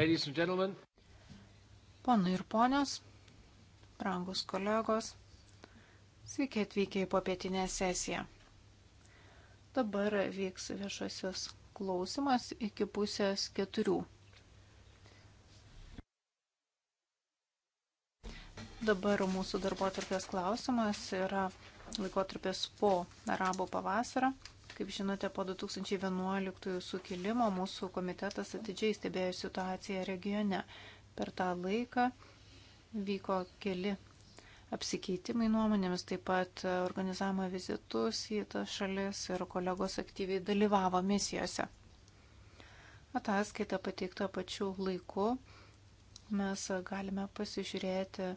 Ladies and gentlemen. Ponai ir ponios, brangus kolegos, sveiki atvykę į popietinę sesiją. Dabar vyks viešasis klausimas iki pusės keturių. Dabar mūsų darbo tarpės klausimas yra laikotarpės po arabų pavasarą. Kaip žinote, po 2011 sukilimo mūsų komitetas atidžiai stebėjo situaciją regione. Per tą laiką vyko keli apsikeitimai nuomonėmis, taip pat organizavome vizitus į tas šalis ir kolegos aktyviai dalyvavo misijose. Ataskaita pateikta pačiu laiku. Mes galime pasižiūrėti,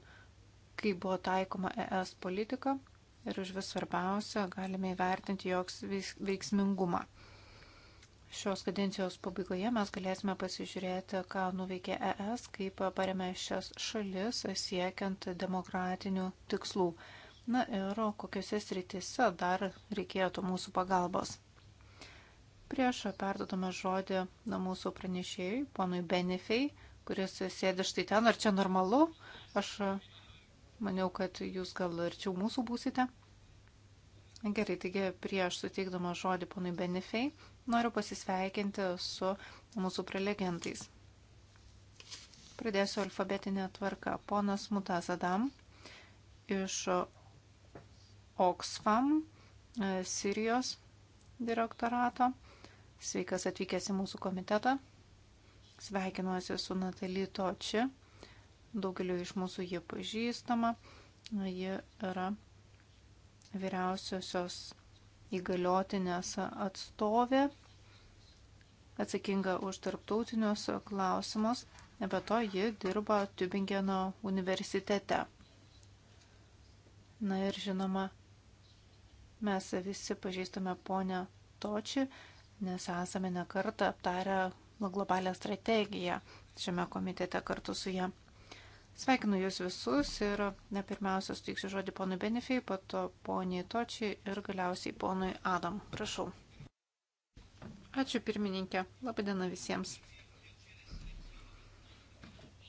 kaip buvo taikoma ES politika ir už vis svarbiausia galime įvertinti joks veiksmingumą. Šios kadencijos pabaigoje mes galėsime pasižiūrėti, ką nuveikė ES, kaip paremė šias šalis siekiant demokratinių tikslų. Na ir kokiuose srityse dar reikėtų mūsų pagalbos. Prieš perdodame žodį mūsų pranešėjui, ponui Benefei, kuris sėdi štai ten, ar čia normalu, aš Maniau, kad jūs gal arčiau mūsų būsite. Gerai, taigi prieš suteikdama žodį ponui Benefei, noriu pasisveikinti su mūsų prelegentais. Pradėsiu alfabetinę tvarką. Ponas Mutas Adam iš Oxfam e, Sirijos direktorato. Sveikas atvykęs į mūsų komitetą. Sveikinuosi su Natalie Toči daugeliu iš mūsų ji pažįstama. Ji yra vyriausiosios įgaliotinės atstovė, atsakinga už tarptautinius klausimus, be to ji dirba Tübingeno universitete. Na ir žinoma, mes visi pažįstame ponę Točį, nes esame nekartą aptarę globalę strategiją šiame komitete kartu su ją. Sveikinu Jūs visus ir ne pirmiausia suteiksiu žodį ponui Benefei, po to poniai Točiai ir galiausiai ponui Adam. Prašau. Ačiū pirmininkė. Labadiena visiems.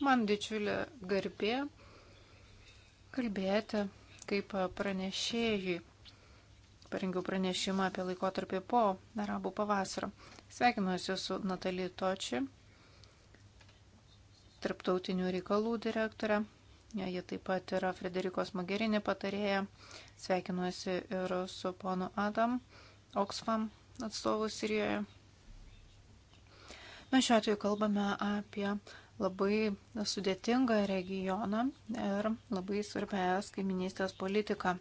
Man didžiulė garbė kalbėti kaip pranešėjai. Parengiau pranešimą apie laikotarpį po arabų pavasario. Sveikinuosi su Natalie Toči tarptautinių reikalų direktorė. Ji taip pat yra Frederikos Magerinė patarėja. Sveikinuosi ir su ponu Adam Oxfam atstovu Sirijoje. Na, šiuo atveju kalbame apie labai sudėtingą regioną ir labai svarbęs kaiminystės politiką.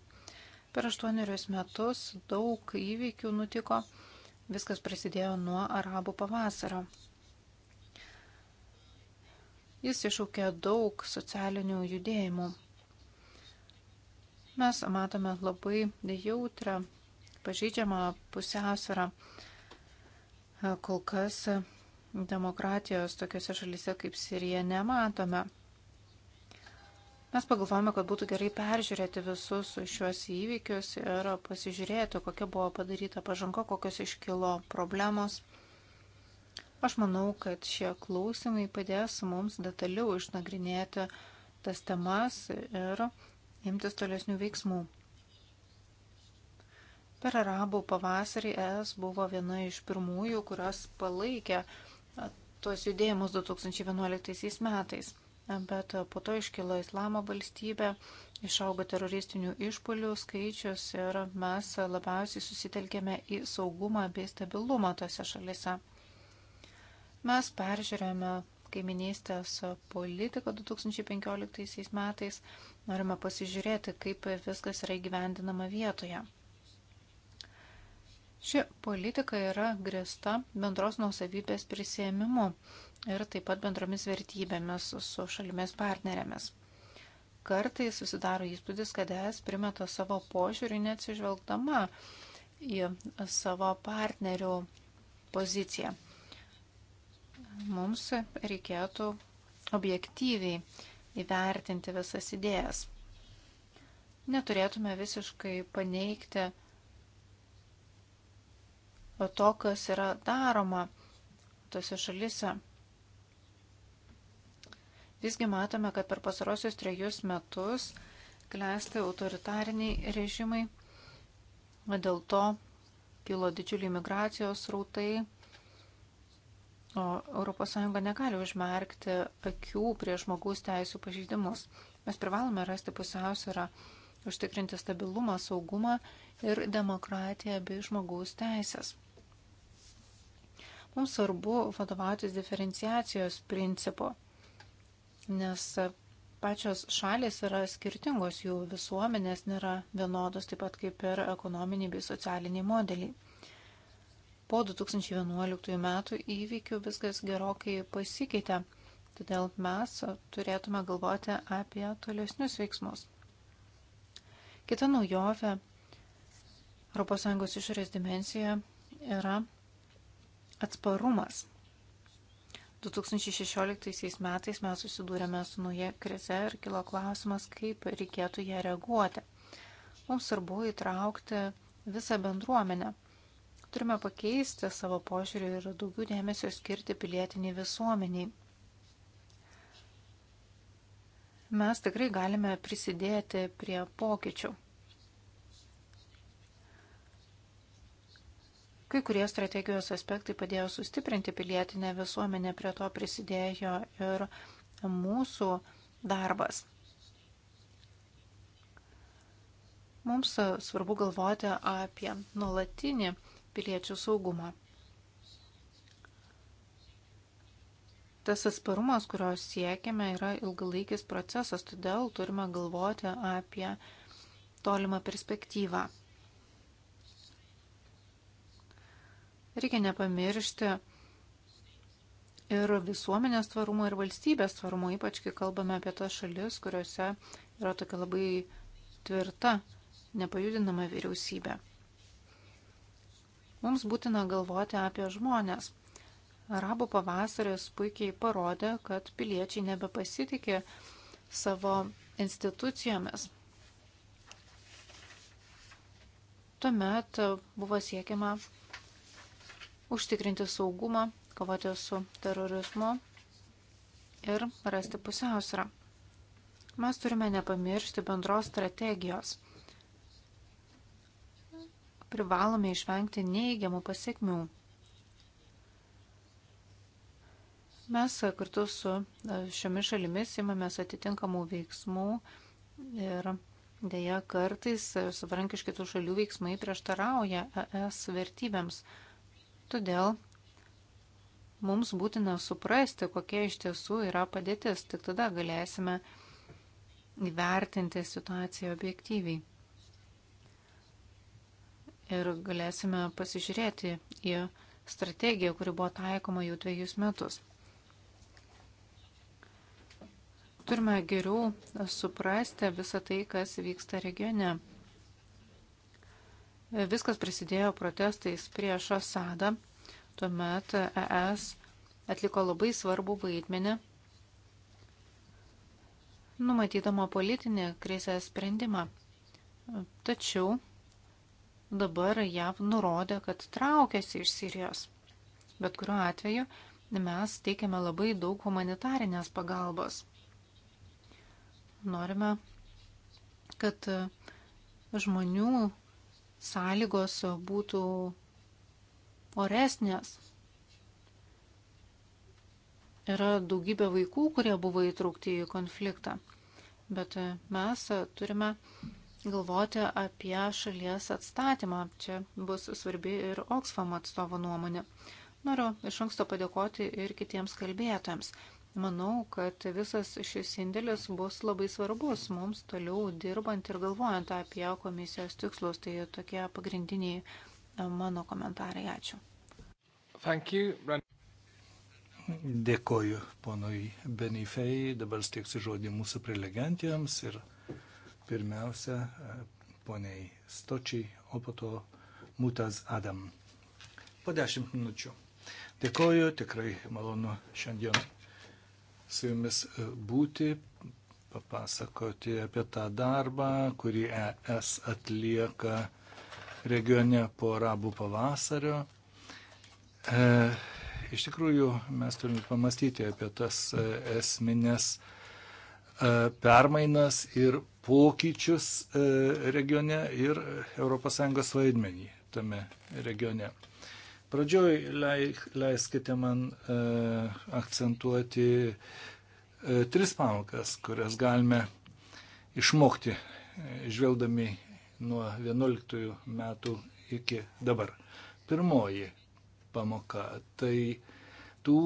Per aštuonerius metus daug įvykių nutiko. Viskas prasidėjo nuo arabų pavasario. Jis iššaukė daug socialinių judėjimų. Mes matome labai jautrą, pažeidžiamą pusiausvyrą. Kol kas demokratijos tokiuose šalyse kaip Sirija nematome. Mes pagalvojame, kad būtų gerai peržiūrėti visus šiuos įvykius ir pasižiūrėti, kokia buvo padaryta pažanga, kokios iškilo problemos. Aš manau, kad šie klausimai padės mums detaliau išnagrinėti tas temas ir imtis tolesnių veiksmų. Per arabų pavasarį ES buvo viena iš pirmųjų, kurios palaikė tuos judėjimus 2011 metais. Bet po to iškilo islamo valstybė, išaugo teroristinių išpolių skaičius ir mes labiausiai susitelkėme į saugumą bei stabilumą tose šalise. Mes peržiūrėjome kaiminystės politiką 2015 metais. Norime pasižiūrėti, kaip viskas yra įgyvendinama vietoje. Ši politika yra grista bendros nuosavybės prisėmimu ir taip pat bendromis vertybėmis su šalimis partnerėmis. Kartai susidaro įspūdis, kad es primeta savo požiūrį neatsižvelgdama į savo partnerių poziciją mums reikėtų objektyviai įvertinti visas idėjas. Neturėtume visiškai paneigti to, kas yra daroma tose šalise. Visgi matome, kad per pasarosius trejus metus klesti autoritariniai režimai, dėl to kilo didžiuliai migracijos rautai, O ES negali užmerkti akių prie žmogaus teisų pažeidimus. Mes privalome rasti pusiausvyrą, užtikrinti stabilumą, saugumą ir demokratiją bei žmogaus teisės. Mums svarbu vadovautis diferenciacijos principu, nes pačios šalis yra skirtingos, jų visuomenės nėra vienodos, taip pat kaip ir ekonominiai bei socialiniai modeliai. Po 2011 metų įvykių viskas gerokai pasikeitė, todėl mes turėtume galvoti apie tolesnius veiksmus. Kita naujovė ES išorės dimensija yra atsparumas. 2016 metais mes susidūrėme su nauja krize ir kilo klausimas, kaip reikėtų ją reaguoti. Mums svarbu įtraukti visą bendruomenę. Turime pakeisti savo požiūrį ir daugiau dėmesio skirti pilietiniai visuomeniai. Mes tikrai galime prisidėti prie pokyčių. Kai kurie strategijos aspektai padėjo sustiprinti pilietinę visuomenę, prie to prisidėjo ir mūsų darbas. Mums svarbu galvoti apie nuolatinį piliečių saugumą. Tas atsparumas, kurio siekiame, yra ilgalaikis procesas, todėl turime galvoti apie tolimą perspektyvą. Reikia nepamiršti ir visuomenės tvarumo, ir valstybės tvarumo, ypač kai kalbame apie tas šalis, kuriuose yra tokia labai tvirta, nepajudinama vyriausybė. Mums būtina galvoti apie žmonės. Arabų pavasaris puikiai parodė, kad piliečiai nebepasitikė savo institucijomis. Tuomet buvo siekiama užtikrinti saugumą, kovoti su terorizmu ir rasti pusiausvyrą. Mes turime nepamiršti bendros strategijos privalome išvengti neįgiamų pasiekmių. Mes kartu su e, šiomis šalimis imamės atitinkamų veiksmų ir dėja kartais e, savarankiški tų šalių veiksmai prieštarauja ES vertybėms. Todėl mums būtina suprasti, kokia iš tiesų yra padėtis, tik tada galėsime įvertinti situaciją objektyviai ir galėsime pasižiūrėti į strategiją, kuri buvo taikoma jau dviejus metus. Turime geriau suprasti visą tai, kas vyksta regione. Viskas prasidėjo protestais prieš Asadą. Tuomet ES atliko labai svarbų vaidmenį, numatydama politinį krizės sprendimą. Tačiau dabar JAV nurodė, kad traukiasi iš Sirijos. Bet kuriuo atveju mes teikiame labai daug humanitarinės pagalbos. Norime, kad žmonių sąlygos būtų oresnės. Yra daugybė vaikų, kurie buvo įtraukti į konfliktą, bet mes turime galvoti apie šalies atstatymą. Čia bus svarbi ir Oxfam atstovo nuomonė. Noriu iš anksto padėkoti ir kitiems kalbėtojams. Manau, kad visas šis indėlis bus labai svarbus mums toliau dirbant ir galvojant apie komisijos tikslus. Tai tokie pagrindiniai mano komentarai. Ačiū. Dėkoju ponui Benifei. Dabar steiksiu žodį mūsų prelegentijams ir Pirmiausia, poniai Stočiai, o po to Mutas Adam. Po dešimt minučių. Dėkoju, tikrai malonu šiandien su jumis e, būti, papasakoti apie tą darbą, kurį ES atlieka regione po arabų pavasario. E, iš tikrųjų, mes turime pamastyti apie tas e, esminės e, permainas ir pokyčius e, regione ir ES vaidmenį tame regione. Pradžioj leiskite man e, akcentuoti e, tris pamokas, kurias galime išmokti, žvelgdami nuo 11 metų iki dabar. Pirmoji pamoka tai tų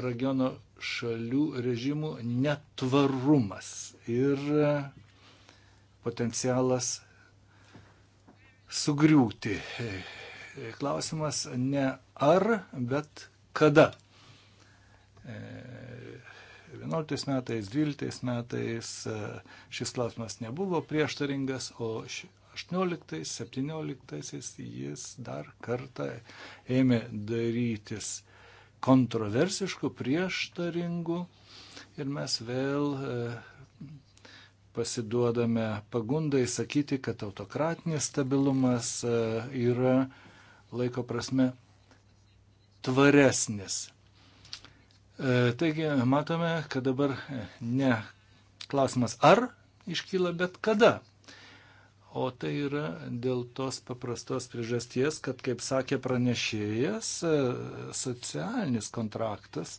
regiono šalių režimų netvarumas ir potencialas sugriūti. Klausimas ne ar, bet kada. 11 metais, 12 metais šis klausimas nebuvo prieštaringas, o 18, 17 jis dar kartą ėmė darytis kontroversiškų, prieštaringų ir mes vėl pasiduodame pagundai sakyti, kad autokratinis stabilumas e, yra laiko prasme tvaresnis. E, taigi matome, kad dabar e, ne klausimas ar iškyla, bet kada. O tai yra dėl tos paprastos priežasties, kad, kaip sakė pranešėjas, socialinis kontraktas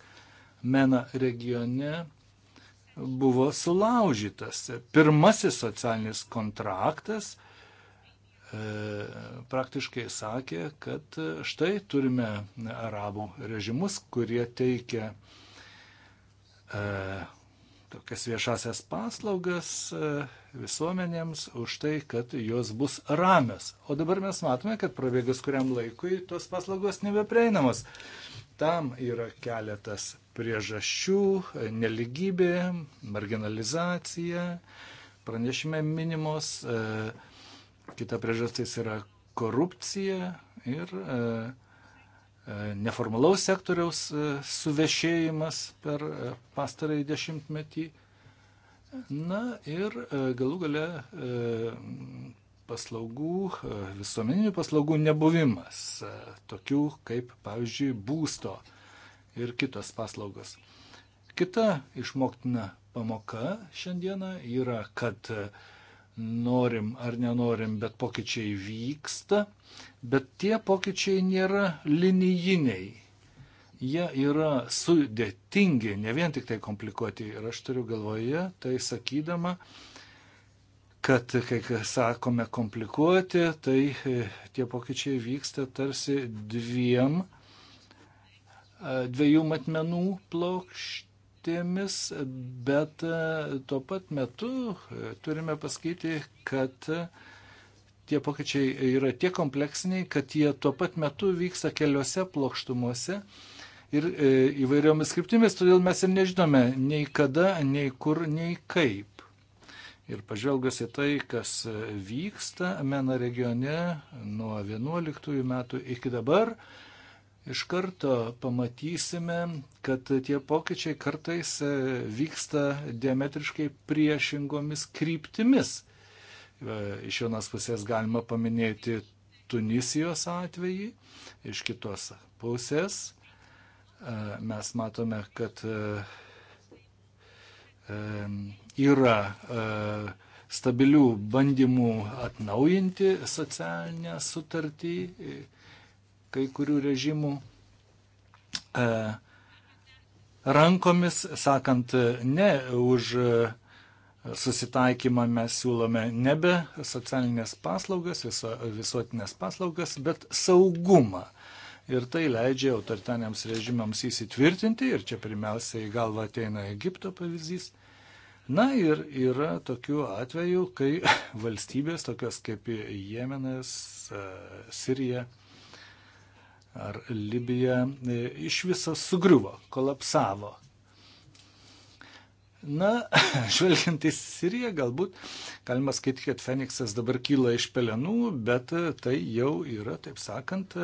MENA regione buvo sulaužytas. Pirmasis socialinis kontraktas e, praktiškai sakė, kad e, štai turime arabų režimus, kurie teikia e, tokias viešasias paslaugas e, visuomenėms už tai, kad jos bus ramios. O dabar mes matome, kad prabėgus kuriam laikui tos paslaugos nebeprieinamos. E, Tam yra keletas priežasčių - neligybė, marginalizacija, pranešime minimos, e, kita priežastis yra korupcija ir e, e, neformalaus sektoriaus suvešėjimas per pastarąjį dešimtmetį. Na ir galų gale paslaugų, e, visuomeninių paslaugų nebuvimas, e, tokių kaip, pavyzdžiui, būsto ir kitos paslaugos. Kita išmoktina pamoka šiandieną yra, kad e, norim ar nenorim, bet pokyčiai vyksta, bet tie pokyčiai nėra linijiniai. Jie yra sudėtingi, ne vien tik tai komplikuoti. Ir aš turiu galvoje, tai sakydama, uh, kad kai sakome komplikuoti, tai e, tie pokyčiai vyksta tarsi dviem, e, dviejų matmenų plokštėmis, bet e, tuo pat metu turime pasakyti, kad tie pokyčiai yra tiek kompleksiniai, kad jie tuo pat metu vyksta keliose plokštumuose. Ir įvairiomis skriptimis, todėl mes ir nežinome nei kada, nei kur, nei kaip. Ir pažvelgus į tai, kas vyksta Mena regione nuo 11 metų iki dabar, iš karto pamatysime, kad tie pokyčiai kartais vyksta diametriškai priešingomis kryptimis. Iš vienos pusės galima paminėti Tunisijos atvejį, iš kitos pusės e, mes matome, kad e, e, yra e, stabilių bandymų atnaujinti socialinę sutartį e, kai kurių režimų e, rankomis, sakant ne už susitaikymą mes siūlome nebe socialinės paslaugas, viso, visuotinės paslaugas, bet saugumą. Ir tai leidžia autoritaniams režimams įsitvirtinti, ir čia pirmiausia į galvą ateina Egipto pavyzdys. Na ir yra tokių atvejų, kai valstybės tokios kaip Jemenas, e, Sirija ar Libija e, iš viso sugriuvo, kolapsavo. Na, žvelgiant į Siriją, galbūt galima skaityti, kad Feniksas dabar kyla iš pelenų, bet e, tai jau yra, taip sakant,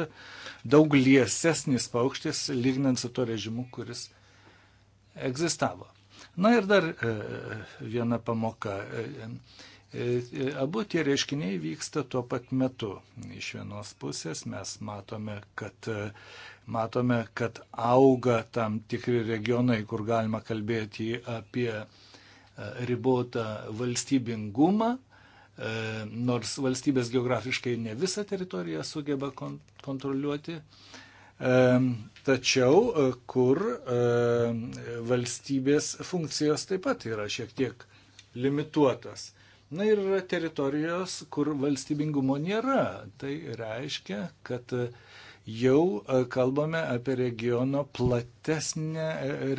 daug liesesnis paukštis, lygnant su tuo režimu, kuris egzistavo. Na ir dar e, e, viena pamoka. E, abu tie reiškiniai vyksta tuo pat metu. Iš vienos pusės mes matome, kad, matome, kad auga tam tikri regionai, kur galima kalbėti apie ribotą valstybingumą, nors valstybės geografiškai ne visą teritoriją sugeba kontroliuoti tačiau e, kur e, valstybės funkcijos taip pat yra šiek tiek limituotas. Na ir yra teritorijos, kur valstybingumo nėra. Tai reiškia, kad e, jau kalbame apie regiono platesnę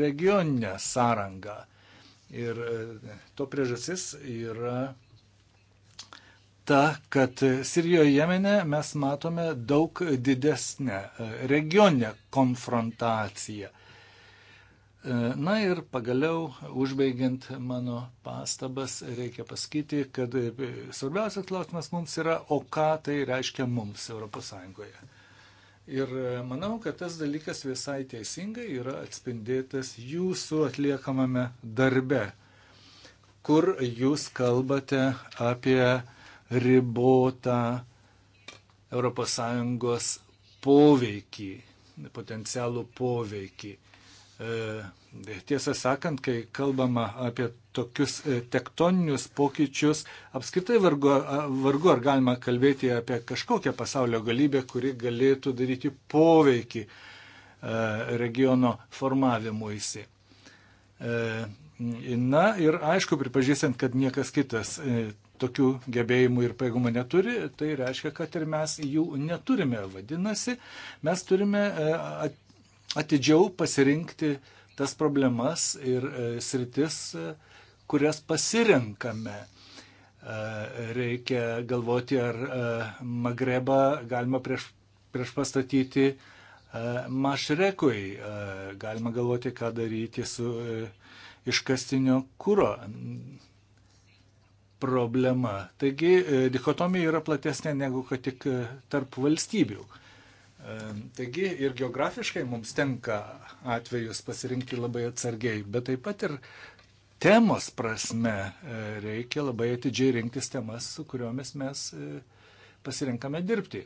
regioninę sąrangą. Ir to priežasis yra ta, kad Sirijoje Jemene mes matome daug didesnę e, regioninę konfrontaciją. E, na ir pagaliau, užbaigiant mano pastabas, reikia pasakyti, kad e, svarbiausias klausimas mums yra, o ką tai reiškia mums ES. Ir manau, kad tas dalykas visai teisingai yra atspindėtas jūsų atliekamame darbe, kur jūs kalbate apie uh, ribotą ES poveikį, potencialų poveikį. E, tai tiesą sakant, kai kalbama apie tokius e, tektoninius pokyčius, apskritai vargu, vargu ar galima kalbėti apie kažkokią pasaulio galybę, kuri galėtų daryti poveikį e, regiono formavimuisi. Na ir aišku, pripažįstant, kad niekas kitas tokių gebėjimų ir pajėgumų neturi, tai reiškia, kad ir mes jų neturime. Vadinasi, mes turime e, atidžiau pasirinkti tas problemas ir e, sritis, e, kurias pasirenkame. Reikia galvoti, ar Magrebą galima prieš, prieš pastatyti Mašrekui, galima galvoti, ką daryti su iškastinio kūro problema. Taigi e, dichotomija yra platesnė negu kad tik e, tarp valstybių. E, taigi ir geografiškai mums tenka atvejus pasirinkti labai atsargiai, bet taip pat ir temos prasme reikia labai atidžiai rinktis temas, su kuriomis mes pasirinkame dirbti.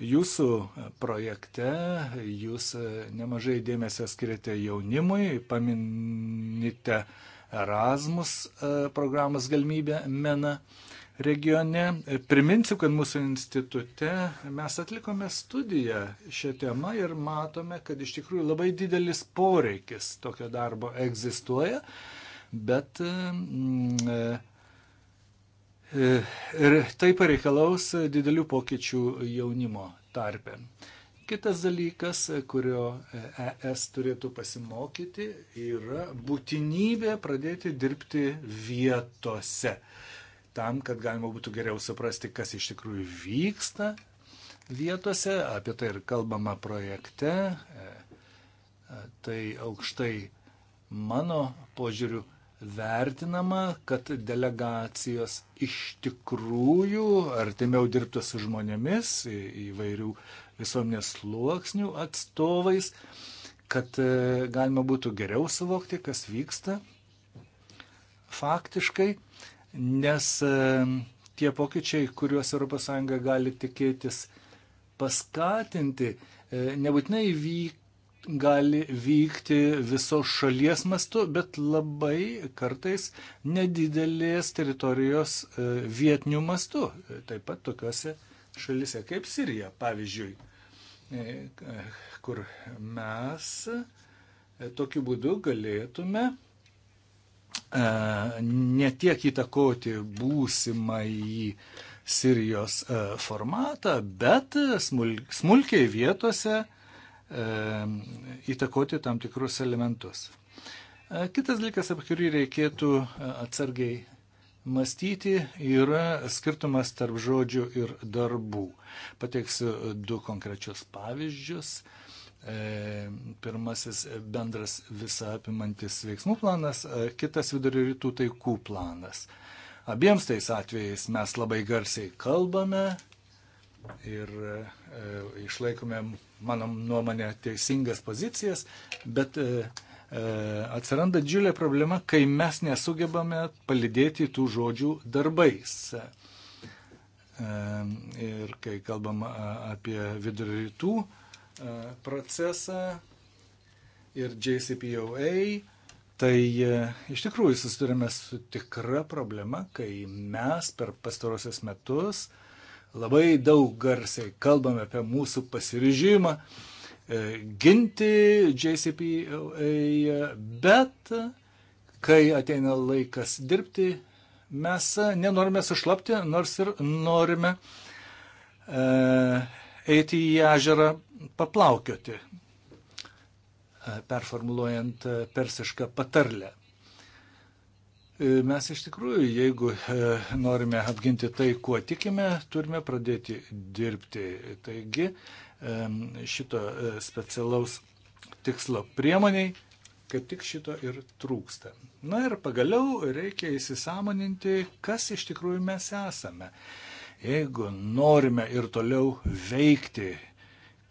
Jūsų projekte jūs nemažai dėmesio skiriate jaunimui, paminite uh, Erasmus e, programos galimybę MENA regione. Priminsiu, kad mūsų institute mes atlikome studiją šią temą ir matome, kad iš tikrųjų labai didelis poreikis tokio darbo egzistuoja, bet e, e, ir tai pareikalaus didelių pokyčių jaunimo tarpe. Kitas dalykas, kurio ES e turėtų pasimokyti, yra būtinybė pradėti dirbti vietose. Tam, kad galima būtų geriau suprasti, kas iš tikrųjų vyksta vietose, apie tai ir kalbama projekte, e, e, tai aukštai mano požiūriu vertinama, kad delegacijos iš tikrųjų artimiau dirbtų su žmonėmis įvairių visuomenės sluoksnių atstovais, kad e, galima būtų geriau suvokti, kas vyksta faktiškai, nes e, tie pokyčiai, kuriuos ES gali tikėtis paskatinti, e, nebūtinai vyk, gali vykti visos šalies mastu, bet labai kartais nedidelės teritorijos vietinių mastu, taip pat tokiuose šalise, kaip Sirija, pavyzdžiui, e, kur mes e, tokiu būdu galėtume e, ne tiek įtakoti būsimąjį Sirijos formatą, bet smulkiai vietose įtakoti tam tikrus elementus. Kitas dalykas, apie kurį reikėtų atsargiai mąstyti yra skirtumas tarp žodžių ir darbų. Pateiksiu du konkrečius pavyzdžius. E, pirmasis bendras visą apimantis veiksmų planas, e, kitas vidurio rytų taikų planas. Abiems tais atvejais mes labai garsiai kalbame, ir e, išlaikome, mano nuomonė, teisingas pozicijas, bet e, E, atsiranda didžiulė problema, kai mes nesugebame palidėti tų žodžių darbais. E, ir kai kalbam apie vidurio rytų e, procesą ir JCPOA, tai iš tikrųjų susidurime su tikra problema, kai mes per pastarosius metus labai daug garsiai kalbame apie mūsų pasiryžimą uh, E, ginti JCPOA, bet kai ateina laikas dirbti, mes nenorime sušlapti, nors ir norime e, eiti į ežerą paplaukioti, e, performuluojant persišką patarlę. Mes iš tikrųjų, jeigu norime apginti tai, kuo tikime, turime pradėti dirbti. Taigi, šito e, specialaus tikslo priemoniai, kaip tik šito ir trūksta. Na ir pagaliau reikia įsisamoninti, kas iš tikrųjų mes esame. Jeigu norime ir toliau veikti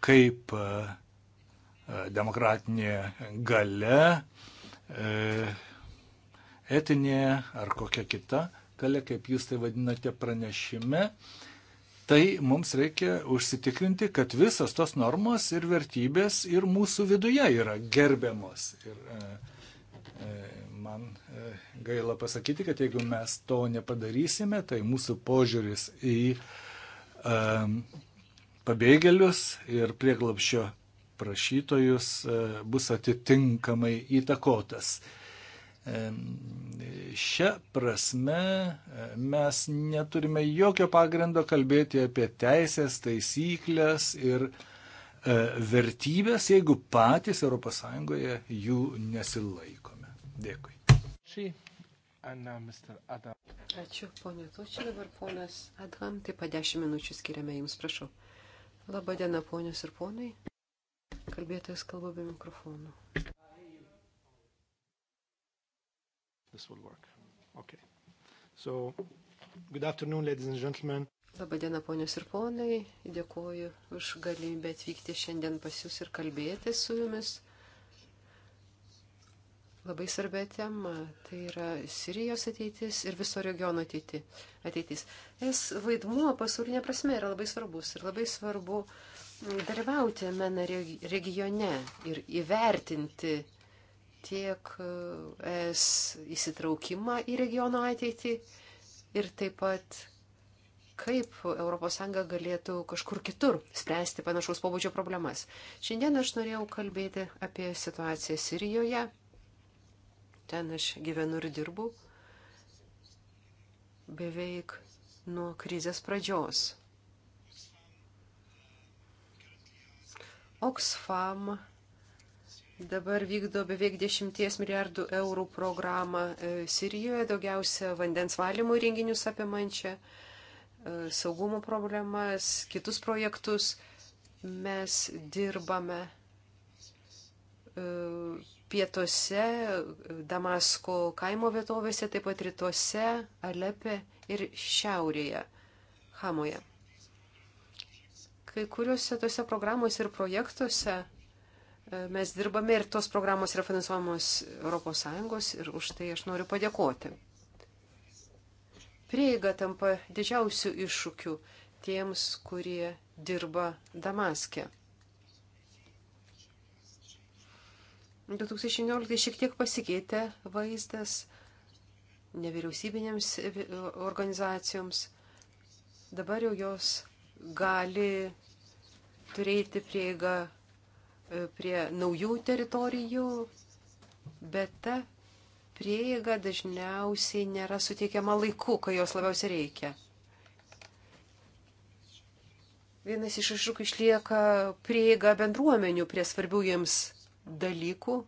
kaip e, e, demokratinė gale, etinė ar kokia kita gale, kaip jūs tai vadinate pranešime, tai mums reikia užsitikrinti, kad visas tos normos ir vertybės ir mūsų viduje yra gerbiamos. Ir e, e, man e, gaila pasakyti, kad jeigu mes to nepadarysime, tai mūsų požiūris į e, pabėgėlius ir prieglapšio prašytojus e, bus atitinkamai įtakotas. E, Šią prasme mes neturime jokio pagrindo kalbėti apie teisės, taisyklės ir e, vertybės, jeigu patys ES jų nesilaikome. Dėkui. Ačiū, ponė Tučia, dabar ponas Adam, taip pat 10 minučių skiriame jums, prašau. Labadiena, ponios ir ponai. Kalbėtojas kalba be mikrofonų. This will work. Okay. So, good afternoon, ladies and gentlemen. Labadiena, ponios ir ponai. Dėkuoju už galimybę atvykti šiandien pas jūs ir kalbėti su jumis. Labai svarbia tema - tai yra Sirijos ateitis ir viso regiono ateitis. Es vaidmuo pasaulinė prasme yra labai svarbus ir labai svarbu dalyvauti MENA regione ir įvertinti tiek e, es įsitraukimą į regiono ateitį ir taip pat kaip ES galėtų kažkur kitur spręsti panašaus pobūdžio problemas. Šiandien aš norėjau kalbėti apie situaciją Sirijoje. Ten aš gyvenu ir dirbu beveik nuo krizės pradžios. Oxfam dabar vykdo beveik 10 milijardų eurų programą e, Sirijoje, daugiausia vandens valymo įrenginius apimančią, e, saugumo problemas, kitus projektus. Mes dirbame e, pietuose, Damasko kaimo vietovėse, taip pat rytuose, Alepe ir šiaurėje, Hamoje. Kai kuriuose tose programuose ir projektuose mes dirbame ir tos programos yra finansuojamos ES ir už tai aš noriu padėkoti. Prieiga tampa didžiausių iššūkių tiems, kurie dirba Damaskė. 2016 šiek tiek pasikeitė vaizdas nevyriausybinėms e, organizacijoms. Dabar jau jos gali turėti prieigą prie naujų teritorijų, bet ta prieiga dažniausiai nėra suteikiama laiku, kai jos labiausiai reikia. Vienas iš iššūkių išlieka prieiga bendruomenių prie svarbių jiems dalykų.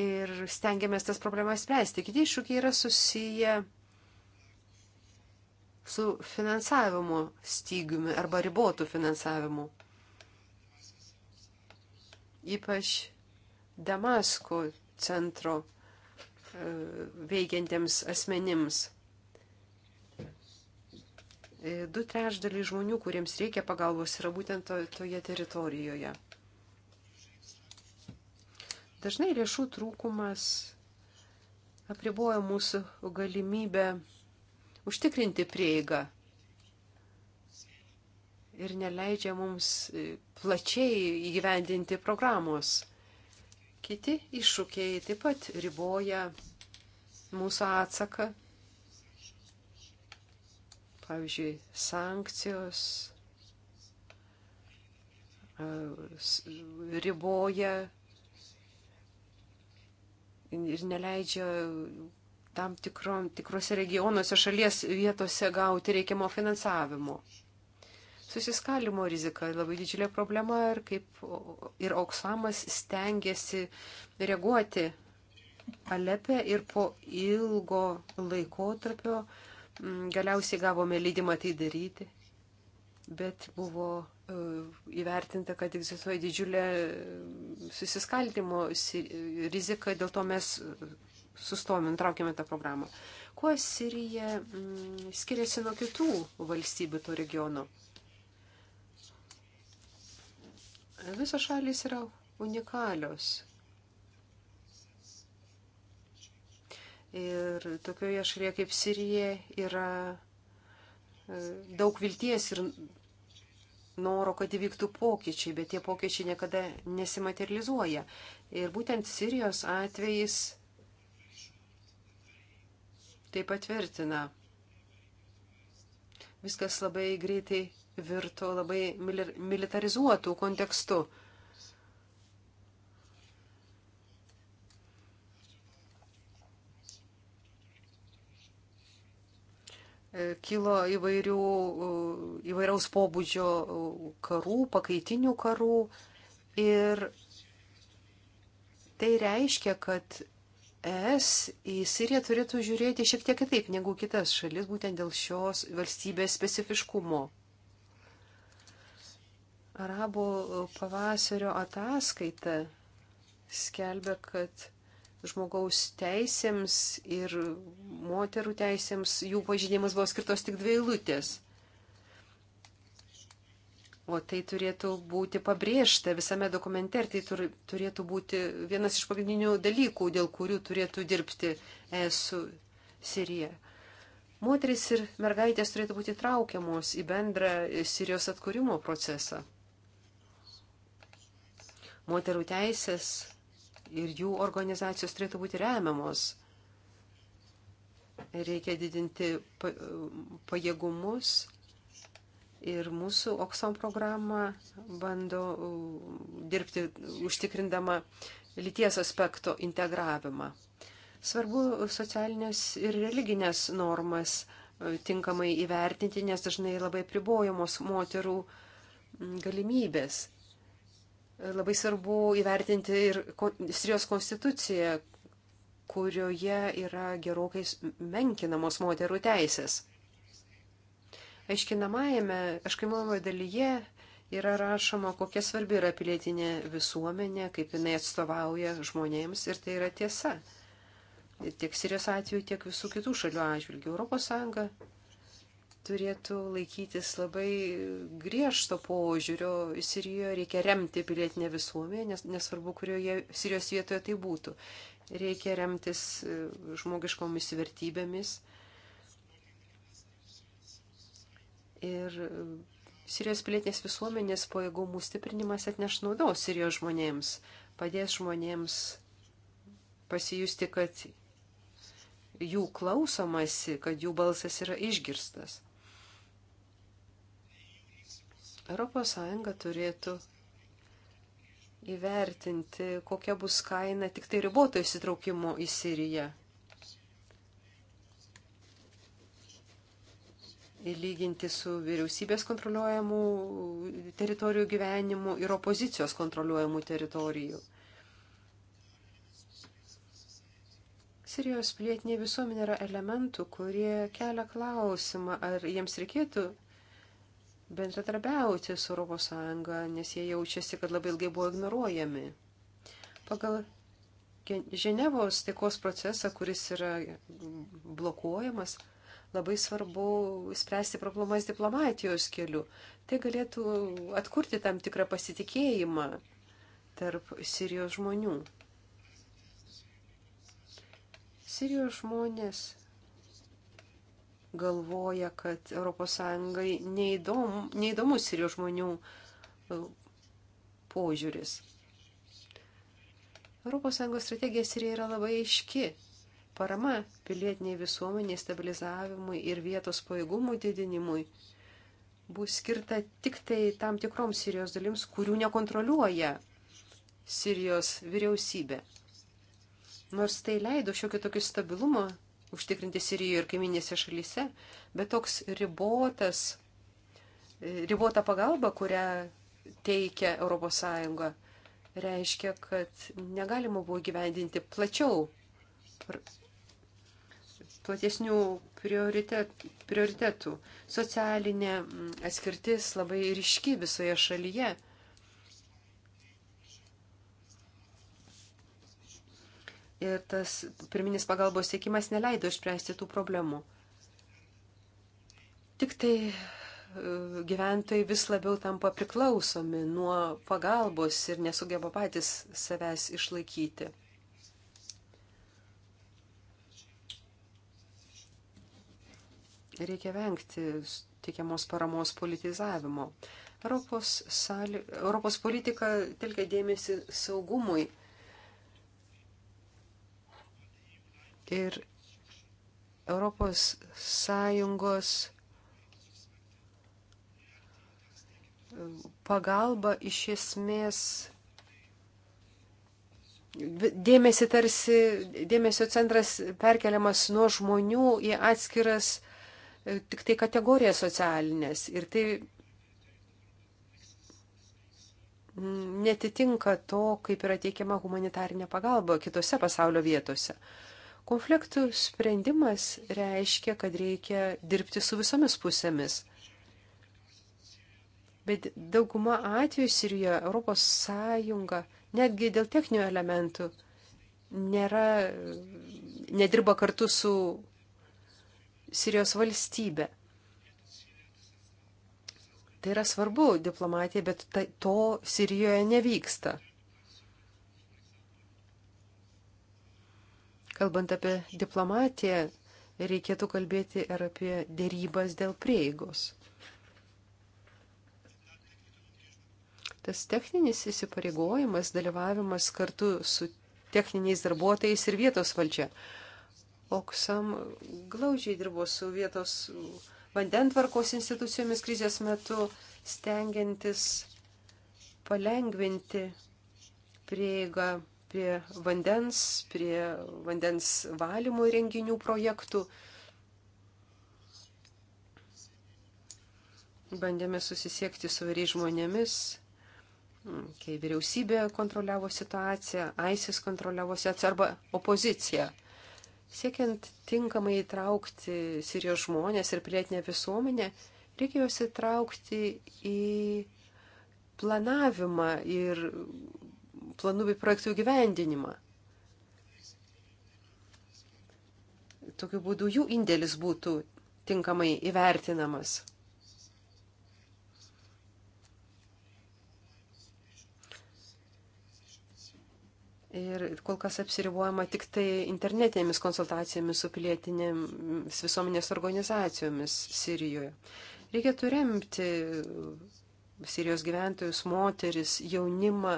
Ir stengiamės tas problemas spręsti. Kiti iššūkiai yra susiję su finansavimo stygiumi arba ribotų finansavimu. Ypač Damasko centro e, veikiantiems asmenims. E, du trešdaliai žmonių, kuriems reikia pagalbos, yra būtent to, toje teritorijoje. Dažnai lėšų trūkumas apriboja mūsų galimybę užtikrinti prieigą ir neleidžia mums e, plačiai įgyvendinti programos. Kiti iššūkiai taip pat riboja mūsų atsaką. Pavyzdžiui, sankcijos e, riboja ir neleidžia tam tikrom, tikrose regionuose šalies vietose gauti reikiamo finansavimo. Susiskalimo rizika labai didžiulė problema ir kaip ir Oksamas stengiasi reaguoti Alepė ir po ilgo laikotarpio galiausiai gavome leidimą tai daryti, bet buvo e, įvertinta, kad egzistuoja didžiulė e, susiskaldimo rizika, dėl to mes sustovim, traukiame tą programą. Kuo Sirija mm, skiriasi nuo kitų valstybių to regiono? Visos šalis yra unikalios. Ir tokioje šalyje kaip Sirija yra e, daug vilties ir noro, kad įvyktų pokyčiai, bet tie pokyčiai niekada nesimaterializuoja. Ir būtent Sirijos atvejais tai patvirtina. Viskas labai greitai virto labai militarizuotų kontekstų. Kilo įvairių, įvairiaus pobūdžio karų, pakaitinių karų ir tai reiškia, kad ES į Siriją turėtų žiūrėti šiek tiek kitaip negu kitas šalis, būtent dėl šios valstybės specifiškumo. Arabų pavasario ataskaita skelbia, kad žmogaus teisėms ir moterų teisėms jų pažydimas buvo skirtos tik dvi eilutės. O tai turėtų būti pabrėžta visame dokumente ir tai turėtų būti vienas iš pagrindinių dalykų, dėl kurių turėtų dirbti ES Sirija. Moteris ir mergaitės turėtų būti traukiamos į bendrą Sirijos atkūrimo procesą. Moterų teisės ir jų organizacijos turėtų būti remiamos. Reikia didinti pajėgumus Ir mūsų Oksom programa bando dirbti užtikrindama lyties aspekto integravimą. Svarbu socialinės ir religinės normas e, tinkamai įvertinti, nes dažnai labai pribojamos moterų galimybės. Labai svarbu įvertinti ir Istrijos konstituciją, kurioje yra gerokai menkinamos moterų teisės aiškinamajame, aiškinamojo dalyje yra rašoma, kokia svarbi yra pilietinė visuomenė, kaip jinai atstovauja žmonėms ir tai yra tiesa. Tiek Sirijos atveju, tiek visų kitų šalių atžvilgių. ES turėtų laikytis labai griežto požiūrio į Siriją, reikia remti pilietinę visuomenę, nes, nesvarbu, kurioje Sirijos vietoje tai būtų. Reikia remtis žmogiškomis vertybėmis ir Sirijos pilietinės visuomenės pajėgumų stiprinimas atneš naudos Sirijos žmonėms, padės žmonėms pasijusti, kad jų klausomasi, kad jų balsas yra išgirstas. ES turėtų įvertinti, kokia bus kaina tik tai riboto įsitraukimo į Siriją. lyginti su vyriausybės kontroliuojamų teritorijų gyvenimu ir opozicijos kontroliuojamų teritorijų. Sirijos pilietinė visuomenė yra elementų, kurie kelia klausimą, ar jiems reikėtų bendradarbiauti su ES, nes jie jaučiasi, kad labai ilgai buvo ignoruojami. Pagal Ženevos taikos procesą, kuris yra blokuojamas, labai svarbu spręsti problemas diplomatijos keliu. Tai galėtų atkurti tam tikrą pasitikėjimą tarp Sirijos žmonių. Sirijos žmonės galvoja, kad ES neįdomu, neįdomus Sirijos žmonių e, požiūris. ES strategija Sirija yra labai aiški. Parama pilietiniai visuomeniai stabilizavimui ir vietos pajėgumų didinimui bus skirta tik tai tam tikroms Sirijos dalims, kurių nekontroliuoja Sirijos vyriausybė. Nors tai leido šiokį tokį stabilumą užtikrinti Sirijoje ir kaiminėse šalyse, bet toks ribotas, ribota pagalba, kurią teikia ES, reiškia, kad negalima buvo gyvendinti plačiau platesnių prioritet, prioritetų. Socialinė mm, atskirtis labai ryški visoje šalyje. Ir tas pirminis pagalbos siekimas neleido išspręsti tų problemų. Tik tai e, gyventojai vis labiau tampa priklausomi nuo pagalbos ir nesugeba patys savęs išlaikyti. Tai reikia vengti teikiamos paramos politizavimo. Europos, sali, Europos politika telkia dėmesį saugumui. Ir Europos Sąjungos e, pagalba iš esmės dėmesį tarsi, dėmesio centras perkeliamas nuo žmonių į atskiras E, tik tai kategorijas socialinės ir tai netitinka to, kaip yra teikiama humanitarinė pagalba kitose pasaulio vietose. Konfliktų sprendimas reiškia, kad reikia dirbti su visomis pusėmis. Bet dauguma atvejų Sirijoje Europos Sąjunga netgi dėl techninių elementų nėra, nedirba kartu su Sirijos valstybę. Tai yra svarbu diplomatija, bet tai, to Sirijoje nevyksta. Kalbant apie diplomatiją, reikėtų kalbėti ir apie dėrybas dėl prieigos. Tas techninis įsipareigojimas, dalyvavimas kartu su techniniais darbuotojais ir vietos valdžia. Oksam glaužiai dirbo su vietos vandentvarkos institucijomis krizės metu, stengiantis palengvinti prieigą prie vandens, prie vandens valymo įrenginių projektų. Bandėme susisiekti su vairiais žmonėmis, kai vyriausybė kontroliavo situaciją, ISIS kontroliavo situaciją arba opozicija. Siekiant tinkamai įtraukti Sirijos žmonės ir pilietinę visuomenę, reikia juos įtraukti į planavimą ir planų bei projektų gyvendinimą. Tokiu būdu jų indėlis būtų tinkamai įvertinamas. Ir kol kas apsiribuojama tik tai internetinėmis konsultacijomis su pilietinėmis visuomenės organizacijomis Sirijoje. Reikėtų remti Sirijos gyventojus, moteris, jaunimą,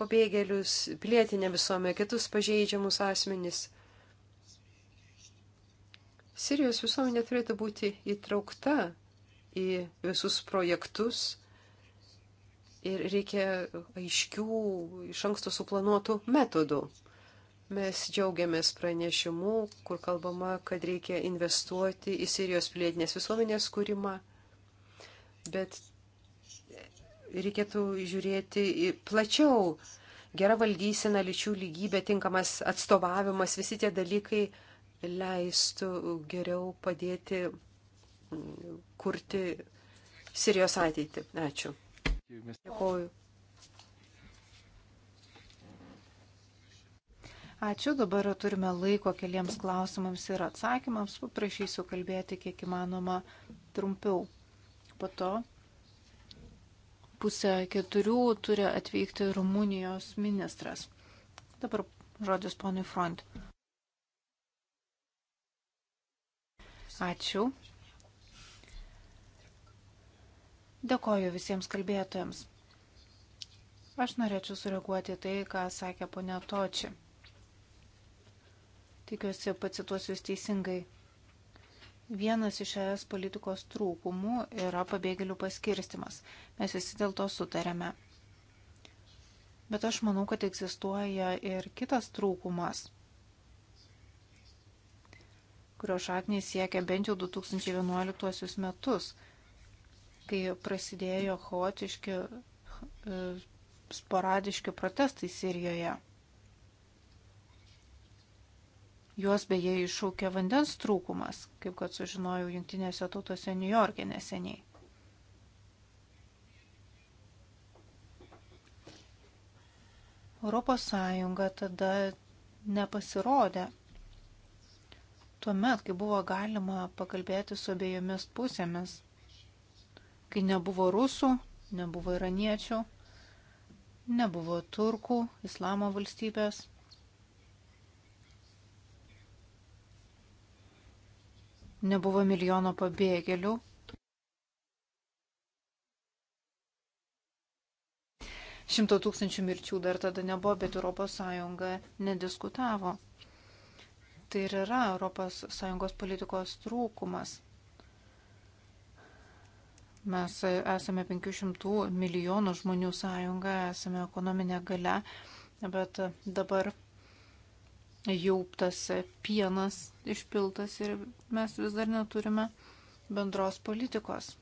pabėgėlius, pilietinę visuomenę, kitus pažeidžiamus asmenys. Sirijos visuomenė turėtų būti įtraukta į visus projektus ir reikia aiškių, iš anksto suplanuotų metodų. Mes džiaugiamės pranešimu, kur kalbama, kad reikia investuoti į Sirijos pilietinės visuomenės kūrimą, bet reikėtų žiūrėti plačiau. Gera valdysena, lyčių lygybė, tinkamas atstovavimas, visi tie dalykai leistų geriau padėti mm, kurti Sirijos ateitį. Ačiū. Dėkuoju. Ačiū, dabar turime laiko keliems klausimams ir atsakymams. Paprašysiu kalbėti kiek įmanoma trumpiau. Po to pusę keturių turi atvykti Rumunijos ministras. Dabar žodis ponui Front. Ačiū. Dėkoju visiems kalbėtojams. Aš norėčiau sureaguoti tai, ką sakė ponė Toči. Tikiuosi, pacituosiu jūs teisingai. Vienas iš ES politikos trūkumų yra pabėgėlių paskirstimas. Mes visi dėl to sutarėme. Bet aš manau, kad egzistuoja ir kitas trūkumas, kurio šakniai siekia bent jau 2011 metus – kai prasidėjo chaotiški e, sporadiški protestai Sirijoje. Juos beje iššaukė vandens trūkumas, kaip kad sužinojau jungtinėse tautose New York'e neseniai. Europos Sąjunga tada nepasirodė. Tuomet, kai buvo galima pakalbėti su abiejomis pusėmis, kai nebuvo rusų, nebuvo iraniečių, nebuvo turkų, islamo valstybės. Nebuvo milijono pabėgėlių. Šimto tūkstančių mirčių dar tada nebuvo, bet ES nediskutavo. Tai ir yra ES politikos trūkumas. Mes esame 500 milijonų žmonių sąjunga, esame ekonominė gale, bet dabar jau tas pienas išpiltas ir mes vis dar neturime bendros politikos.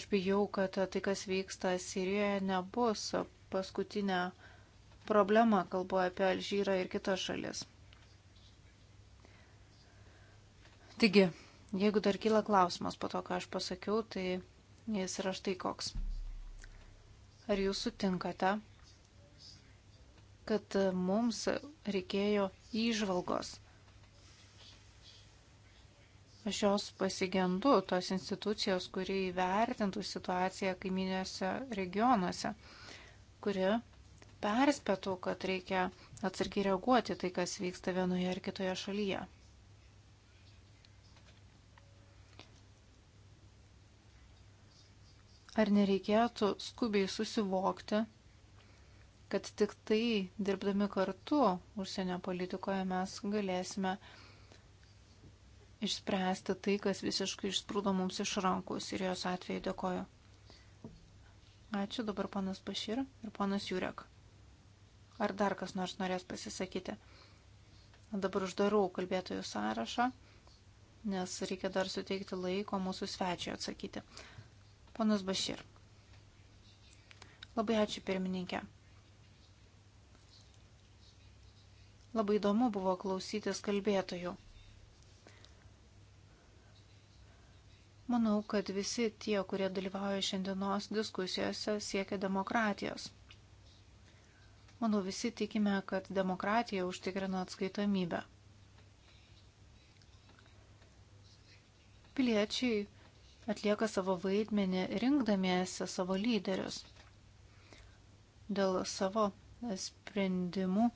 Aš bijau, kad tai, kas vyksta Sirijoje, nebus paskutinė problema, kalbu apie Alžyrą ir kitas šalis. Taigi, Jeigu dar kyla klausimas po to, ką aš pasakiau, tai jis yra štai koks. Ar jūs sutinkate, kad mums reikėjo įžvalgos? Aš jos pasigendu, tos institucijos, kuri įvertintų situaciją kaiminėse regionuose, kuri perspėtų, kad reikia atsargiai reaguoti tai, kas vyksta vienoje ar kitoje šalyje. Ar nereikėtų skubiai susivokti, kad tik tai dirbdami kartu užsienio politikoje mes galėsime išspręsti tai, kas visiškai išsprūdo mums iš rankų. Sirijos atveju dėkoju. Ačiū dabar panas Pašyr ir panas Jurek. Ar dar kas nors norės pasisakyti? Dabar uždarau kalbėtojų sąrašą, nes reikia dar suteikti laiko mūsų svečiui atsakyti. Ponas Bašir. Labai ačiū pirmininkė. Labai įdomu buvo klausytis kalbėtojų. Manau, kad visi tie, kurie dalyvauja šiandienos diskusijose, siekia demokratijos. Manau, visi tikime, kad demokratija užtikrina atskaitomybę. Piliečiai atlieka savo vaidmenį rinkdamiesi savo lyderius. Dėl savo sprendimų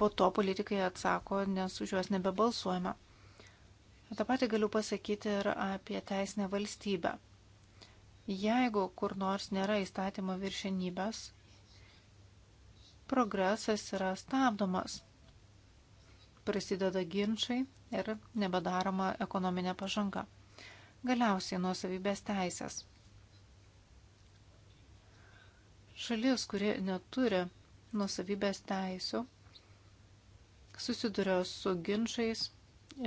po to politikai atsako, nes už juos nebebalsuojama. Ta pati galiu pasakyti ir apie teisinę valstybę. Jeigu kur nors nėra įstatymo viršenybės, progresas yra stabdomas. Prasideda ginčiai ir nebedaroma ekonominė pažanga. Galiausiai nuosavybės teisės. Šalis, kuri neturi nuosavybės teisų, susiduria su ginčiais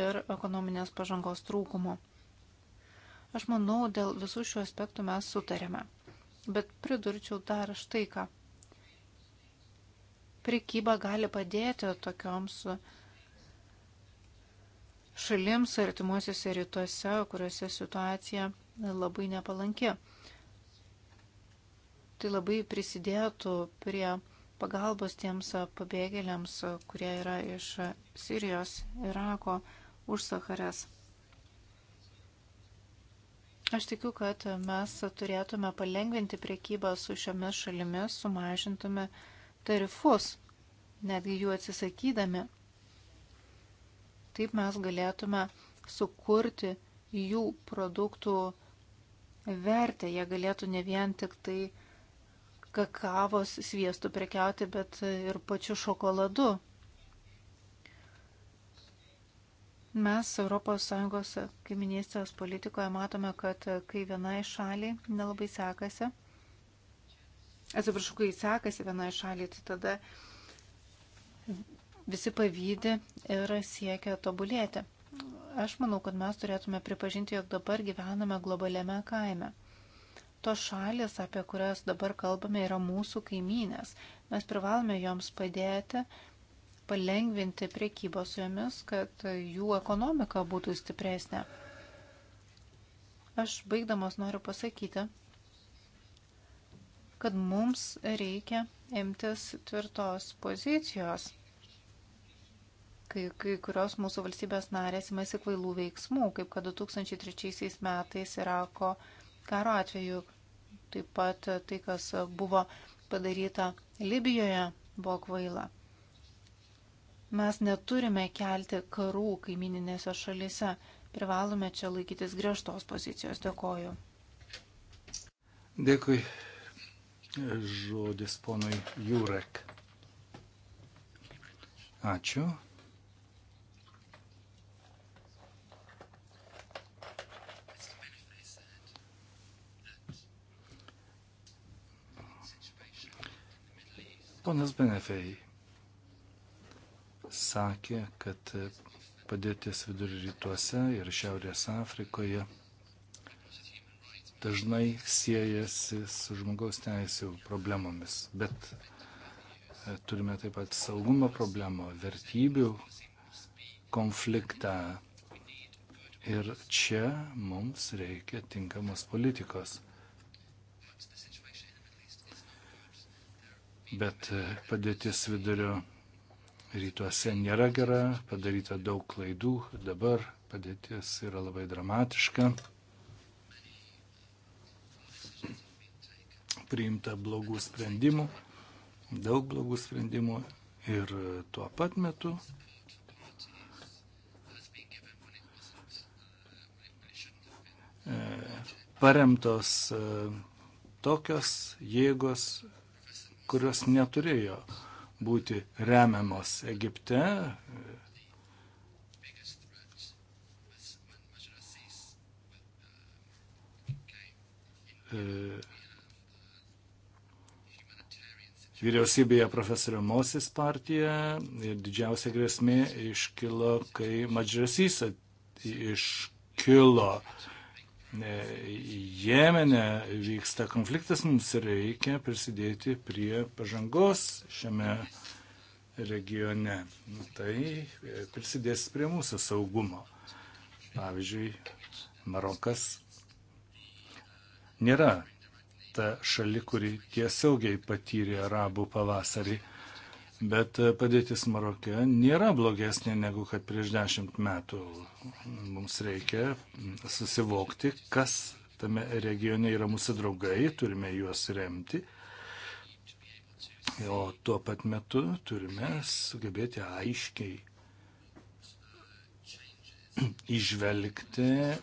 ir ekonominės pažangos trūkumu. Aš manau, dėl visų šių aspektų mes sutarėme. Bet pridurčiau dar štai ką. Prekyba gali padėti tokioms uh, šalims artimuosiuose rytuose, kuriuose situacija labai nepalanki. Tai labai prisidėtų prie pagalbos tiems pabėgėliams, kurie yra iš Sirijos, Irako, už Saharės. Aš tikiu, kad mes turėtume palengventi priekybą su šiomis šalimis, sumažintume tarifus, netgi jų atsisakydami. Taip mes galėtume sukurti jų produktų vertę. Jie galėtų ne vien tik tai kakavos sviestų prekiauti, bet ir pačiu šokoladu. Mes ES kaiminystės politikoje matome, kad kai vienai šaliai nelabai sekasi, atsiprašau, kai sekasi vienai šaliai, tai tada visi pavydė ir siekia tobulėti. Aš manau, kad mes turėtume pripažinti, jog dabar gyvename globaliame kaime. Tos šalis, apie kurias dabar kalbame, yra mūsų kaimynės. Mes privalome joms padėti, palengvinti priekybą su jomis, kad jų ekonomika būtų stipresnė. Aš baigdamas noriu pasakyti, kad mums reikia imtis tvirtos pozicijos kai, kai kurios mūsų valstybės narės imasi kvailų veiksmų, kaip kad 2003 metais Irako karo atveju. Taip pat tai, kas buvo padaryta Libijoje, buvo kvaila. Mes neturime kelti karų kaimininėse šalise. Privalome čia laikytis griežtos pozicijos. Dėkoju. Dėkui. Žodis ponui Jurek. Ačiū. Ponas Benefei sakė, kad padėtis vidurio rytuose ir Šiaurės Afrikoje dažnai siejasi su žmogaus teisų problemomis, bet e, turime taip pat saugumo problemą, vertybių konfliktą. Ir čia mums reikia tinkamos politikos. bet e, padėtis vidurio rytuose nėra gera, padaryta daug klaidų, dabar padėtis yra labai dramatiška. Priimta blogų sprendimų, daug blogų sprendimų ir e, tuo pat metu e, paremtos tokios jėgos kurios neturėjo būti remiamos Egipte. Vyriausybėje profesorio Mosis partija ir didžiausia grėsmė iškilo, kai Madžrasys iškilo. Jemene vyksta konfliktas, mums reikia prisidėti prie pažangos šiame regione. Tai e, prisidės prie mūsų saugumo. Pavyzdžiui, Marokas nėra ta šali, kuri tiesiogiai patyrė arabų pavasarį. Bet e, padėtis Maroke nėra blogesnė negu kad prieš dešimt metų. Mums reikia susivokti, kas tame regione yra mūsų draugai, turime juos remti. O tuo pat metu turime sugebėti aiškiai išvelgti, e,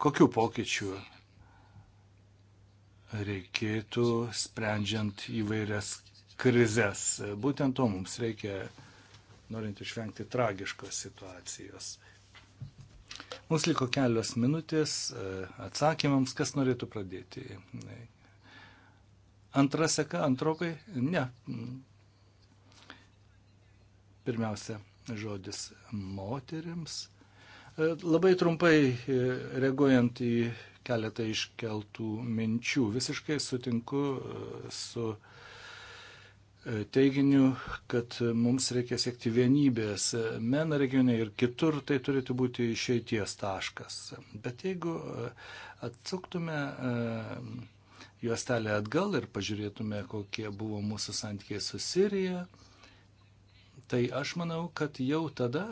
kokiu pokyčiu reikėtų sprendžiant įvairias krizės. Būtent to mums reikia, norint išvengti tragiškos situacijos. Mums liko kelios minutės e, atsakymams, kas norėtų pradėti. Antra seka, antrokai? Ne. Pirmiausia, žodis moteriams. E, labai trumpai e, reaguojant į keletą iškeltų minčių. Visiškai sutinku e, su e, teiginiu, kad mums reikia siekti vienybės. Mena regione ir kitur tai turėtų būti išeities taškas. Bet jeigu e, atsuktume juostelę atgal ir pažiūrėtume, kokie buvo mūsų santykiai su Sirija, tai aš manau, kad jau tada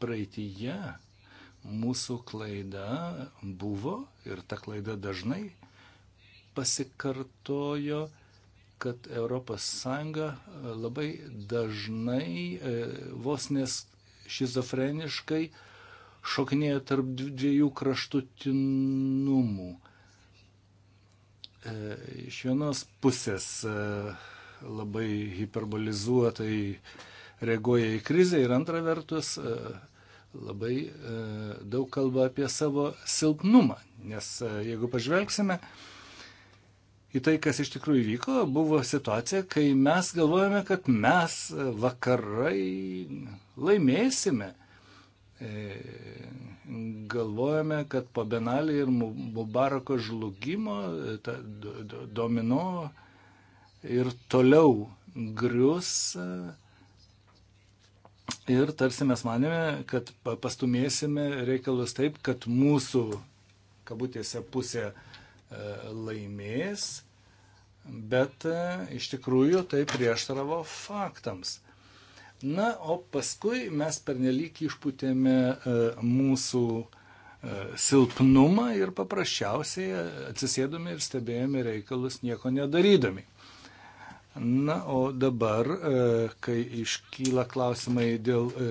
praeitįje Mūsų klaida buvo ir ta klaida dažnai pasikartojo, kad ES labai dažnai e, vos nes šizofreniškai šokinėja tarp dviejų kraštutinumų. E, iš vienos pusės e, labai hiperbolizuotai reaguoja į krizę ir antra vertus labai e, daug kalba apie savo silpnumą. Nes e, jeigu pažvelgsime į tai, kas iš tikrųjų vyko, buvo situacija, kai mes galvojame, kad mes e, vakarai laimėsime. Galvojame, kad po Benalį ir Mubarako žlugimo ta, domino ir toliau grius uh, Ir tarsi mes manėme, kad pastumėsime reikalus taip, kad mūsų, kabutėse, pusė e, laimės, bet e, iš tikrųjų tai prieštaravo faktams. Na, o paskui mes pernelyg išputėme e, mūsų silpnumą ir paprasčiausiai atsisėdome ir stebėjome reikalus nieko nedarydami. Na, o dabar, e, kai iškyla klausimai dėl e,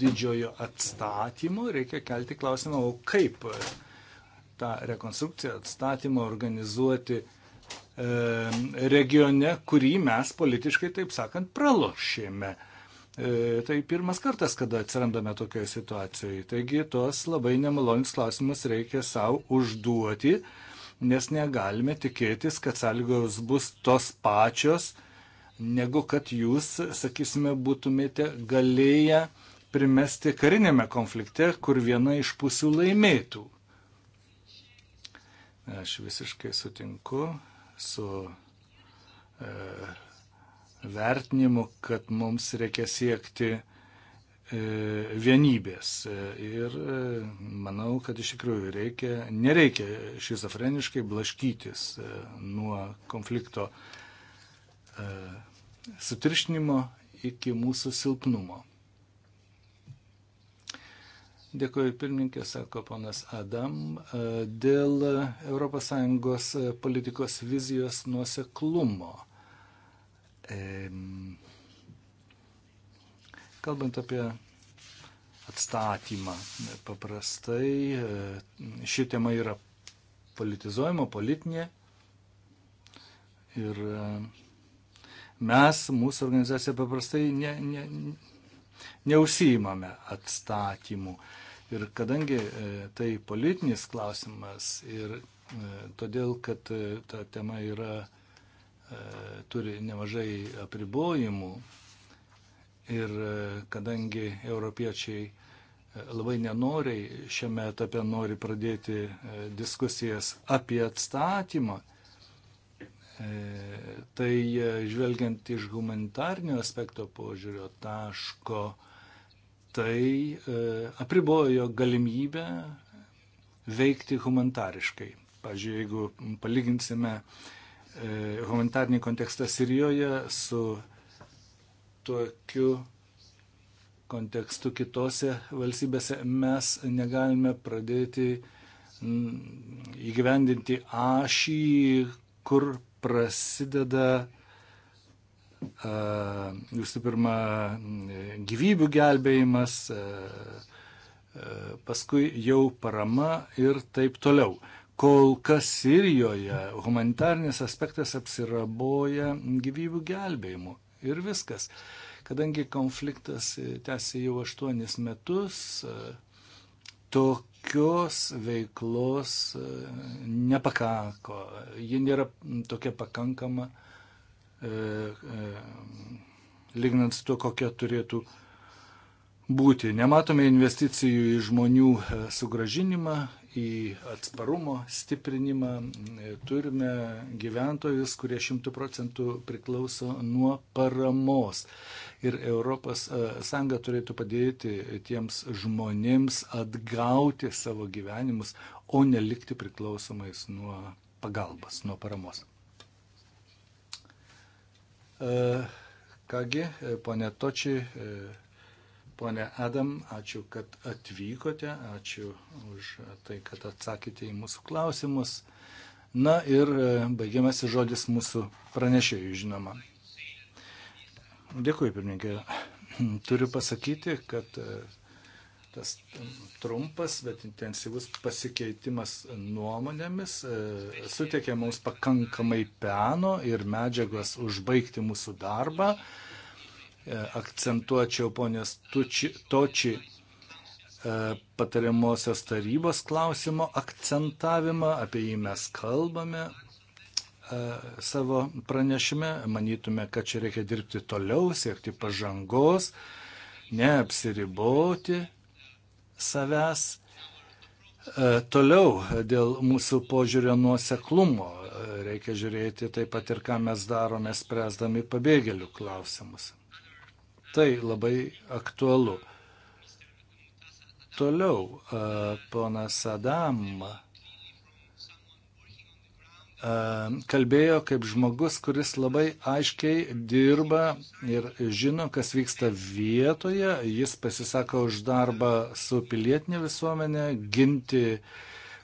didžiojo atstatymo, reikia kelti klausimą, o kaip e, tą rekonstrukciją atstatymą organizuoti regione, kurį mes politiškai, taip sakant, pralošėme. Tai pirmas kartas, kada atsirandame tokioje situacijoje. Taigi, tuos labai nemalonius klausimus reikia savo užduoti nes negalime tikėtis, kad sąlygos bus tos pačios negu kad jūs, sakysime, būtumėte galėję primesti karinėme konflikte, kur viena iš pusių laimėtų. Aš visiškai sutinku su e, vertinimu, kad mums reikia siekti e, vienybės. E, ir e, manau, kad iš tikrųjų reikia, nereikia šizofreniškai blaškytis e, nuo konflikto e, sutiršinimo iki mūsų silpnumo. Dėkuoju pirmininkė, sako ponas Adam, e, dėl ES e, politikos vizijos nuoseklumo. Kalbant apie atstatymą, paprastai e, ši tema yra politizuojama, politinė ir Mes, mūsų organizacija paprastai ne, ne, neužsijimame atstatymų. Ir kadangi e, tai politinis klausimas ir e, todėl, kad e, ta tema yra, turi nemažai apribojimų ir kadangi europiečiai labai nenoriai šiame etape nori pradėti diskusijas apie atstatymą, E, tai e, žvelgiant iš humanitarnio aspekto požiūrio taško, tai e, apribojo galimybę veikti humanitariškai. Pavyzdžiui, jeigu palyginsime humanitarnį kontekstą Sirijoje su tokiu kontekstu kitose valstybėse, mes negalime pradėti įgyvendinti ašį, kur prasideda visų pirma gyvybių gelbėjimas, paskui jau parama ir taip toliau. Kol kas Sirijoje humanitarnis aspektas apsiraboja gyvybių gelbėjimu ir viskas. Kadangi konfliktas tęsiasi jau aštuonis metus, to tokios veiklos e, nepakako. Ji nėra tokia pakankama, e, e, lygnant su to, kokia turėtų būti būti. Nematome investicijų į žmonių e, sugražinimą, į atsparumo stiprinimą. E, turime gyventojus, kurie šimtų procentų priklauso nuo paramos. Ir ES e, turėtų padėti tiems žmonėms atgauti savo gyvenimus, o nelikti priklausomais nuo pagalbos, nuo paramos. Kągi, ponė Točiai, Pone Adam, ačiū, kad atvykote, ačiū už tai, kad atsakėte į mūsų klausimus. Na ir e, baigiamasi žodis mūsų pranešėjų, žinoma. Dėkui, pirmininkė. Turiu pasakyti, kad e, tas trumpas, bet intensyvus pasikeitimas nuomonėmis e, suteikė mums pakankamai peno ir medžiagos užbaigti mūsų darbą. E, akcentuočiau ponės Tuči, Toči e, patariamosios tarybos klausimo akcentavimą, apie jį mes kalbame e, savo pranešime, manytume, kad čia reikia dirbti toliau, siekti pažangos, neapsiriboti savęs. Toliau dėl mūsų požiūrio nuoseklumo reikia žiūrėti taip pat ir ką mes darome spręsdami pabėgėlių klausimus tai labai aktualu. Toliau, ponas Sadam kalbėjo kaip žmogus, kuris labai aiškiai dirba ir žino, kas vyksta vietoje. Jis pasisako už darbą su pilietinė visuomenė, ginti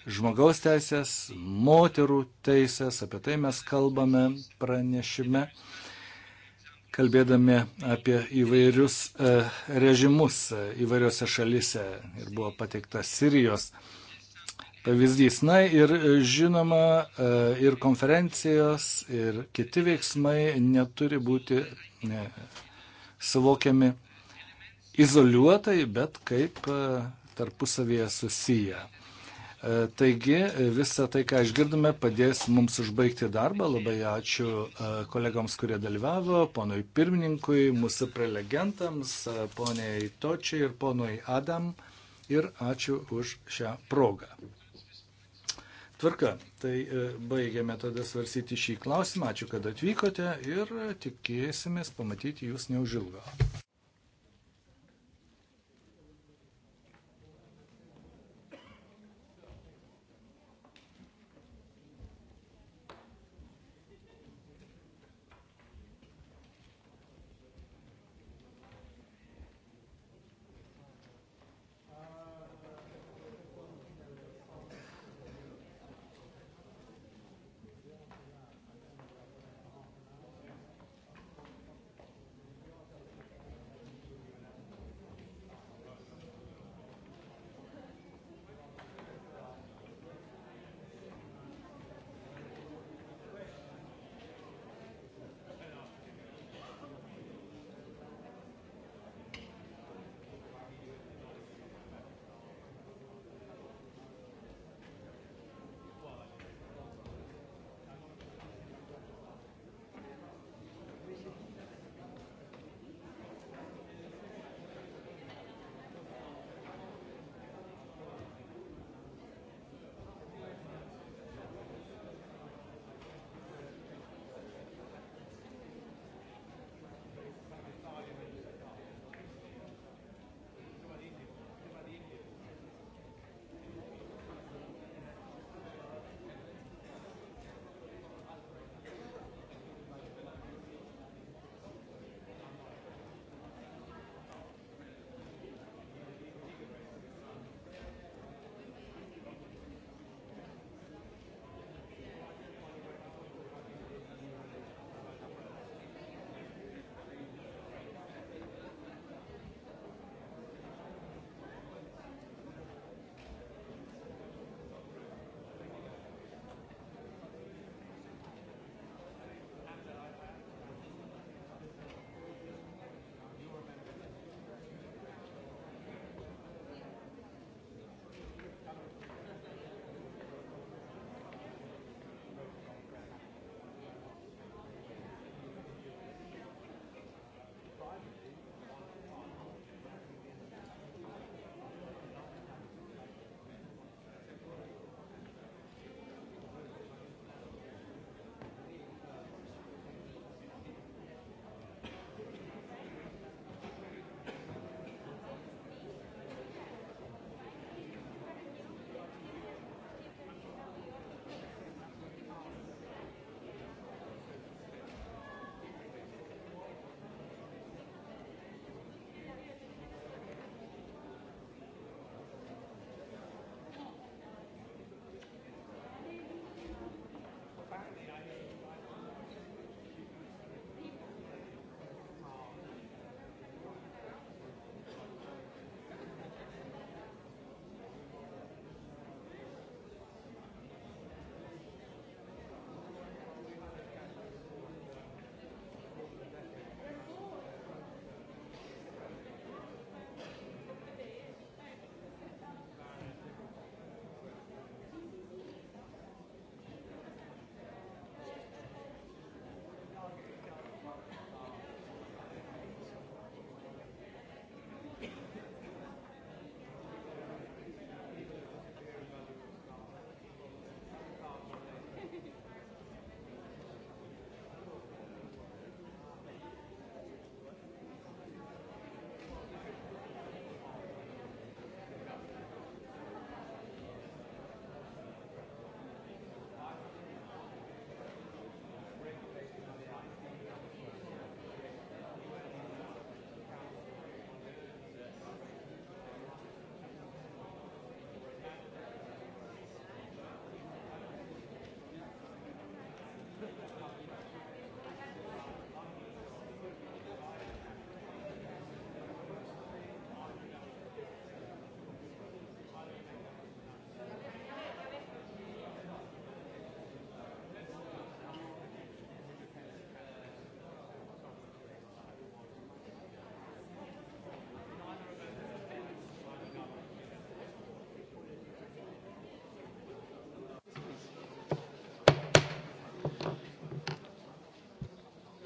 žmogaus teisės, moterų teisės, apie tai mes kalbame pranešime. Uh, kalbėdami apie įvairius e, režimus e, įvairiose šalise ir buvo pateiktas Sirijos pavyzdys. Na ir e, žinoma, ir konferencijos, ir kiti veiksmai neturi būti ne, suvokiami izoliuotai, bet kaip tarpusavėje susiję. E, taigi visą tai, ką išgirdome, padės mums užbaigti darbą. Labai ačiū e, kolegoms, kurie dalyvavo, ponui pirmininkui, mūsų prelegentams, e, poniai Točiai ir ponui Adam. Ir ačiū už šią progą. Tvarka, tai baigiame tada svarsyti šį klausimą. Ačiū, kad atvykote ir tikėsimės pamatyti jūs neužilgo.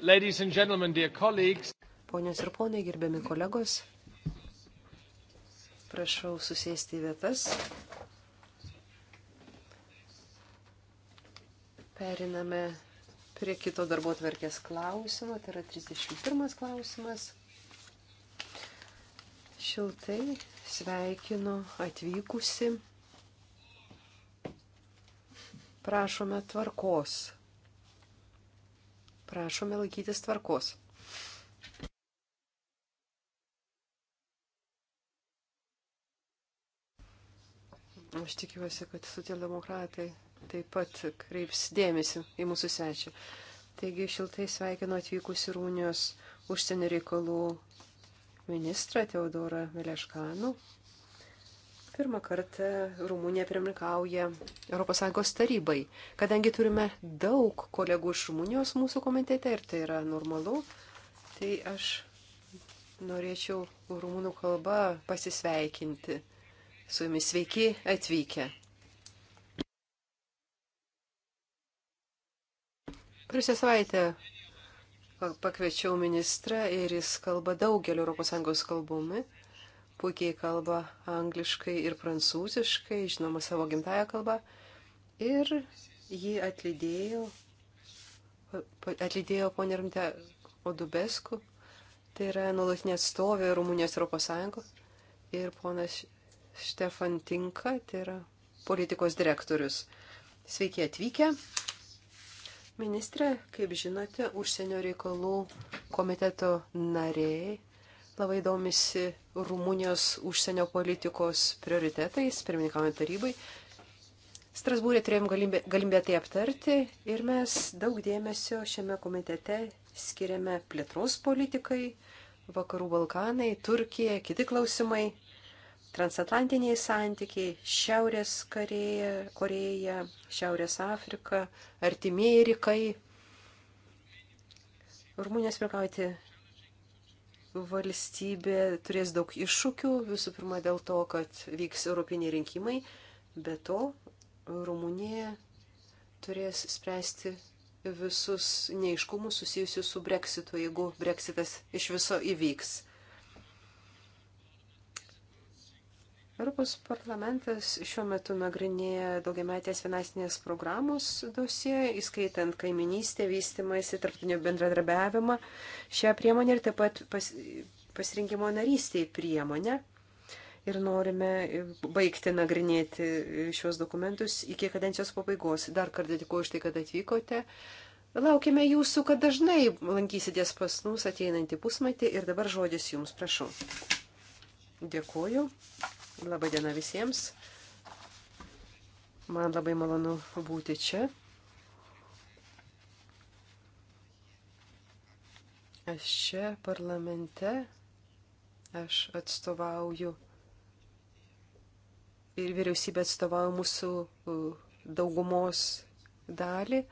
Ponios ir ponai, gerbiami kolegos, prašau susėsti į vietas. Periname prie kito darbo tvarkės klausimo, tai yra 31 klausimas. Šiltai sveikinu atvykusi. Prašome tvarkos prašome laikytis tvarkos. Aš tikiuosi, kad socialdemokratai taip pat kreips dėmesį į mūsų svečią. Taigi šiltai sveikinu atvykusi Rūnijos užsienio reikalų ministrą Teodorą Meleškanų. Pirmą kartą Rumunija pirmininkauja ES tarybai, kadangi turime daug kolegų iš Rumunijos mūsų komitete ir tai yra normalu, tai aš norėčiau rumunų kalbą pasisveikinti su jumis. Sveiki atvykę. Praėjusią savaitę pakviečiau ministrą ir jis kalba daugeliu ES kalbomis puikiai kalba angliškai ir prancūziškai, žinoma, savo gimtają kalbą. Ir jį atlydėjo, atlydėjo ponė Rimte Odubesku, tai yra nuolatinė atstovė Rumunijos Europos Sąjungos, ir ponas Štefan Tinka, tai yra politikos direktorius. Sveiki atvykę. Ministrė, kaip žinote, užsienio reikalų komiteto nariai labai domisi Rumunijos užsienio politikos prioritetais, pirmininkavimo tarybai. Strasbūrė turėjom galimybę, galimybę tai aptarti ir mes daug dėmesio šiame komitete skiriame plėtros politikai, vakarų Balkanai, Turkija, kiti klausimai, transatlantiniai santykiai, Šiaurės Koreja, Koreja Šiaurės Afrika, artimieji rykai. Rumunijos pirkauti valstybė turės daug iššūkių, visų pirma dėl to, kad vyks europiniai rinkimai, be to Rumunija turės spręsti visus neiškumus susijusius su breksitu, jeigu breksitas iš viso įvyks. Europos parlamentas šiuo metu nagrinėja daugiametės finansinės programos dosiją, įskaitant kaiminystę, vystimąsi, tarptinio bendradarbiavimą, šią priemonę ir taip pat pas, pasirinkimo narystėje priemonę. Ir norime baigti nagrinėti šios dokumentus iki kadencijos pabaigos. Dar kartą dėkuoju už tai, kad atvykote. Laukime jūsų, kad dažnai lankysitės pas mus ateinantį pusmetį ir dabar žodis jums, prašau. Dėkuoju. Labadiena visiems. Man labai malonu būti čia. Aš čia parlamente, aš atstovauju ir vyriausybė atstovauja mūsų daugumos dalį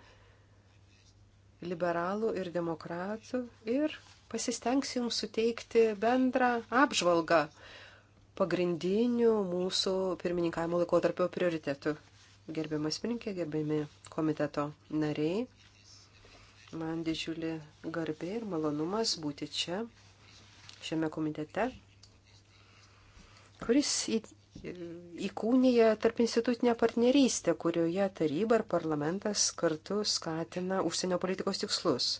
liberalų ir demokratų ir pasistengsiu jums suteikti bendrą apžvalgą pagrindinių mūsų pirmininkavimo laikotarpio prioritetų. Gerbiamas pirinkė, gerbiami komiteto nariai, man didžiulė garbė ir malonumas būti čia, šiame komitete, kuris įkūnyja tarp institutinę partnerystę, kurioje taryba ir parlamentas kartu skatina užsienio politikos tikslus.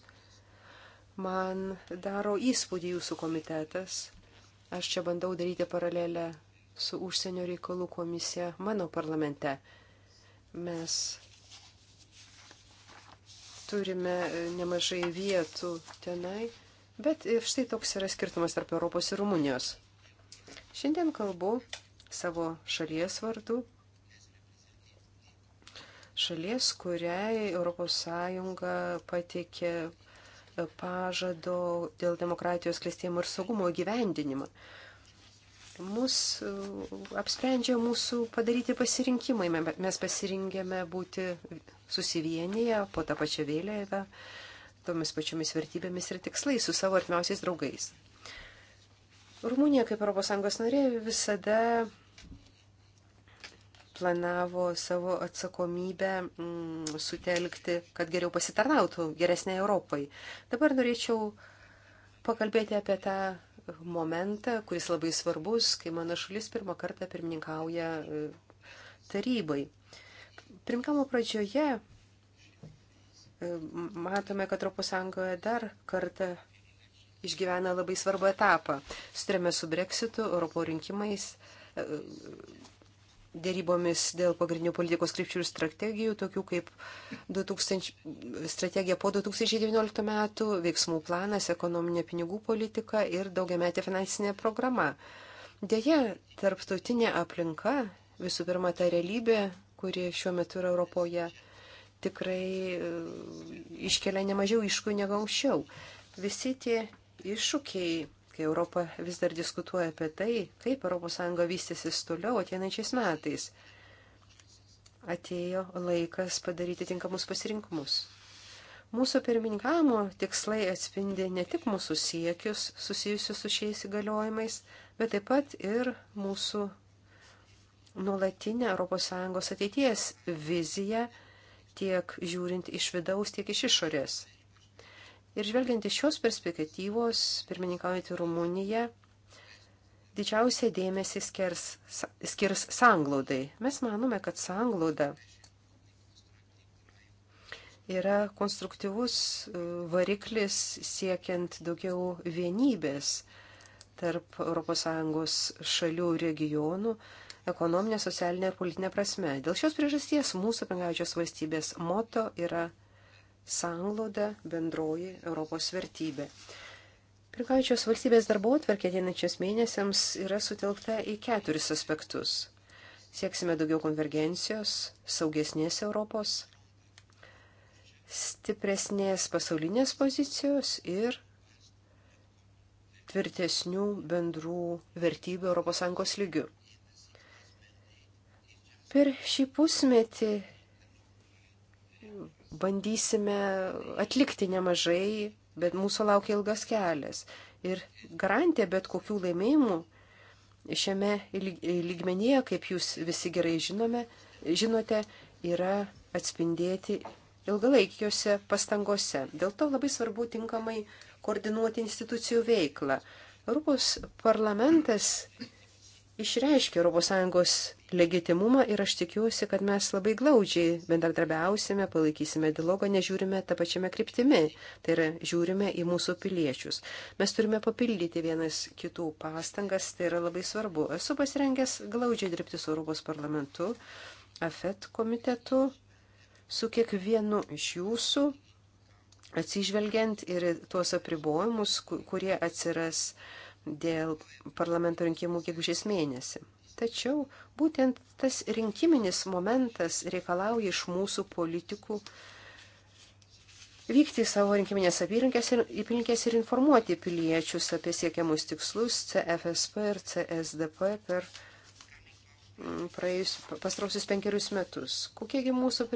Man daro įspūdį jūsų komitetas, Aš čia bandau daryti paralelę su užsienio reikalų komisija mano parlamente. Mes turime e, nemažai vietų tenai, bet štai toks yra skirtumas tarp Europos ir Rumunijos. Šiandien kalbu savo šalies vardu, šalies, kuriai ES pateikė pažado dėl demokratijos klėstėjimo ir saugumo gyvendinimą. Mus uh, apsprendžia mūsų padaryti pasirinkimai. Mes pasirinkėme būti susivienyje po tą pačią vėliavą, tomis pačiomis vertybėmis ir tikslais su savo artimiausiais draugais. Rumunija kaip ES narė visada planavo savo atsakomybę mm, sutelkti, kad geriau pasitarnautų geresnė Europai. Dabar norėčiau pakalbėti apie tą momentą, kuris labai svarbus, kai mano šalis pirmą kartą pirmininkauja e, tarybai. Pirmkamo pradžioje e, matome, kad Europos Sąjungoje dar kartą išgyvena labai svarbu etapą. Sutarėme su Brexitu, Europo rinkimais, e, dėrybomis dėl pagrindinių politikos krypčių ir strategijų, tokių kaip 2000, strategija po 2019 metų, veiksmų planas, ekonominė pinigų politika ir daugiametė finansinė programa. Deja, tarptautinė aplinka, visų pirma, ta realybė, kuri šiuo metu yra Europoje, tikrai e, iškelia nemažiau iškų negu anksčiau. Visi tie iššūkiai kai Europa vis dar diskutuoja apie tai, kaip ES vystysis toliau ateinančiais metais. Atėjo laikas padaryti tinkamus pasirinkimus. Mūsų pirmininkamo tikslai atspindi ne tik mūsų siekius susijusius su šiais įgaliojimais, bet taip pat ir mūsų nuolatinę ES ateities viziją tiek žiūrint iš vidaus, tiek iš išorės. Ir žvelgiant iš šios perspektyvos, pirmininkaujantį Rumuniją, didžiausia dėmesį skirs, skirs sanglaudai. Mes manome, kad sanglauda yra konstruktyvus e, variklis siekiant daugiau vienybės tarp ES šalių regionų ekonominė, socialinė ir politinė prasme. Dėl šios priežasties mūsų pengaujančios valstybės moto yra sanglauda bendroji Europos vertybė. Pirkaujančios valstybės darbo atverkė dienačias mėnesiams yra sutelkta į keturis aspektus. Sieksime daugiau konvergencijos, saugesnės Europos, stipresnės pasaulinės pozicijos ir tvirtesnių bendrų vertybių ES lygių. Per šį pusmetį bandysime atlikti nemažai, bet mūsų laukia ilgas kelias. Ir garantija bet kokių laimėjimų šiame lygmenyje, kaip jūs visi gerai žinome, žinote, yra atspindėti ilgalaikiuose pastangose. Dėl to labai svarbu tinkamai koordinuoti institucijų veiklą. Europos parlamentas išreiškė ES legitimumą ir aš tikiuosi, kad mes labai glaudžiai bendradarbiausime, palaikysime dialogą, nežiūrime tą pačiame kryptimi, tai yra žiūrime į mūsų piliečius. Mes turime papildyti vienas kitų pastangas, tai yra labai svarbu. Esu pasirengęs glaudžiai dirbti su Europos parlamentu, AFET komitetu, su kiekvienu iš jūsų, atsižvelgiant ir tuos apribojimus, kurie atsiras dėl parlamento rinkimų gegužės mėnesį. Tačiau būtent tas rinkiminis momentas reikalauja iš mūsų politikų vykti į savo rinkiminės apylinkės ir, apylinkės ir informuoti piliečius apie siekiamus tikslus CFSP ir CSDP per mm, praėjus pastrausius penkerius metus. Kokiegi mūsų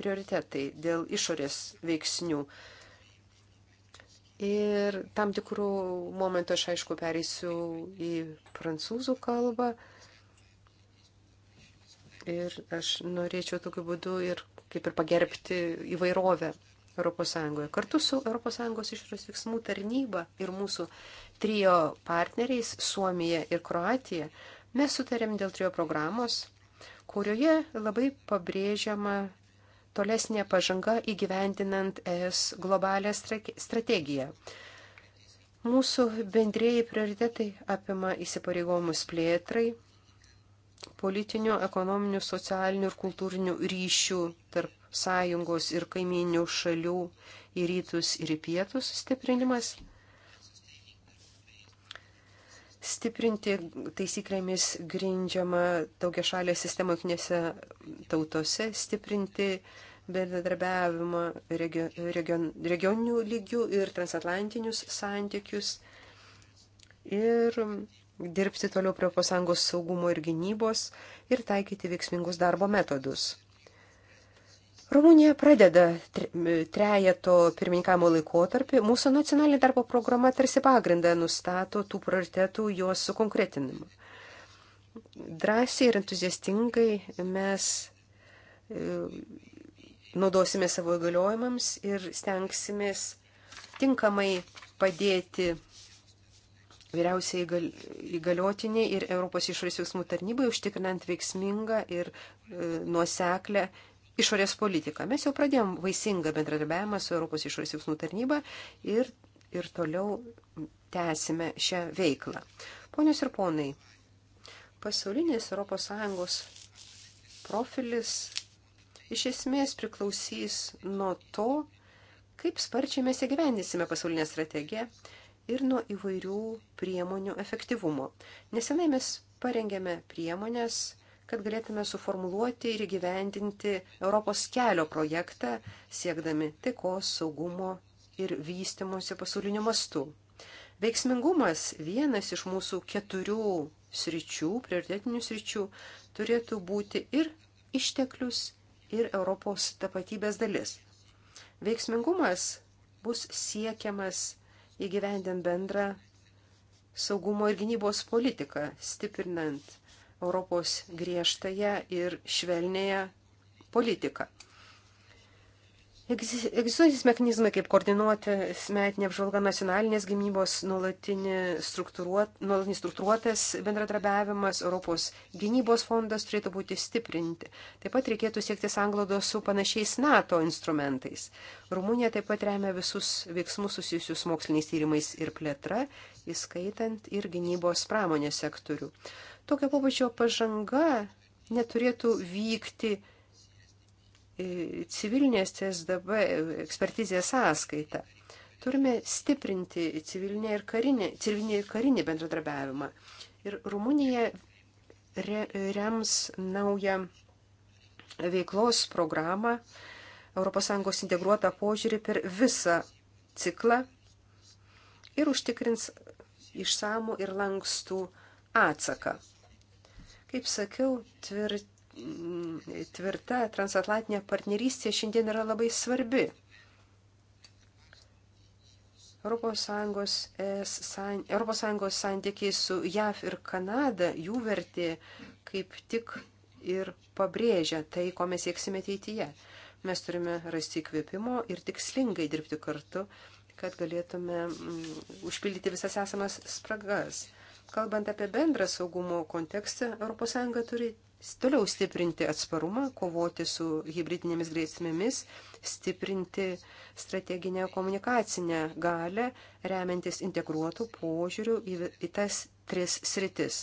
prioritetai dėl išorės veiksnių? Ir tam tikrų momentų aš aišku perėsiu į prancūzų kalbą. Ir aš norėčiau tokiu būdu ir kaip ir pagerbti įvairovę ES. Kartu su ES išorės veiksmų tarnyba ir mūsų trijo partneriais Suomija ir Kroatija mes sutarėm dėl trijo programos, kurioje labai pabrėžiama tolesnė pažanga įgyvendinant ES globalę strategiją. Mūsų bendrėjai prioritetai apima įsipareigomus plėtrai, politinių, ekonominių, socialinių ir kultūrinių ryšių tarp sąjungos ir kaiminių šalių į rytus ir į pietus stiprinimas, stiprinti taisyklėmis grindžiamą daugia šalę sistemą jungtinėse tautose, stiprinti bendradarbiavimą regio, region, regioninių lygių ir transatlantinius santykius ir dirbti toliau prie ES saugumo ir gynybos ir taikyti veiksmingus darbo metodus. Rumunija pradeda trejato pirmininkamo laikotarpį. Mūsų nacionalinė darbo programa tarsi pagrindą nustato tų prioritetų juos sukonkretinimą. Drąsiai ir entuziastingai mes e, naudosime savo įgaliojimams ir stengsimės tinkamai padėti vyriausiai įgaliotiniai ir Europos išorės veiksmų tarnybai užtikrinant veiksmingą ir e, nuoseklę išorės politiką. Mes jau pradėjom vaisingą bendradarbiavimą su Europos išorės veiksmų tarnyba ir, ir toliau tęsime šią veiklą. Ponios ir ponai, pasaulinės ES profilis iš esmės priklausys nuo to, kaip sparčiai mes įgyvendysime pasaulinę strategiją ir nuo įvairių priemonių efektyvumo. Nesenai mes parengėme priemonės kad galėtume suformuluoti ir gyvendinti Europos kelio projektą, siekdami taikos, saugumo ir vystimosi pasauliniu mastu. Veiksmingumas vienas iš mūsų keturių sričių, prioritetinių sričių, turėtų būti ir išteklius, ir Europos tapatybės dalis. Veiksmingumas bus siekiamas įgyvendint bendrą saugumo ir gynybos politiką, stiprinant Europos griežtąją ir švelnėją politiką. Egzistuojantys mechanizmai, kaip koordinuoti metinė apžvalga nacionalinės gynybos, nuolatinis struktūruot, struktūruotas bendradarbiavimas, Europos gynybos fondas turėtų būti stiprinti. Taip pat reikėtų siekti sanglodo su panašiais NATO instrumentais. Rumunija taip pat remia visus veiksmus susijusius moksliniais tyrimais ir plėtra, įskaitant ir gynybos pramonės sektorių. Tokio pabučio pažanga neturėtų vykti e, civilinės CSDB ekspertizės sąskaita. Turime stiprinti civilinį ir karinį, civilinį ir karinį bendradarbiavimą. Ir Rumunija re, rems naują veiklos programą ES integruotą požiūrį per visą ciklą ir užtikrins išsamų ir lankstų atsaką. Kaip sakiau, tvirti tvirta transatlantinė partnerystė šiandien yra labai svarbi. ES, ES santykiai su JAV ir Kanada, jų vertė kaip tik ir pabrėžia tai, ko mes sieksime ateityje. Mes turime rasti įkvėpimo ir tikslingai dirbti kartu, kad galėtume mm, užpildyti visas esamas spragas. Kalbant apie bendrą saugumo kontekstą, ES turi toliau stiprinti atsparumą, kovoti su hybridinėmis grėsmėmis, stiprinti strateginę komunikacinę galę, remiantis integruotų požiūrių į, į tas tris sritis.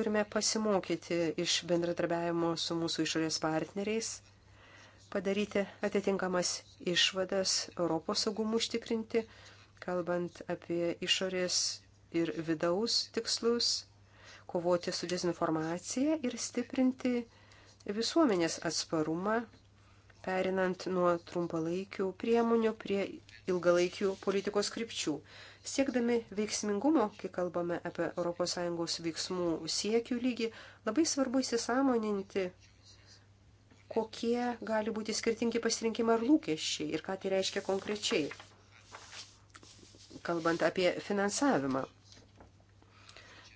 Turime pasimokyti iš bendradarbiavimo su mūsų išorės partneriais, padaryti atitinkamas išvadas Europos saugumų užtikrinti, kalbant apie išorės ir vidaus tikslus, kovoti su dezinformacija ir stiprinti visuomenės atsparumą, perinant nuo trumpalaikių priemonių prie ilgalaikių politikos krypčių. Siekdami veiksmingumo, kai kalbame apie ES veiksmų siekių lygį, labai svarbu įsisamoninti, kokie gali būti skirtingi pasirinkimai ar lūkesčiai ir ką tai reiškia konkrečiai, kalbant apie finansavimą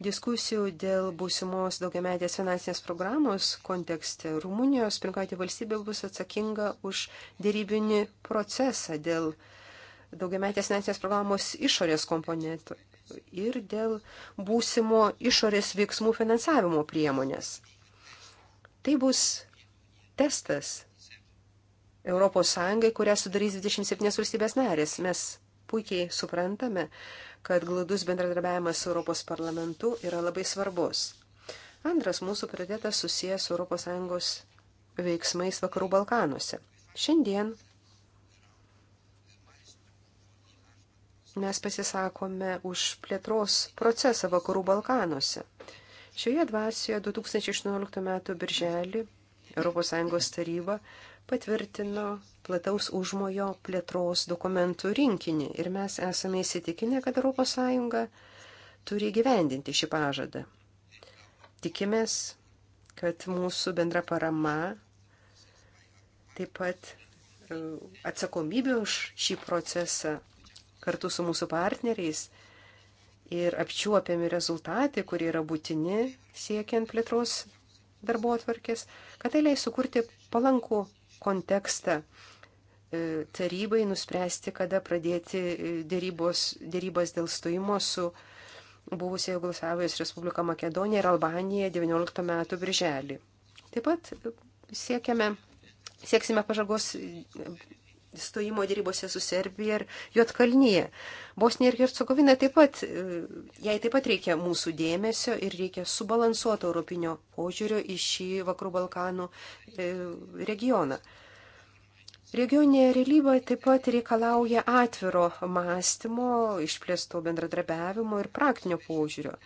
diskusijų dėl būsimos daugiametės finansinės programos kontekste Rumunijos pirmkaitė valstybė bus atsakinga už dėrybinį procesą dėl daugiametės finansinės programos išorės komponentų ir dėl būsimo išorės veiksmų finansavimo priemonės. Tai bus testas Europos Sąjungai, kurią sudarys 27 valstybės narės. Mes puikiai suprantame, kad glūdus bendradarbiavimas su Europos parlamentu yra labai svarbus. Antras mūsų pradėtas susijęs su ES veiksmais Vakarų Balkanuose. Šiandien mes pasisakome už plėtros procesą Vakarų Balkanuose. Šioje dvasioje 2018 m. birželį ES taryba patvirtino plataus užmojo plėtros dokumentų rinkinį ir mes esame įsitikinę, kad ES turi gyvendinti šį pažadą. Tikimės, kad mūsų bendra parama taip pat e, atsakomybė už šį procesą kartu su mūsų partneriais ir apčiuopiami rezultatai, kurie yra būtini siekiant plėtros darbo atvarkės, kad tai leis sukurti palankų kontekstą e, tarybai nuspręsti, kada pradėti e, dėrybos, dėrybas dėl stojimo su buvusia Jugoslavijos Respublika Makedonija ir Albanija 19 metų birželį. Taip pat siekiame, sieksime pažagos stojimo dėrybose su Serbija ir Jotkalnyje. Bosnija ir Hercegovina taip pat, e, jai taip pat reikia mūsų dėmesio ir reikia subalansuoto europinio požiūrio į šį Vakarų Balkanų e, regioną. Regioninė realybė taip pat reikalauja atviro mąstymo, išplėsto bendradarbiavimo ir praktinio požiūrio.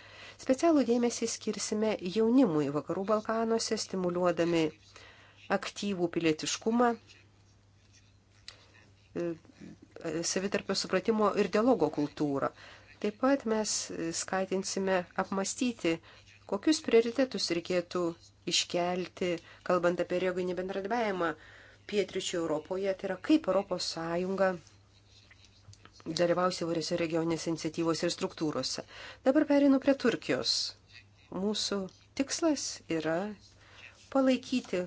Specialų dėmesį skirsime jaunimui Vakarų Balkanuose, stimuliuodami aktyvų pilietiškumą, E, savitarpio supratimo ir dialogo kultūrą. Taip pat mes skatinsime apmastyti, kokius prioritetus reikėtų iškelti, kalbant apie regioninį bendradarbiavimą pietričių Europoje, tai yra kaip ES dalyvaus įvairiose regioninėse iniciatyvose ir struktūrose. Dabar perinu prie Turkijos. Mūsų tikslas yra palaikyti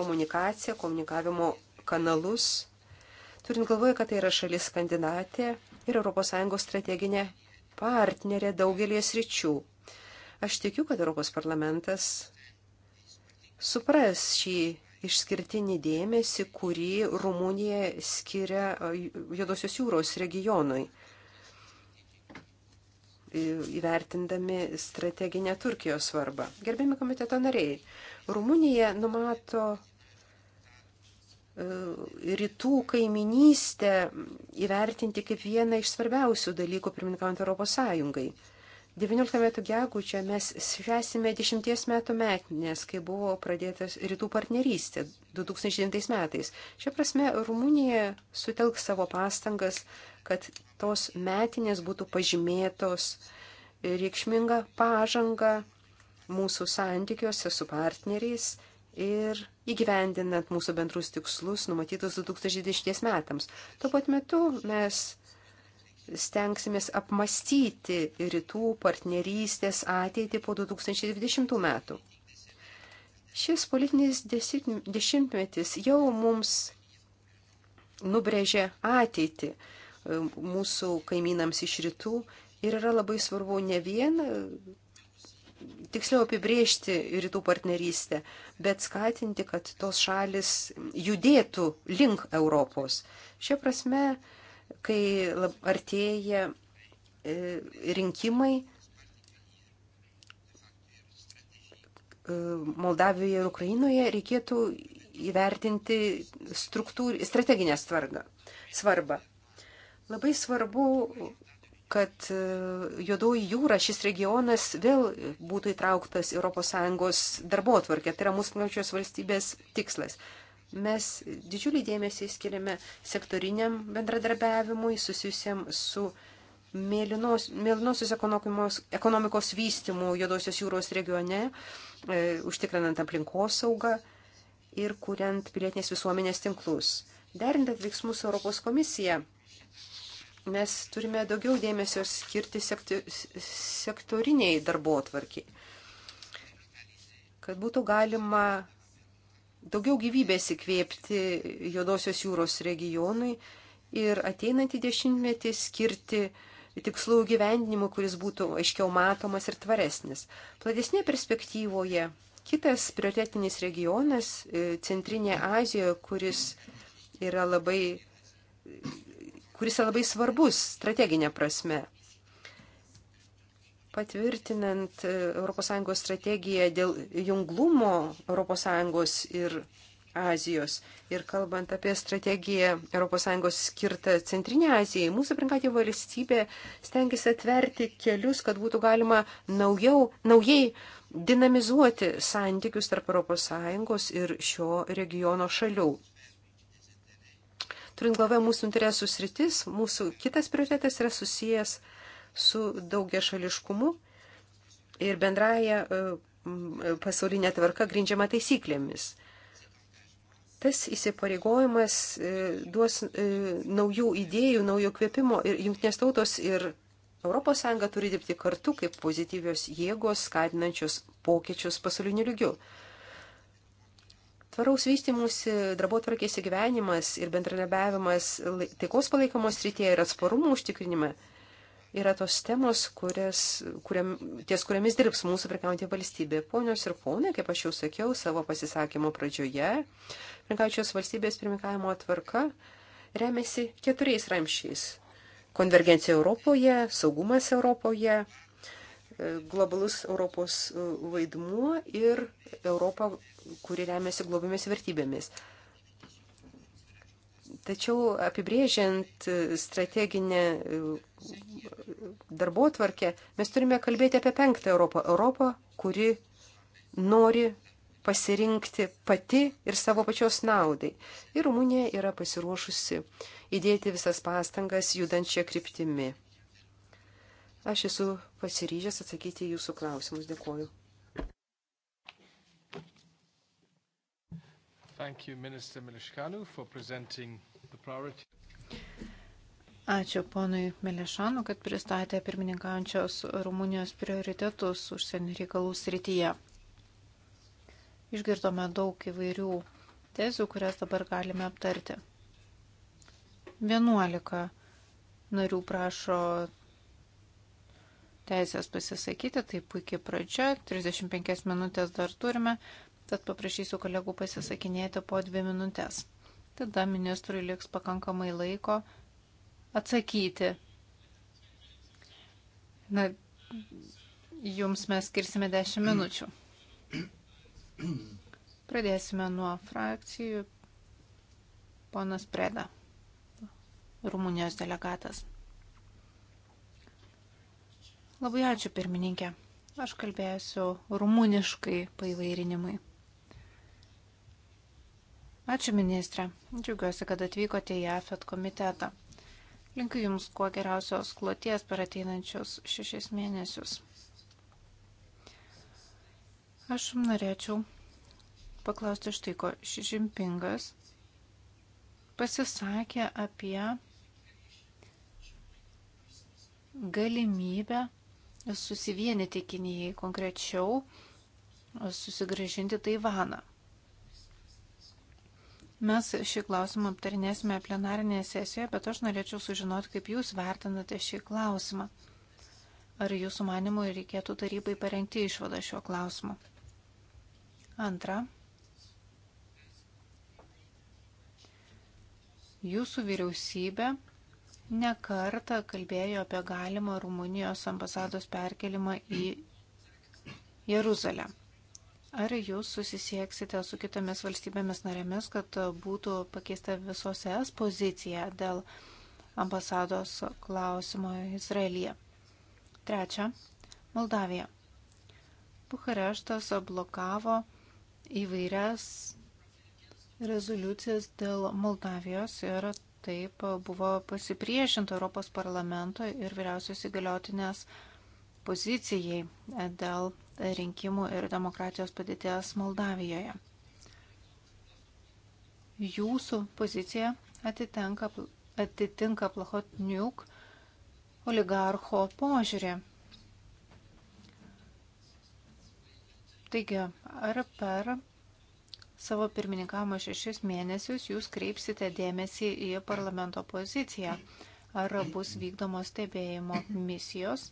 komunikaciją, komunikavimo kanalus turint galvoje, kad tai yra šalis kandidatė ir ES strateginė partnerė daugelie sričių. Aš tikiu, kad Europos parlamentas supras šį išskirtinį dėmesį, kurį Rumunija skiria uh, Jodosios jūros regionui, įvertindami strateginę Turkijos svarbą. Gerbėmi komiteto nariai, Rumunija numato E, rytų kaiminystę įvertinti kaip vieną iš svarbiausių dalykų pirmininkaujant Europos Sąjungai. 19 metų gegužę mes švesime 10 metų metinės, kai buvo pradėtas rytų partnerystė 2009 metais. Šia prasme, Rumunija sutelks savo pastangas, kad tos metinės būtų pažymėtos reikšminga pažanga mūsų santykiuose su partneriais ir įgyvendinant mūsų bendrus tikslus numatytus 2020 metams. Tuo pat metu mes stengsimės apmastyti rytų partnerystės ateitį po 2020 metų. Šis politinis dešimtmetis jau mums nubrėžė ateitį e, mūsų kaimynams iš rytų ir yra labai svarbu ne vien tiksliau apibriežti rytų partnerystę, bet skatinti, kad tos šalis judėtų link Europos. Šia prasme, kai artėja e, rinkimai, e, Moldavijoje ir Ukrainoje reikėtų įvertinti strateginę svarbą. Labai svarbu kad e, Jodoji jūra, šis regionas vėl būtų įtrauktas ES darbo atvarkė. Tai yra mūsų plačios valstybės tikslas. Mes didžiulį dėmesį skiriame sektoriniam bendradarbiavimui susijusiam su mėlynos, mėlynosios ekonomikos, ekonomikos vystimu Jodosios jūros regione, e, užtikrinant aplinkosaugą ir kuriant pilietinės visuomenės tinklus. Derinant veiksmus Europos komisija Mes turime daugiau dėmesio skirti sekti, sektoriniai darbo atvarkiai, kad būtų galima daugiau gyvybės įkvėpti Jodosios jūros regionui ir ateinantį dešimtmetį skirti tikslų gyvendinimu, kuris būtų aiškiau matomas ir tvaresnis. Platesnė perspektyvoje kitas prioritetinis regionas e, Centrinė Azijoje, kuris yra labai kuris yra labai svarbus strateginė prasme. Patvirtinant ES strategiją dėl junglumo ES ir Azijos ir kalbant apie strategiją ES skirtą Centrinė Azijai, mūsų aplinkatė valstybė stengiasi atverti kelius, kad būtų galima naujau, naujai dinamizuoti santykius tarp ES ir šio regiono šalių. Turint galvoje mūsų interesų sritis, mūsų kitas prioritetas yra susijęs su daugia šališkumu ir bendraja e, pasaulinė tvarka grindžiama taisyklėmis. Tas įsipareigojimas e, duos e, naujų idėjų, naujo kvėpimo ir jungtinės tautos ir ES turi dirbti kartu kaip pozityvios jėgos, skatinančios pokyčius pasauliniu lygiu. Tvaraus vystimusi darbotvarkės įgyvenimas ir bendradarbiavimas taikos palaikomos srityje ir atsparumo užtikrinime yra tos temos, kurias, kuriam, ties kuriamis dirbs mūsų prikaujantie valstybė. Ponios ir ponai, kaip aš jau sakiau savo pasisakymo pradžioje, prikaujančios valstybės pirmininkavimo tvarka remiasi keturiais ramšiais. Konvergencija Europoje, saugumas Europoje, e, globalus Europos e, vaidmuo ir Europa kuri remiasi globiomis vertybėmis. Tačiau apibrėžiant strateginę darbo tvarkę, mes turime kalbėti apie penktą Europą. Europą, kuri nori pasirinkti pati ir savo pačios naudai. Ir Rumunija yra pasiruošusi įdėti visas pastangas judančią kryptimi. Aš esu pasiryžęs atsakyti jūsų klausimus. Dėkuoju. Thank you, Minister Milishkanu, for presenting the priority. Ačiū ponui Melešanu, kad pristatė pirmininkaujančios Rumunijos prioritetus užsienio reikalų srityje. Išgirdome daug įvairių tezių, kurias dabar galime aptarti. 11 narių prašo teisės pasisakyti, tai puikiai pradžia, 35 minutės dar turime, tad paprašysiu kolegų pasisakinėti po dvi minutės. Tada ministrui liks pakankamai laiko atsakyti. Na, jums mes skirsime 10 minučių. Pradėsime nuo frakcijų. Ponas Preda, Rumunijos delegatas. Labai ačiū pirmininkė. Aš kalbėsiu rumuniškai paivairinimui. Ačiū ministrė. Džiaugiuosi, kad atvykote į AFET komitetą. Linkiu Jums kuo geriausios kloties per ateinančius šešis mėnesius. Aš norėčiau paklausti štai ko. Šižimpingas pasisakė apie galimybę susivienyti Kinijai konkrečiau susigražinti Taivaną. Mes šį klausimą aptarinėsime plenarinėje sesijoje, bet aš norėčiau sužinoti, kaip Jūs vertinate šį klausimą. Ar Jūsų manimui reikėtų tarybai parengti išvadą šiuo klausimu? Antra. Jūsų vyriausybė nekarta kalbėjo apie galimą Rumunijos ambasados perkelimą į Jeruzalę. Ar jūs susisieksite su kitomis valstybėmis narėmis, kad būtų pakeista visos es pozicija dėl ambasados klausimo Izraelyje? Trečia. Moldavija. Bukareštas blokavo įvairias rezoliucijas dėl Moldavijos ir taip buvo pasipriešinta Europos parlamento ir vyriausios įgaliotinės pozicijai e, dėl rinkimų ir demokratijos padėties Moldavijoje. Jūsų pozicija atitenka, atitinka Plahotniuk oligarcho požiūrį. Taigi, ar per savo pirmininkamo šešis mėnesius jūs kreipsite dėmesį į parlamento poziciją? Ar bus vykdomos stebėjimo misijos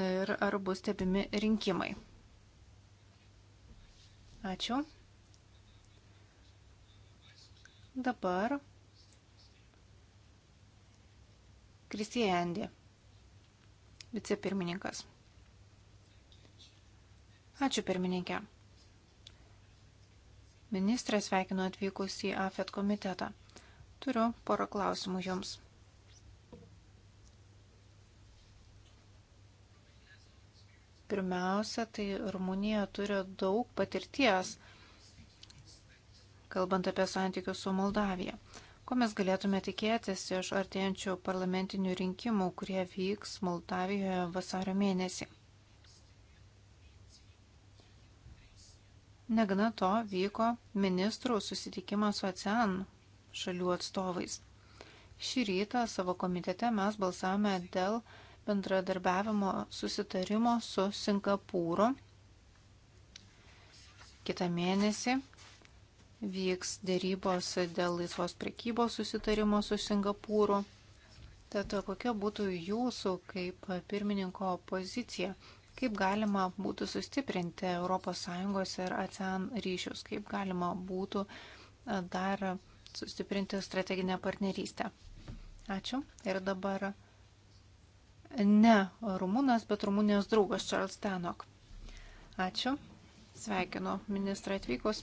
ir ar bus stebimi rinkimai. Ačiū. Dabar Kristijandė, vicepirmininkas. Ačiū pirmininkė. Ministrė sveikinu atvykus į AFET komitetą. Turiu porą klausimų jums. Pirmiausia, tai Rumunija turi daug patirties, kalbant apie santykius su Moldavija. Ko mes galėtume tikėtis iš artėjančių parlamentinių rinkimų, kurie vyks Moldavijoje vasario mėnesį? Negana to vyko ministrų susitikimas su ASEAN šalių atstovais. Šį rytą savo komitete mes balsavome dėl bendradarbiavimo susitarimo su Singapūru. Kita mėnesį vyks dėrybos dėl laisvos prekybos susitarimo su Singapūru. Tad kokia būtų jūsų kaip pirmininko pozicija? Kaip galima būtų sustiprinti ES ir ASEAN ryšius? Kaip galima būtų dar sustiprinti strateginę partnerystę? Ačiū. Ir dabar ne rumūnas, bet rumūnijos draugas Charles Tenok. Ačiū. Sveikinu ministrą atvykus.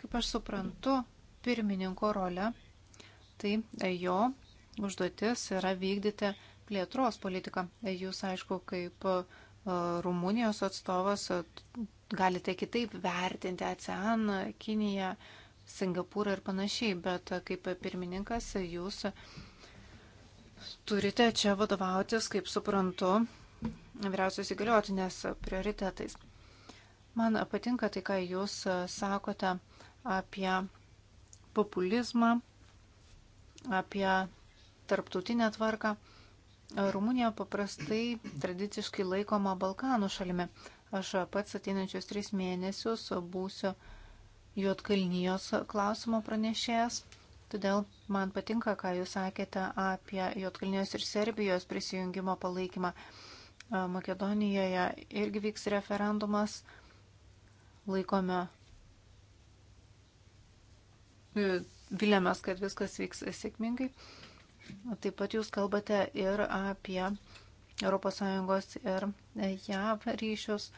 Kaip aš suprantu, pirmininko rolę, tai jo užduotis yra vykdyti plėtros politiką. Jūs, aišku, kaip e, Rumunijos atstovas e, galite kitaip vertinti ASEAN, Kiniją, Singapūrą ir panašiai, bet e, kaip pirmininkas jūs turite čia vadovautis, kaip suprantu, vyriausios įgaliotinės prioritetais. Man patinka tai, ką jūs sakote apie populizmą, apie tarptautinę tvarką. Rumunija paprastai tradiciškai laikoma Balkanų šalimi. Aš pats ateinančius tris mėnesius būsiu Juotkalnyjos klausimo pranešėjas. Todėl man patinka, ką Jūs sakėte apie Jotkalnijos ir Serbijos prisijungimo palaikymą. Makedonijoje irgi vyks referendumas. Laikome. E, Vilėmės, kad viskas vyks sėkmingai. Taip pat jūs kalbate ir apie ES ir JAV ryšius.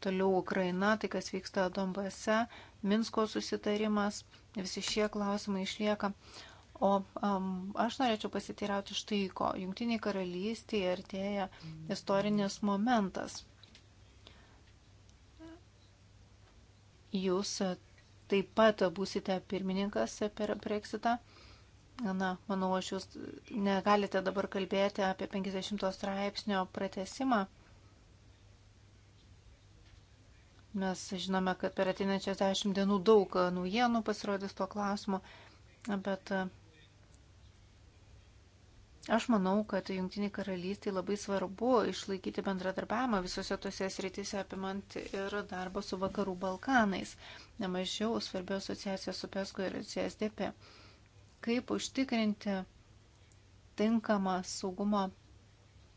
Toliau Ukraina, tai kas vyksta Dombase, Minsko susitarimas. Visi šie klausimai išlieka. O um, aš norėčiau pasiteirauti štai ko. Junktiniai karalystėje artėja istorinis momentas. Jūs taip pat būsite pirmininkas per Brexitą. Na, manau, aš jūs negalite dabar kalbėti apie 50 straipsnio pratesimą. Mes žinome, kad per ateinančias dešimt dienų daug e, naujienų pasirodys tuo klausimu, bet e, aš manau, kad Junktiniai karalystiai labai svarbu išlaikyti bendradarbiavimą visose tose srityse apimant ir darbą su vakarų Balkanais, nemažiau svarbi asociacija su PESCO ir CSDP. Kaip užtikrinti tinkamą saugumo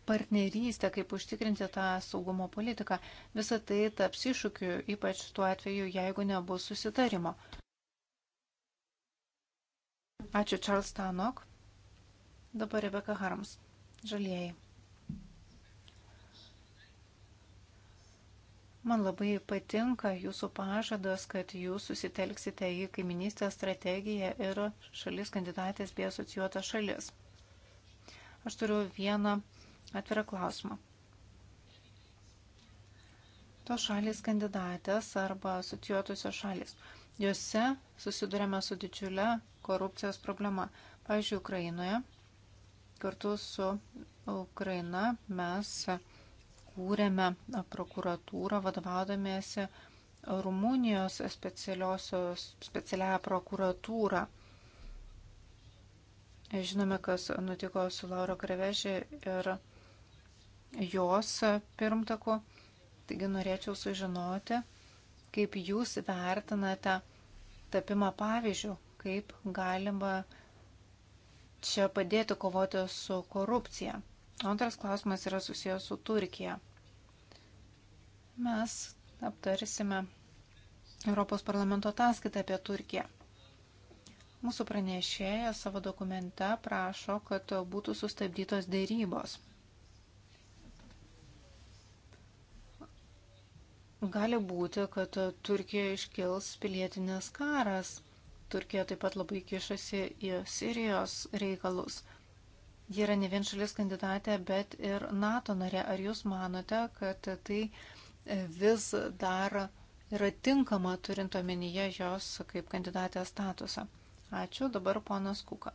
partnerystę, kaip užtikrinti tą saugumo politiką. Visą tai taps iššūkiu, ypač tuo atveju, jeigu nebus susitarimo. Ačiū Charles Tanok. Dabar Rebeka Harms. Žalieji. Man labai patinka jūsų pažadas, kad jūs susitelksite į kaiminystės strategiją ir šalis kandidatės bei asocijuotas šalis. Aš turiu vieną atvirą klausimą. Tos šalis kandidatės arba asociuotusios šalis. Juose susidurėme su didžiulė korupcijos problema. Pavyzdžiui, Ukrainoje kartu su Ukraina mes kūrėme prokuratūrą vadovaudamėsi Rumunijos specialiąją prokuratūrą. Žinome, kas nutiko su Laura Krevežė ir jos pirmtaku. Taigi norėčiau sužinoti, kaip jūs vertinate tapimą pavyzdžių, kaip galima čia padėti kovoti su korupcija. Antras klausimas yra susijęs su Turkija. Mes aptarsime Europos parlamento ataskaitą apie Turkiją. Mūsų pranešėja savo dokumente prašo, kad būtų sustabdytos dėrybos Gali būti, kad Turkijoje iškils pilietinės karas. Turkija taip pat labai kišasi į Sirijos reikalus. Ji yra ne vien šalis kandidatė, bet ir NATO narė. Ar jūs manote, kad tai vis dar yra tinkama turint omenyje jos kaip kandidatės statusą? Ačiū, dabar ponas Kuka.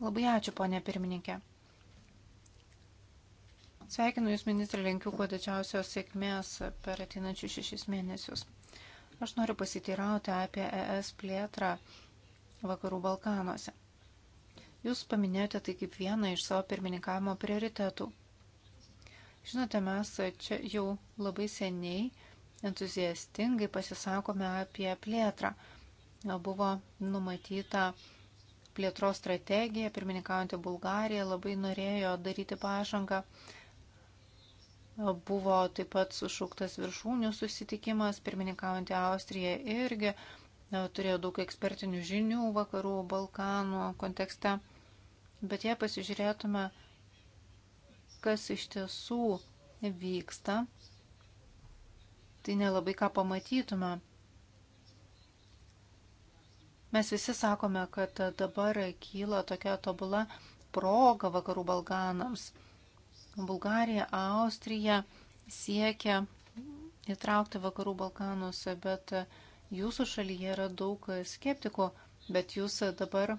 Labai ačiū, ponė pirmininkė. Sveikinu Jūs, ministrė, linkiu kuo didžiausios sėkmės per ateinančius šešis mėnesius. Aš noriu pasiteirauti apie ES plėtrą Vakarų Balkanuose. Jūs paminėjote tai kaip vieną iš savo pirmininkavimo prioritetų. Žinote, mes čia jau labai seniai entuziastingai pasisakome apie plėtrą. Buvo numatyta plėtros strategija, pirmininkaujantį Bulgariją labai norėjo daryti pažangą Buvo taip pat sušauktas viršūnių susitikimas, pirmininkaujantį Austriją irgi e, turėjo daug ekspertinių žinių vakarų Balkanų kontekste. Bet jei pasižiūrėtume, kas iš tiesų vyksta, tai nelabai ką pamatytume. Mes visi sakome, kad dabar kyla tokia tobula proga vakarų Balkanams – Bulgarija, Austrija siekia įtraukti vakarų Balkanus, bet jūsų šalyje yra daug skeptikų, bet jūs dabar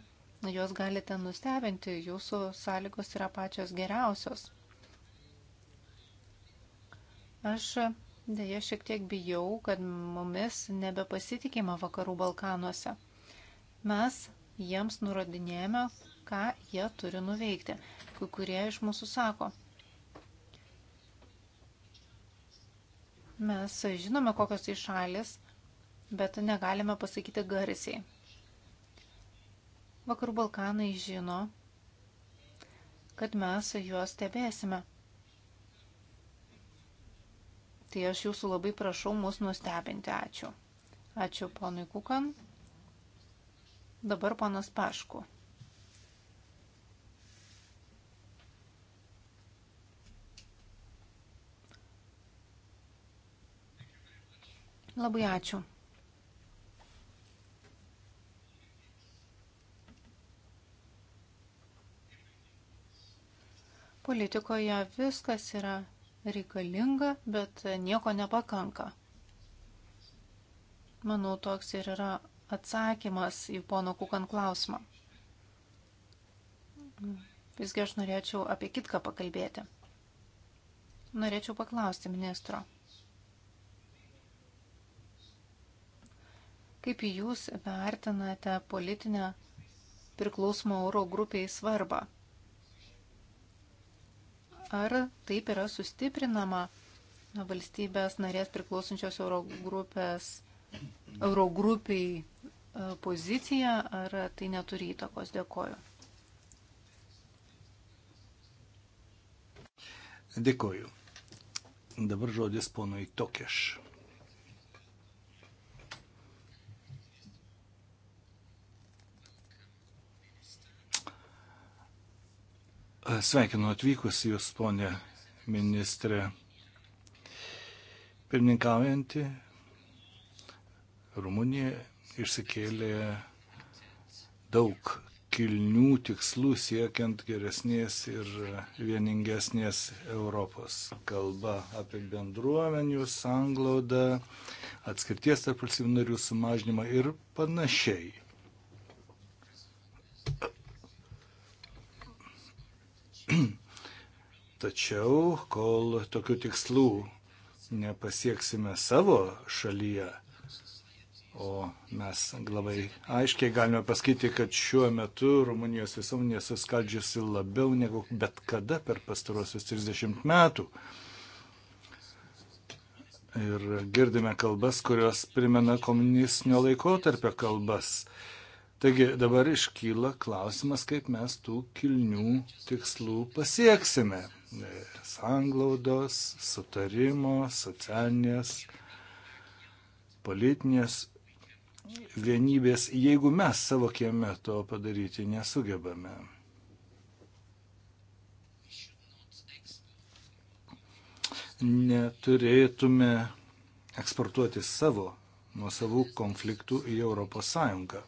juos galite nustebinti, jūsų sąlygos yra pačios geriausios. Aš dėja šiek tiek bijau, kad mumis nebepasitikima vakarų Balkanuose. Mes jiems nurodinėjame, ką jie turi nuveikti. Kai kurie iš mūsų sako, Mes žinome, kokios tai šalis, bet negalime pasakyti garsiai. Vakarų Balkanai žino, kad mes juos stebėsime. Tai aš jūsų labai prašau mus nustebinti. Ačiū. Ačiū ponui Kukan. Dabar ponas Pašku. Labai ačiū. Politikoje viskas yra reikalinga, bet nieko nepakanka. Manau, toks ir yra atsakymas į pono Kukan klausimą. Visgi aš norėčiau apie kitką pakalbėti. Norėčiau paklausti ministro. Kaip jūs vertinate politinę priklausomą euro grupiai svarbą? Ar taip yra sustiprinama valstybės narės priklausančios euro grupės, euro grupiai e, pozicija, ar tai neturi įtakos? Dėkoju. Dėkoju. Dabar žodis ponui Tokeš. Sveikinu atvykus Jūs, ponė ministrė. Pirmininkaujantį Rumunija išsikėlė daug kilnių tikslų siekiant geresnės ir vieningesnės Europos. Kalba apie bendruomenių, sanglaudą, atskirties tarp valstybių narių sumažinimą ir panašiai. Tačiau, kol tokių tikslų nepasieksime savo šalyje, o mes labai aiškiai galime pasakyti, kad šiuo metu Rumunijos visuomenė suskaldžiusi labiau negu bet kada per pastarosius 30 metų. Ir girdime kalbas, kurios primena komunistinio laikotarpio kalbas. Taigi dabar iškyla klausimas, kaip mes tų kilnių tikslų pasieksime. E, sanglaudos, sutarimo, socialinės, politinės vienybės, jeigu mes savo kieme to padaryti nesugebame. Neturėtume eksportuoti savo nuo savų konfliktų į Europos Sąjungą.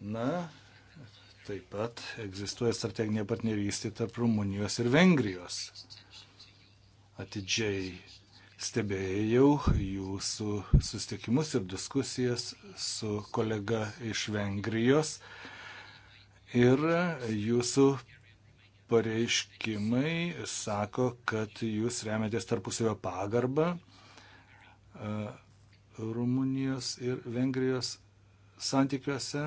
Na, taip pat egzistuoja strateginė partnerystė tarp Rumunijos ir Vengrijos. Atidžiai stebėjau jūsų susitikimus ir diskusijas su kolega iš Vengrijos ir jūsų pareiškimai sako, kad jūs remiatės tarpusavio pagarbą e, Rumunijos ir Vengrijos santykiuose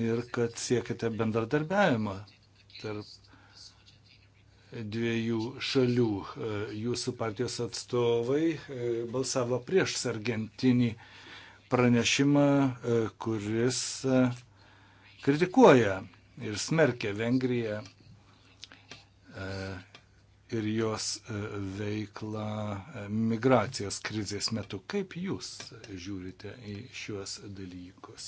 ir kad siekite bendradarbiavimą tarp dviejų šalių. Jūsų partijos atstovai e, balsavo prieš Argentinį pranešimą, e, kuris e, kritikuoja ir smerkia Vengriją ir jos veiklą migracijos krizės metu. Kaip jūs žiūrite į šiuos dalykus?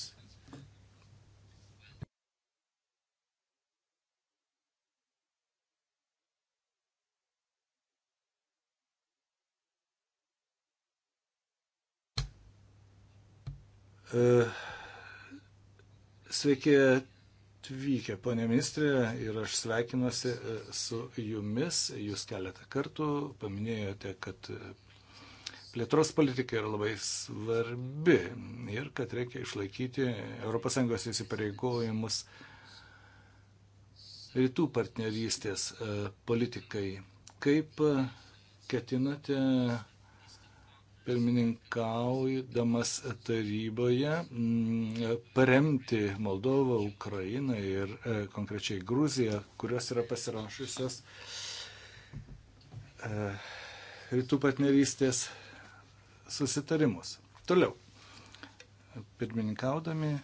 E, sveiki atvykę, ponė ministrė, ir aš sveikinuosi e, su jumis. Jūs keletą kartų paminėjote, kad e, plėtros politika yra labai svarbi ir kad reikia išlaikyti ES įsipareigojimus rytų partnerystės politikai. Kaip ketinate pirmininkaudamas taryboje mm, paremti Moldovą, Ukrainą ir e, konkrečiai Gruziją, kurios yra pasirašusios e, rytų partnerystės susitarimus. Toliau, pirmininkaudami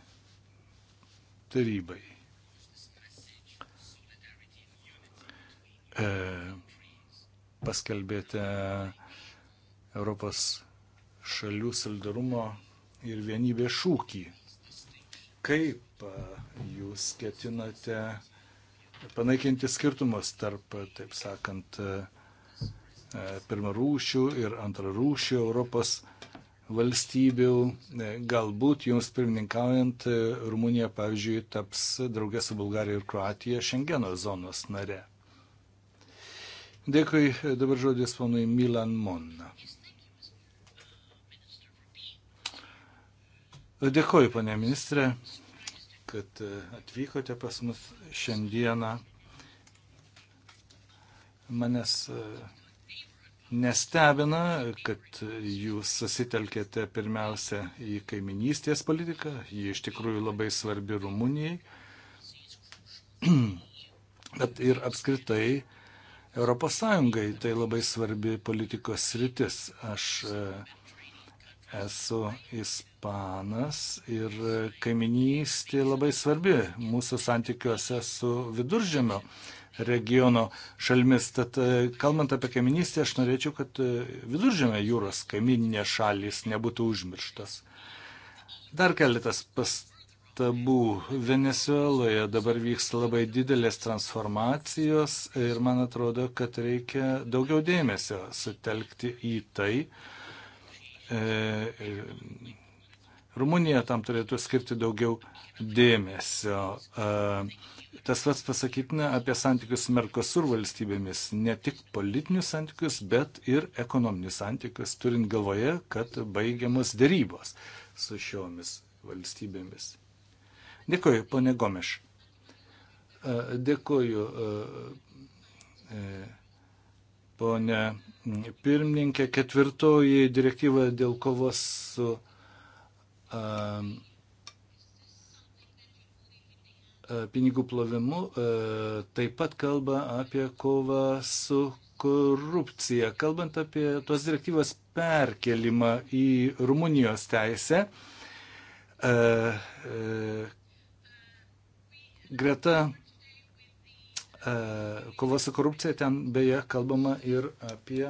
tarybai. E, paskelbėte Europos šalių solidarumo ir vienybės šūkį. Kaip jūs ketinate panaikinti skirtumus tarp, taip sakant, pirmarūšių ir antrarūšių Europos valstybių. E, galbūt jums pirmininkaujant e, Rumunija, pavyzdžiui, taps draugė su Bulgarija ir Kroatija Šengeno zonos nare. Dėkui, dabar žodis ponui Milan Monna. Dėkoju, pane ministrė, kad e, atvykote pas mus šiandieną. Manęs e, nestebina, kad jūs susitelkėte pirmiausia į kaiminystės politiką. Ji iš tikrųjų labai svarbi Rumunijai. Bet ir apskritai ES tai labai svarbi politikos sritis. Aš uh, esu ispanas ir kaiminystė labai svarbi mūsų santykiuose su viduržėmio regiono šalimis. Tad e, kalbant apie kaiminystę, aš norėčiau, kad e, viduržėmio jūros kaimininės šalis nebūtų užmirštas. Dar keletas pastabų. Venezueloje dabar vyksta labai didelės transformacijos ir man atrodo, kad reikia daugiau dėmesio sutelkti į tai, E, Rumunija tam turėtų skirti daugiau dėmesio. E, tas pats pasakytina apie santykius su Merkosur valstybėmis, ne tik politinius santykius, bet ir ekonominius santykius, turint galvoje, kad baigiamos dėrybos su šiomis valstybėmis. Dėkoju, ponė Gomeš. E, dėkoju, ponė pirmininkė. Ketvirtoji direktyva dėl kovos su a, um, e, pinigų plovimu a, e, taip pat kalba apie kovą su korupcija. Kalbant apie tos direktyvos perkelimą į Rumunijos teisę, a, e, greta E, kova su korupcija, ten beje kalbama ir apie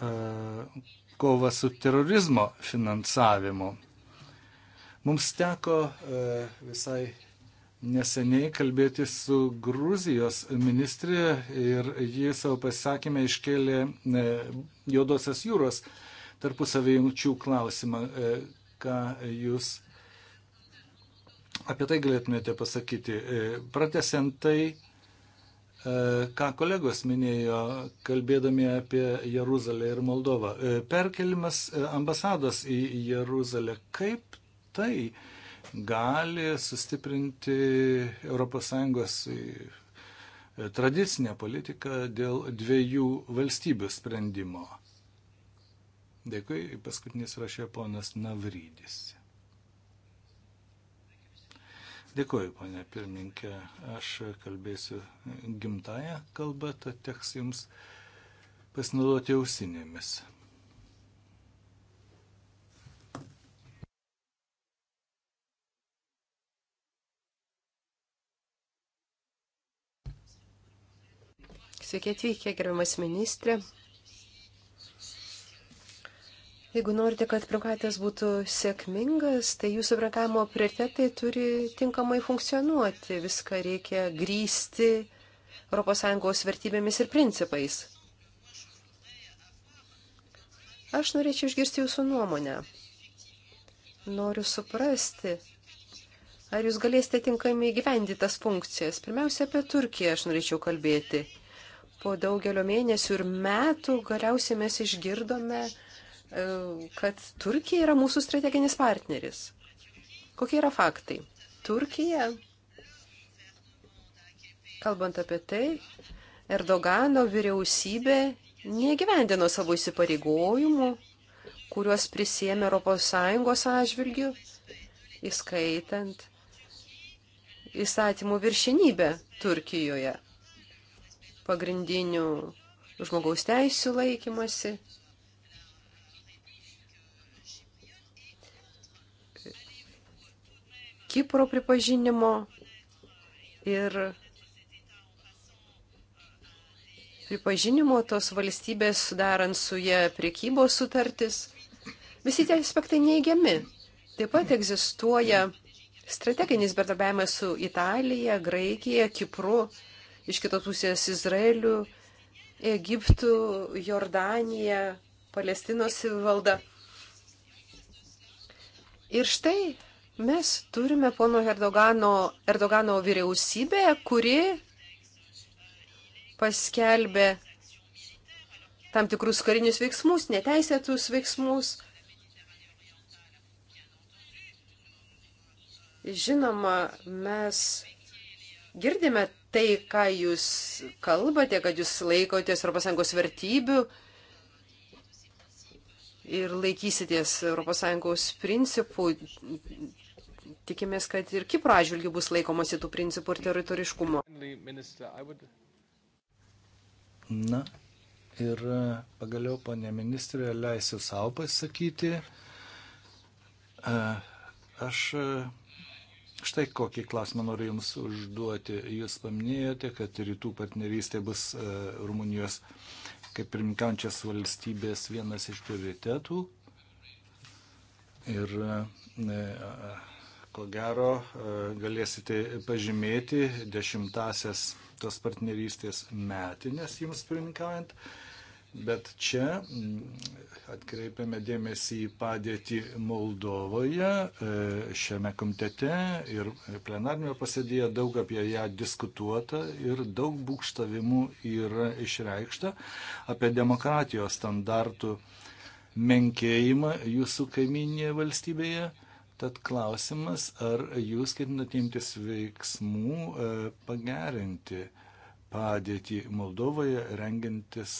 e, kova su terorizmo finansavimu. Mums teko e, visai neseniai kalbėti su Gruzijos ministrė ir ji savo pasisakymę iškėlė Jodosios jūros tarpusavį jungčių klausimą, ką jūs apie tai galėtumėte pasakyti? E, pratesiant tai, e, ką kolegos minėjo, kalbėdami apie Jeruzalę ir Moldovą. E, perkelimas ambasados į Jeruzalę, kaip tai gali sustiprinti ES tradicinę politiką dėl dviejų valstybių sprendimo? Dėkui, paskutinis rašė ponas Navrydis. Dėkuoju, ponė pirmininkė. Aš kalbėsiu gimtają kalbą, tad teks jums pasinaudoti ausinėmis. Sveiki atvykę, gerbiamas ministrė. Jeigu norite, kad prikatės būtų sėkmingas, tai jūsų prakavimo prioritetai turi tinkamai funkcionuoti. Viską reikia grįsti ES vertybėmis ir principais. Aš norėčiau išgirsti jūsų nuomonę. Noriu suprasti, ar jūs galėsite tinkamai gyventi tas funkcijas. Pirmiausia, apie Turkiją aš norėčiau kalbėti. Po daugelio mėnesių ir metų galiausiai mes išgirdome, E, kad Turkija yra mūsų strateginis partneris. Kokie yra faktai? Turkija, kalbant apie tai, Erdogano vyriausybė negyvendino savo įsipareigojimų, kuriuos prisėmė ES atžvilgių, įskaitant įstatymų viršinybę Turkijoje, pagrindinių žmogaus teisų laikymasi Kipro pripažinimo ir pripažinimo tos valstybės, sudarant su jie priekybos sutartis. Visi tie aspektai neigiami. Taip pat egzistuoja strateginis bendradarbiavimas su Italija, Graikija, Kipru, iš kitos pusės Izraeliu, Egiptu, Jordanija, Palestinos valda. Ir štai Mes turime pono Erdogano, Erdogano vyriausybę, kuri paskelbė tam tikrus karinius veiksmus, neteisėtus veiksmus. Žinoma, mes girdime tai, ką jūs kalbate, kad jūs laikotės ES vertybių ir laikysitės ES principų tikimės, kad ir Kipro atžvilgių bus laikomasi tų principų ir teritoriškumo. Na ir e, pagaliau, ponė ministrė, leisiu savo pasakyti. E, aš e, štai kokį klausimą noriu Jums užduoti. Jūs paminėjote, kad rytų partnerystė bus Rumunijos kaip pirmininkančias valstybės vienas iš prioritetų. Ir Ko gero e, galėsite pažymėti dešimtasias tos partnerystės metinės jums pirmininkaujant. Bet čia mm, atkreipiame dėmesį į padėtį Moldovoje e, šiame komitete ir plenarnio pasėdėje daug apie ją diskutuota ir daug būkštavimų yra išreikšta apie demokratijos standartų menkėjimą jūsų kaiminėje valstybėje. Tad klausimas, ar jūs ketinate imtis veiksmų e, pagerinti padėtį Moldovoje rengintis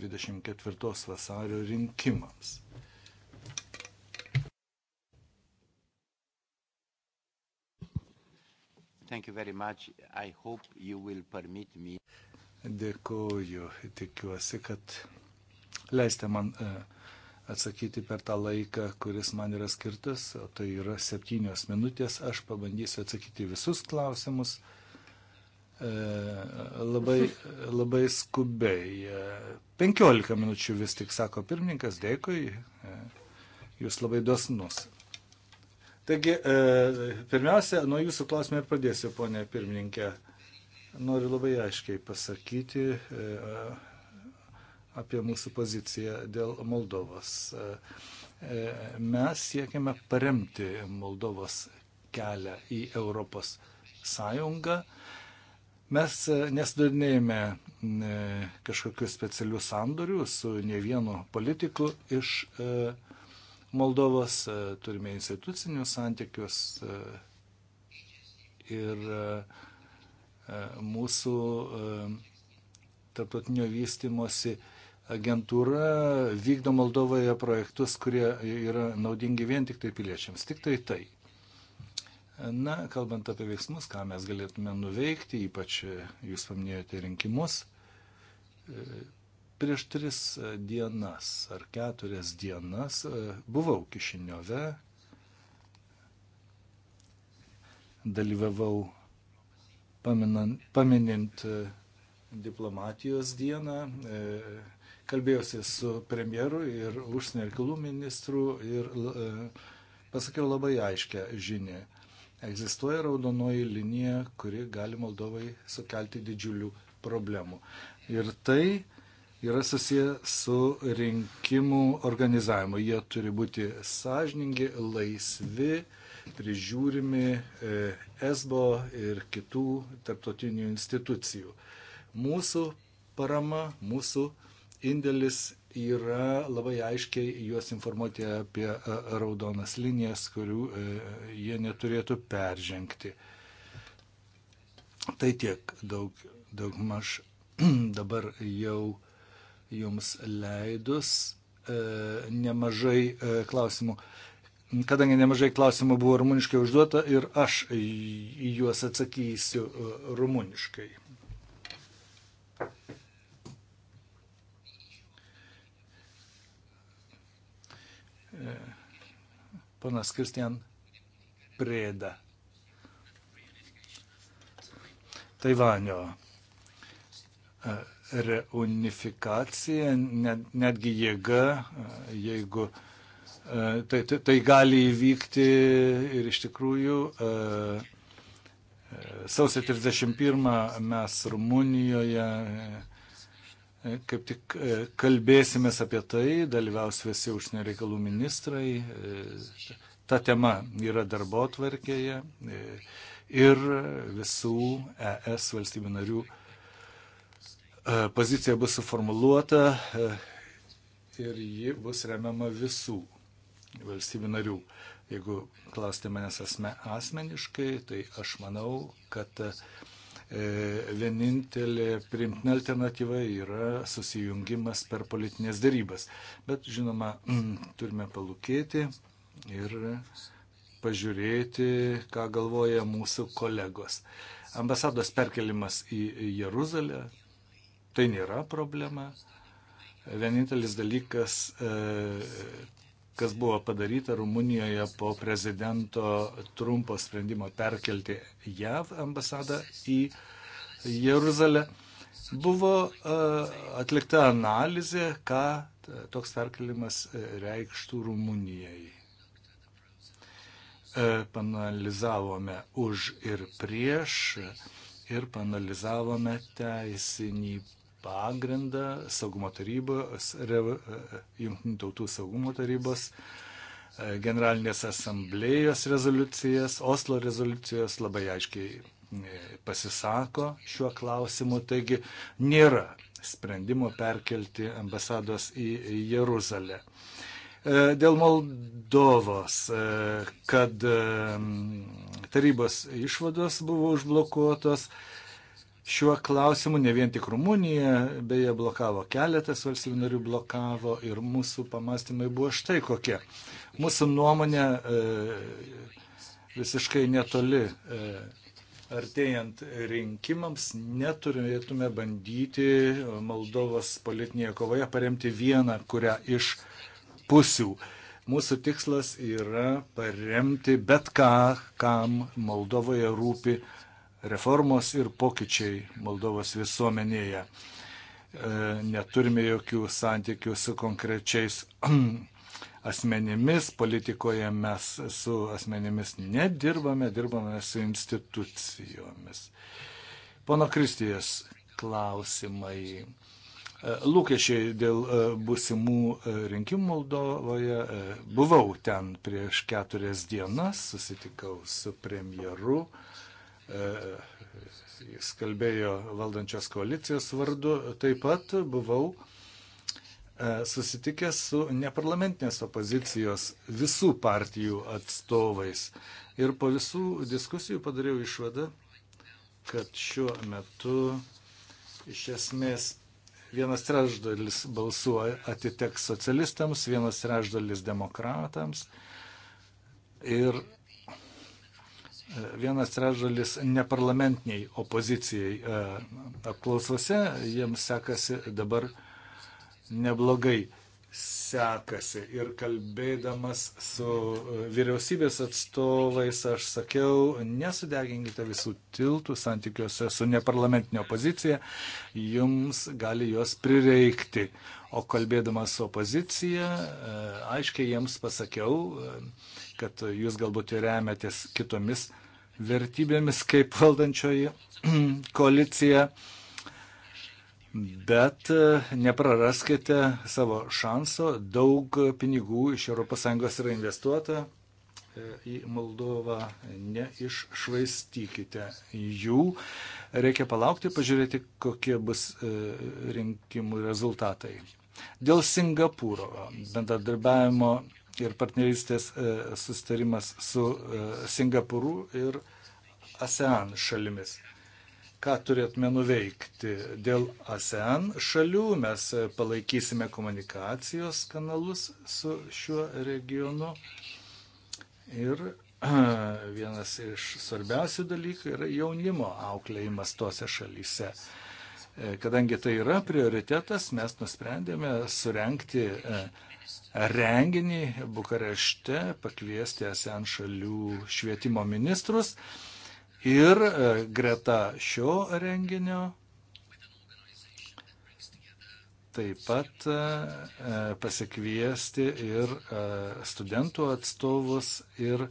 24 e, vasario rinkimams? Dėkoju, tikiuosi, kad leiste man uh, atsakyti per tą laiką, kuris man yra skirtas, o tai yra septynios minutės. Aš pabandysiu atsakyti visus klausimus e, labai, labai skubiai. E, penkiolika minučių vis tik sako pirmininkas, dėkui, e, jūs labai dosnus. Taigi, e, pirmiausia, nuo jūsų klausimų ir pradėsiu, ponė pirmininkė. Noriu labai aiškiai pasakyti, e, apie mūsų poziciją dėl Moldovos. E, e, mes siekiame paremti Moldovos kelią į Europos Sąjungą. Mes e, nesudarinėjame kažkokių specialių sandorių su ne vienu politiku iš Moldovos, turime institucinius santykius ir mūsų tarptautinio vystimosi agentūra vykdo Moldovoje projektus, kurie yra naudingi vien tik tai piliečiams. Tik tai tai. Na, kalbant apie veiksmus, ką mes galėtume nuveikti, ypač jūs paminėjote rinkimus, prieš tris dienas ar keturias dienas e, buvau Kišiniove, dalyvavau paminant, paminint e, diplomatijos dieną, e, kalbėjausi su premjeru ir užsienio reikalų ministru ir e, pasakiau labai aiškę žinę. Egzistuoja raudonoji linija, kuri gali Moldovai sukelti didžiulių problemų. Ir tai yra susiję su rinkimų organizavimu. Jie turi būti sąžiningi, laisvi, prižiūrimi e, ESBO ir kitų tarptautinių institucijų. Mūsų parama, mūsų uh, indėlis yra labai aiškiai juos informuoti apie e, raudonas linijas, kurių e, jie neturėtų peržengti. Tai tiek daug, daug maž dabar jau jums leidus e, nemažai klausimų. Kadangi nemažai klausimų buvo rumuniškai užduota ir aš į juos atsakysiu rumuniškai. E, ponas Kristian Prėda. Taivanio e, reunifikacija, net, netgi jėga, e, jeigu tai, tai, tai gali įvykti ir iš tikrųjų sausio 31 mes Rumunijoje Kaip tik e, kalbėsime apie tai, dalyvaus visi užsienio reikalų ministrai. E, ta tema yra darbo atvarkėje e, ir visų ES valstybių narių pozicija bus suformuluota ir ji bus remiama visų valstybių narių. Jeigu klausite manęs asme asmeniškai, tai aš manau, kad E, vienintelė primtina alternatyva yra susijungimas per politinės darybas. Bet žinoma, mm, turime palūkėti ir pažiūrėti, ką galvoja mūsų kolegos. Ambasados perkelimas į Jeruzalę tai nėra problema. Vienintelis dalykas e, kas buvo padaryta Rumunijoje po prezidento Trumpo sprendimo perkelti JAV ambasadą į Jeruzalę. Buvo e, atlikta analizė, ką toks perkelimas e, reikštų Rumunijai. E, panalizavome už ir prieš ir panalizavome teisinį pagrindą saugumo tarybos, jungtinių tautų saugumo tarybos, e, generalinės asamblėjos rezoliucijas, Oslo rezoliucijos labai aiškiai e, pasisako šiuo klausimu, taigi nėra sprendimo perkelti ambasados į Jeruzalę. E, dėl Moldovos, kad tarybos išvados buvo užblokuotos, šiuo klausimu, ne vien tik Rumunija, beje, blokavo keletas valstybių narių, blokavo ir mūsų pamastymai buvo štai kokie. Mūsų nuomonė e, visiškai netoli e, artėjant rinkimams neturėtume bandyti Moldovos politinėje kovoje paremti vieną, kurią iš pusių. Mūsų tikslas yra paremti bet ką, kam Moldovoje rūpi reformos ir pokyčiai Moldovos visuomenėje. E, neturime jokių santykių su konkrečiais asmenimis, politikoje mes su asmenimis nedirbame, dirbame su institucijomis. Pono Kristijas klausimai. E, lūkesčiai dėl e, būsimų rinkimų Moldovoje. Buvau ten prieš keturias dienas, susitikau su premjeru. E, jis kalbėjo valdančios koalicijos vardu, taip pat buvau e, susitikęs su neparlamentinės opozicijos visų partijų atstovais. Ir po visų diskusijų padariau išvadą, kad šiuo metu iš esmės vienas trečdalis balsų atiteks socialistams, vienas trečdalis demokratams ir vienas trečdalis neparlamentiniai opozicijai e, apklausose, jiems sekasi dabar neblogai sekasi. Ir kalbėdamas su e, vyriausybės atstovais aš sakiau, nesudeginkite visų tiltų santykiuose su neparlamentinė opozicija, jums gali jos prireikti. O kalbėdamas su opozicija, e, aiškiai jiems pasakiau, kad jūs galbūt remiatės kitomis vertybėmis kaip valdančioji koalicija, bet e, nepraraskite savo šanso, daug pinigų iš ES yra investuota e, į Moldovą, neiššvaistykite jų, reikia palaukti, pažiūrėti, kokie bus e, rinkimų rezultatai. Dėl Singapūro bendradarbiavimo ir partnerystės e, sustarimas su e, Singapūru ir ASEAN šalimis. Ką turėtume nuveikti? Dėl ASEAN šalių mes e, palaikysime komunikacijos kanalus su šiuo regionu. Ir vienas iš svarbiausių dalykų yra jaunimo auklėjimas tose šalyse. Kadangi tai yra prioritetas, mes nusprendėme surenkti renginį Bukarešte, pakviesti ASEAN šalių švietimo ministrus. Ir e, greta šio renginio taip pat e, e, pasikviesti ir studentų atstovus ir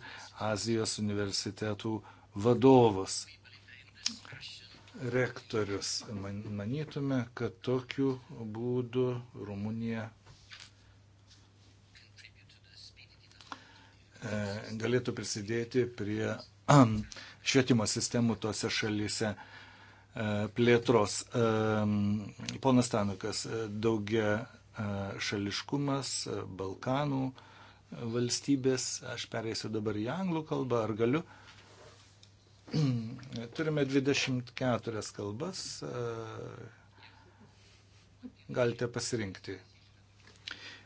Azijos universitetų vadovus, rektorius. Manytume, kad tokiu būdu Rumunija E, galėtų prisidėti prie švietimo sistemų tose šalyse e, plėtros. E, ponas Tanukas, daugia šališkumas, Balkanų valstybės, aš pereisiu dabar į anglų kalbą, ar galiu? Turime 24 kalbas, galite pasirinkti.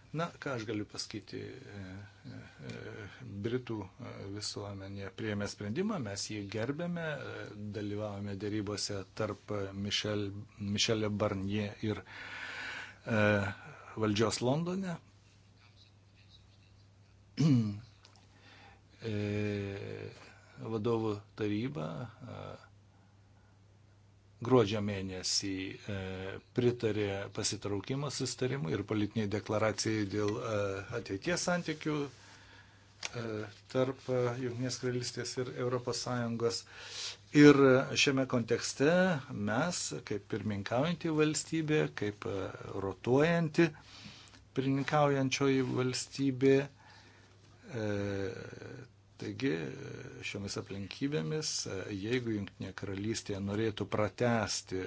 Na, ką aš galiu pasakyti, e, e, e, Britų visuomenė priėmė sprendimą, mes jį gerbėme, dalyvavome dėrybose tarp Mišel, Mišelė Barnie ir e, valdžios Londone. e, vadovų taryba. E, gruodžio mėnesį e, pritarė pasitraukimo sustarimui ir politiniai deklaracijai dėl e, ateities santykių e, tarp Junktinės karalystės ir ES. Ir šiame kontekste mes, kaip pirmininkaujanti valstybė, kaip rotuojanti pirmininkaujančioji valstybė, Taigi, šiomis aplinkybėmis, jeigu Junktinė karalystė norėtų pratesti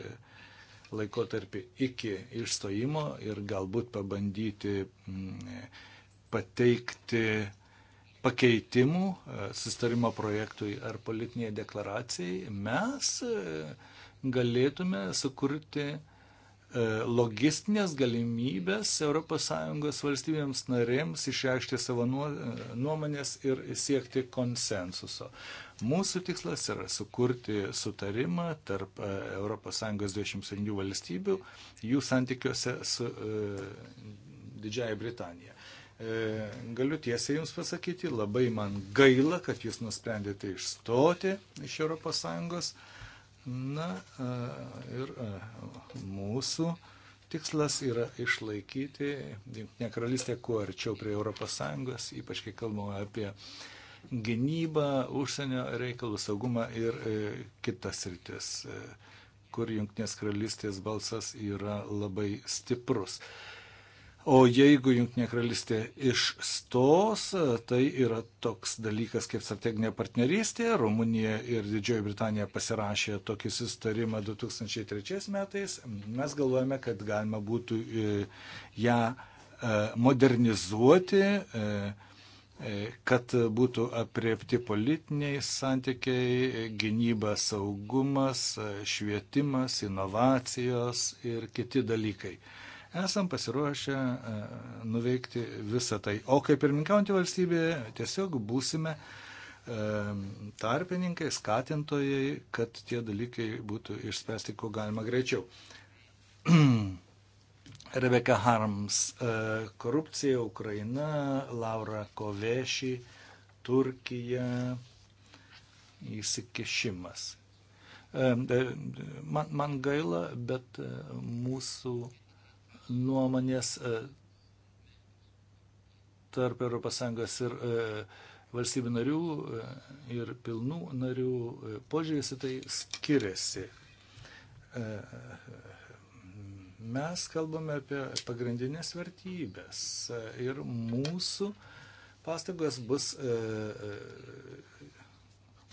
laikotarpį iki išstojimo ir galbūt pabandyti mm, pateikti pakeitimų e, sustarimo projektui ar politinėje deklaracijai, mes e, galėtume sukurti E, logistinės galimybės ES valstybėms narėms išreikšti savo e, nuomonės ir siekti konsensuso. Mūsų tikslas yra sukurti sutarimą tarp e, ES 27 valstybių jų santykiuose su e, Didžiaja Britanija. E, galiu tiesiai Jums pasakyti, labai man gaila, kad Jūs nusprendėte išstoti iš ES. Na ir mūsų tikslas yra išlaikyti Junktinę karalystę kuo arčiau prie ES, ypač kai kalbame apie gynybą, užsienio reikalų saugumą ir e, kitas rytis, e, kur Junktinės karalystės balsas yra labai stiprus. O jeigu Junktinė karalystė išstos, tai yra toks dalykas kaip strateginė partnerystė. Rumunija ir Didžioji Britanija pasirašė tokį sustarimą 2003 metais. Mes galvojame, kad galima būtų e, ją e, modernizuoti, e, kad būtų apriepti politiniai santykiai, gynyba, saugumas, švietimas, inovacijos ir kiti dalykai. Esam pasiruošę e, nuveikti visą tai. O kaip pirmininkaujantį valstybė, tiesiog būsime e, tarpininkai, skatintojai, kad tie dalykai būtų išspręsti kuo galima greičiau. Rebeka Harms, e, korupcija Ukraina, Laura Koveši, Turkija, įsikešimas. Man, man gaila, bet mūsų nuomonės e, tarp ES ir e, valstybių narių e, ir pilnų narių požiūris į tai skiriasi. Mes kalbame apie pagrindinės vertybės ir mūsų pastangos bus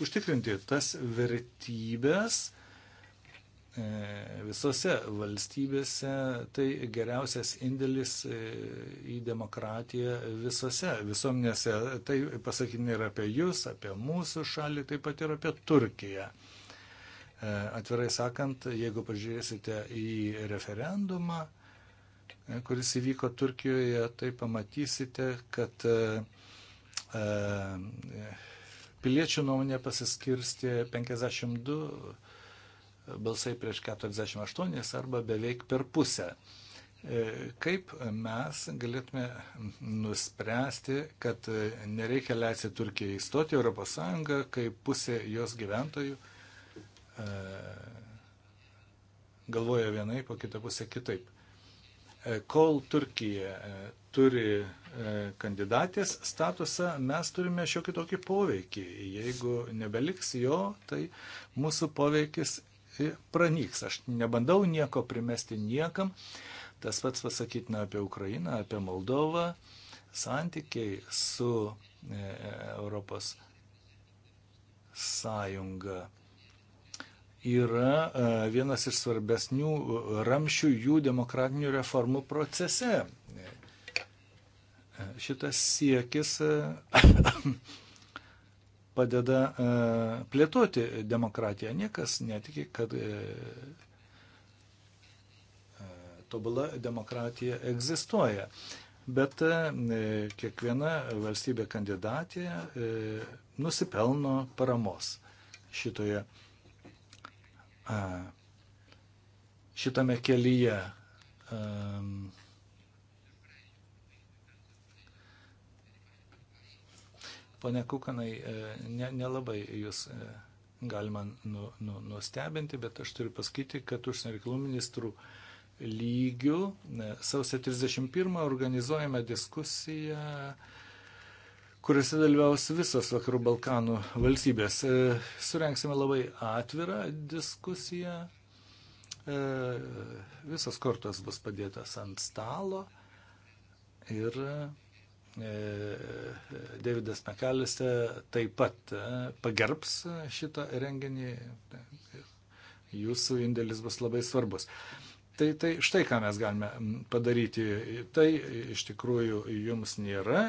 užtikrinti tas vertybės, E, visose valstybėse tai geriausias indėlis e, į demokratiją visose visuomenėse. Tai pasakyti ir apie jūs, apie mūsų šalį, taip pat ir apie Turkiją. E, atvirai sakant, jeigu pažiūrėsite į referendumą, kuris įvyko Turkijoje, tai pamatysite, kad piliečių nuomonė pasiskirsti 52 balsai prieš 48 arba beveik per pusę. E, kaip mes galėtume nuspręsti, kad nereikia leisti Turkijai įstoti Europos Sąjungą, kai pusė jos gyventojų e, galvoja vienai, po kitą pusę kitaip. E, kol Turkija turi kandidatės statusą, mes turime šiokį tokį poveikį. Jeigu nebeliks jo, tai mūsų poveikis pranyks. Aš nebandau nieko primesti niekam. Tas pats pasakytina apie Ukrainą, apie Moldovą. Santykiai su e, Europos sąjunga yra e, vienas iš svarbesnių ramšių jų demokratinių reformų procese. E, šitas siekis padeda e, plėtoti demokratiją. Niekas netiki, kad e, e, tobula demokratija egzistuoja. Bet kiekviena valstybė kandidatė nusipelno paramos šitoje, šitame kelyje. Pone Kukanai, e, ne, nelabai jūs e, galima nu, nu, nustebinti, bet aš turiu pasakyti, kad užsienio reikalų ministrų lygių e, sausio 31 organizuojame diskusiją kuriuose dalyvaus visos Vakarų Balkanų valstybės. Surenksime labai atvirą diskusiją. Visos kortos bus padėtas ant stalo ir E, Davidas Mekaliste taip pat e, pagerbs šitą renginį. Jūsų indėlis bus labai svarbus. Tai, tai štai ką mes galime padaryti. Tai iš tikrųjų jums nėra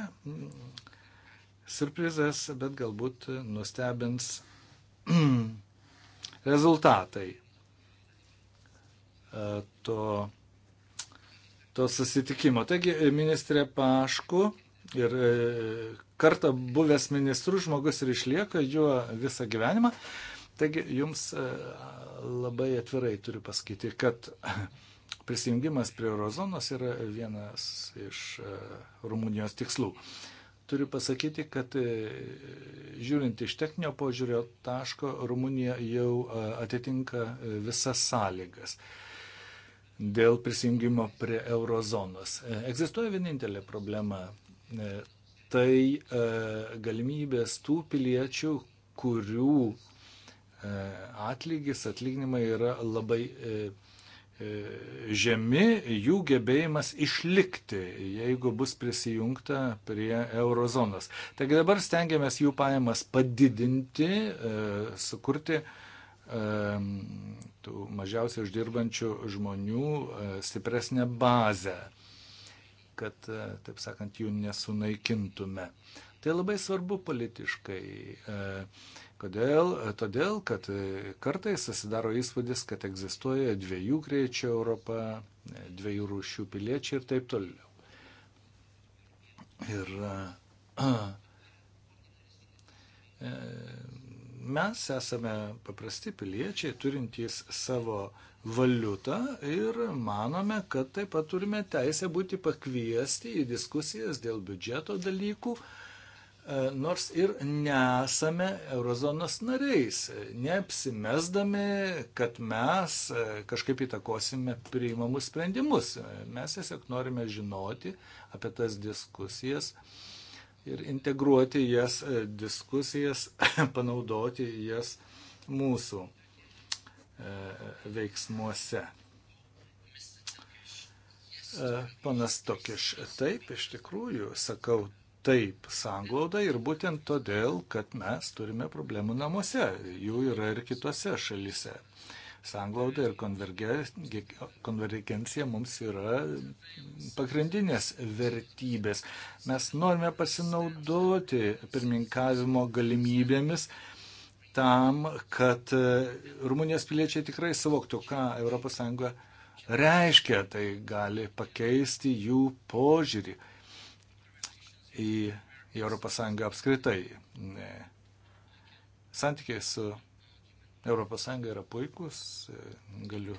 surprizas, bet galbūt nustebins rezultatai e, to, to susitikimo. Taigi, ministrė Pašku, Ir e, kartą buvęs ministrų žmogus ir išlieka juo visą gyvenimą. Taigi jums e, labai atvirai turiu pasakyti, kad prisijungimas prie eurozonos yra vienas iš e, Rumunijos tikslų. Turiu pasakyti, kad žiūrint iš techninio požiūrio taško, Rumunija jau atitinka visas sąlygas dėl prisijungimo prie eurozonos. Egzistuoja vienintelė problema E, tai e, galimybės tų piliečių, kurių e, atlygis, atlyginimai yra labai žemi, jų gebėjimas išlikti, jeigu bus prisijungta prie eurozonos. Taigi dabar stengiamės jų pajamas padidinti, sukurti tų mažiausiai uždirbančių žmonių stipresnę bazę kad, e, taip sakant, jų nesunaikintume. Tai labai svarbu politiškai. E, kodėl? E, todėl, kad kartais susidaro įspūdis, kad egzistuoja dviejų greičių Europa, dviejų rūšių piliečiai ir taip toliau. Ir a, a, e, Mes esame paprasti piliečiai, turintys savo valiutą ir manome, kad taip pat turime teisę būti pakviesti į diskusijas dėl biudžeto dalykų, e, nors ir nesame eurozonos nariais, neapsimesdami, kad mes e, kažkaip įtakosime priimamus sprendimus. Mes tiesiog norime žinoti apie tas diskusijas ir integruoti jas e, diskusijas, panaudoti jas mūsų e, veiksmuose. E, panas Tokiš, taip, iš tikrųjų, sakau taip sanglauda ir būtent todėl, kad mes turime problemų namuose, jų yra ir kitose šalise sanglauda ir konvergencija mums yra pagrindinės vertybės. Mes norime pasinaudoti pirmininkavimo galimybėmis tam, kad e, Rumunijos piliečiai tikrai savoktų, ką ES reiškia, tai gali pakeisti jų požiūrį į, į ES apskritai. Ne. Santykiai su ES yra puikus, e, galiu.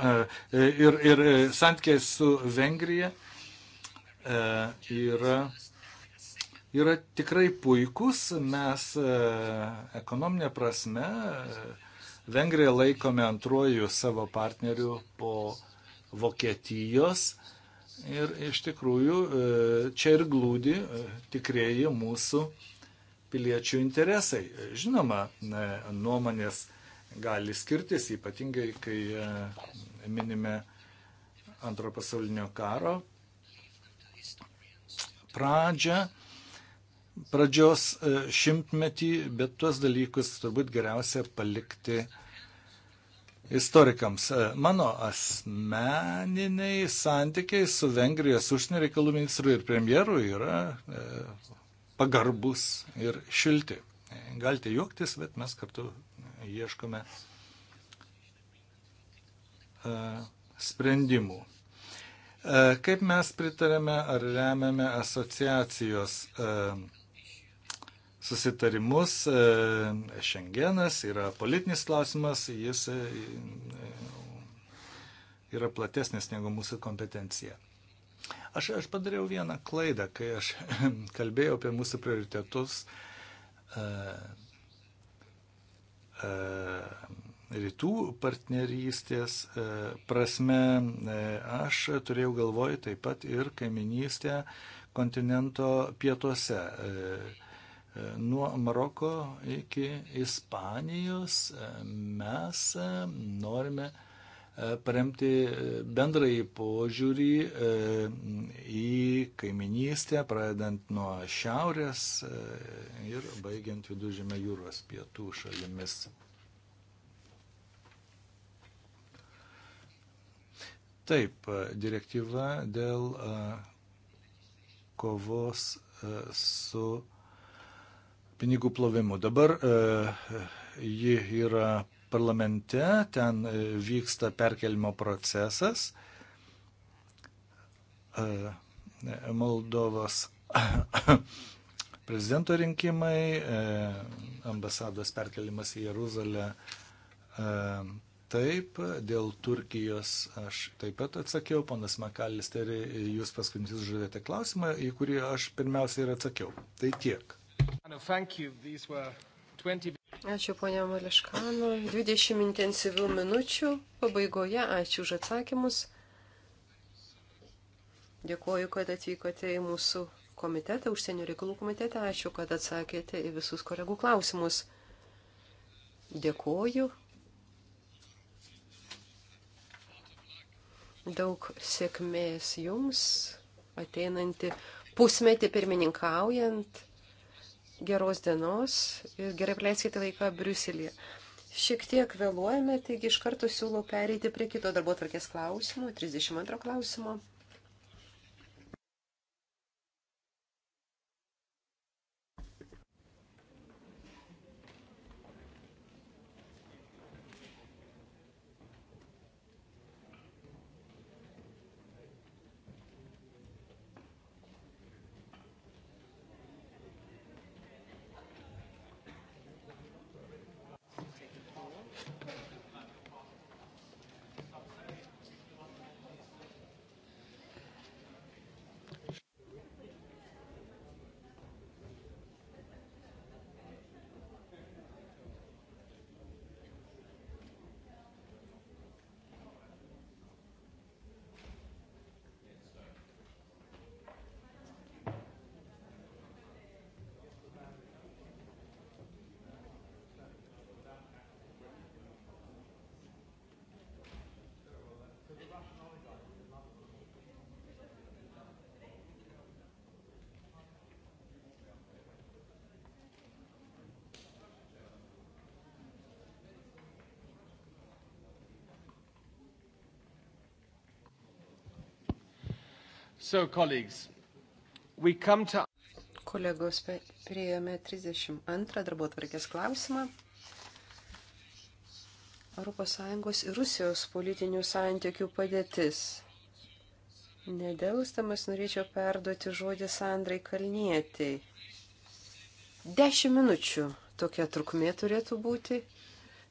E, e, ir, ir santykiai su Vengrija yra, yra tikrai puikus. Mes ekonominė prasme Vengriją laikome antruoju savo partneriu po Vokietijos. Ir iš tikrųjų čia ir glūdi tikrieji mūsų uh, piliečių interesai. Žinoma, nuomonės gali skirtis, ypatingai kai e, minime antro pasaulinio karo pradžią, pradžios e, šimtmetį, bet tuos dalykus turbūt geriausia palikti istorikams. E, mano asmeniniai santykiai su Vengrijos užsienio reikalų ministru ir premjeru yra pagarbus ir šilti. Galite juoktis, bet mes kartu ieškome e, sprendimų. E, kaip mes pritarėme ar remiame asociacijos e, susitarimus, Šengenas yra politinis klausimas, jis yra platesnis negu mūsų kompetencija. Aš, aš padariau vieną klaidą, kai aš kalbėjau apie mūsų prioritetus e, e, rytų partnerystės e, prasme. Aš turėjau galvoj taip pat ir kaiminystę kontinento pietuose nuo Maroko iki Ispanijos mes norime E, paremti e, bendrąjį požiūrį e, į kaiminystę, pradedant nuo šiaurės ir baigiant viduržėme jūros pietų šalimis. Taip, direktyva dėl kovos su pinigų plovimu. Dabar ji yra parlamente, ten e, vyksta perkelimo procesas. E, e, Moldovos prezidento rinkimai, ambasados perkelimas į Jeruzalę. Taip, dėl Turkijos aš taip pat atsakiau, ponas Makalisteri, jūs paskutinis uždavėte klausimą, į kurį aš pirmiausia ir atsakiau. Tai tiek. No, 20... Ačiū ponia Mališkano. 20 intensyvių minučių. Pabaigoje ačiū už atsakymus. Dėkuoju, kad atvykote į mūsų komitetą, užsienio reikalų komitetą. Ačiū, kad atsakėte į visus kolegų klausimus. Dėkuoju. Daug sėkmės jums ateinantį pusmetį pirmininkaujant geros dienos ir gerai praleiskite laiką Briuselėje. Šiek tiek vėluojame, taigi iš karto siūlau pereiti prie kito darbo tvarkės klausimo, 32 klausimo. So, colleagues, we come to... Kolegos, prieėjome 32 darbo tvarkės klausimą. ES ir Rusijos politinių santykių padėtis. Nedėlstamas norėčiau perduoti žodį Sandrai Kalnietiai. Dešimt minučių tokia trukmė turėtų būti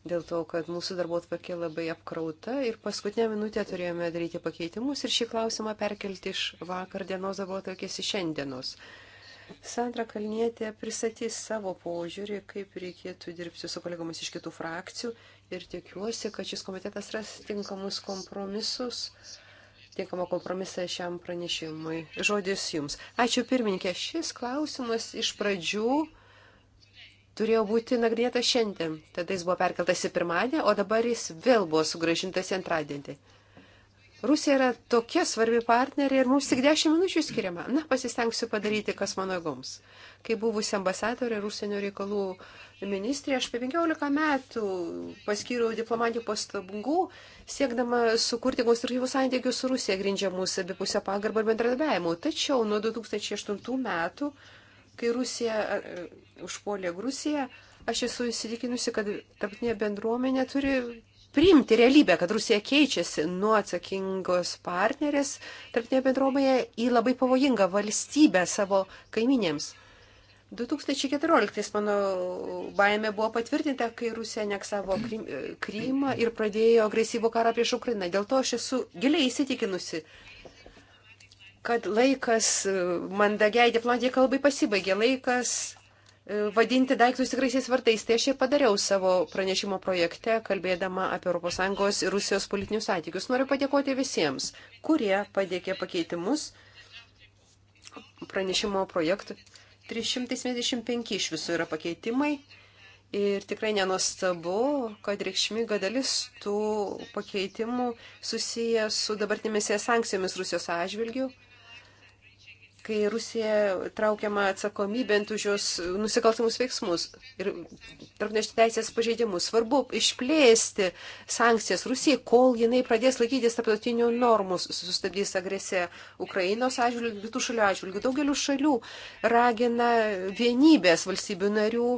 dėl to, kad mūsų darbo atvarkė labai apkrauta ir paskutinę minutę turėjome daryti pakeitimus ir šį klausimą perkelti iš vakar dienos darbo atvarkės į šiandienos. Sandra Kalnietė pristatys savo požiūrį, kaip reikėtų dirbti su kolegomis iš kitų frakcijų ir tikiuosi, kad šis komitetas ras tinkamus kompromisus, tinkamą kompromisą šiam pranešimui. Žodis jums. Ačiū pirmininkė, šis klausimas iš pradžių turėjo būti nagrinėtas šiandien. Tada jis buvo perkeltas į pirmadienį, o dabar jis vėl buvo sugražintas į antradienį. Rusija yra tokia svarbi partnerė ir mums tik 10 minučių skiriama. Na, pasistengsiu padaryti, kas mano jėgoms. Kai buvusi ambasadorė ir užsienio reikalų ministrė, aš per 15 metų paskyriau diplomatijų pastangų, siekdama sukurti konstruktyvus santykius su Rusija, grindžiamus abipusio pagarbą ir bendradarbiavimu. Tačiau nuo 2008 metų, kai Rusija užpuolė Rusiją, aš esu įsitikinusi, kad tarptinė bendruomenė turi priimti realybę, kad Rusija keičiasi nuo atsakingos partnerės tarptinė bendruomenė į labai pavojingą valstybę savo kaiminėms. 2014 mano baime buvo patvirtinta, kai Rusija aneksavo Krymą ir pradėjo agresyvų karą prieš Ukrainą. Dėl to aš esu giliai įsitikinusi, kad laikas e, mandagiai diplomatijai kalbai pasibaigė, laikas E, vadinti daiktus tikraisiais vartais. Tai aš ir padariau savo pranešimo projekte, kalbėdama apie ES ir Rusijos politinius santykius. Noriu padėkoti visiems, kurie padėkė pakeitimus pranešimo projektui. 375 iš visų yra pakeitimai. Ir tikrai nenostabu, kad reikšminga dalis tų pakeitimų susiję su dabartinėmis sankcijomis Rusijos atžvilgių kai Rusija traukiama atsakomybė už jos nusikaltamus veiksmus ir tarpnešti teisės pažeidimus. Svarbu išplėsti sankcijas Rusijai, kol jinai pradės laikytis tarptautinių normų, sustabdys agresiją Ukrainos atžvilgių, kitų šalių atžvilgių. Daugeliu šalių ragina vienybės valstybių narių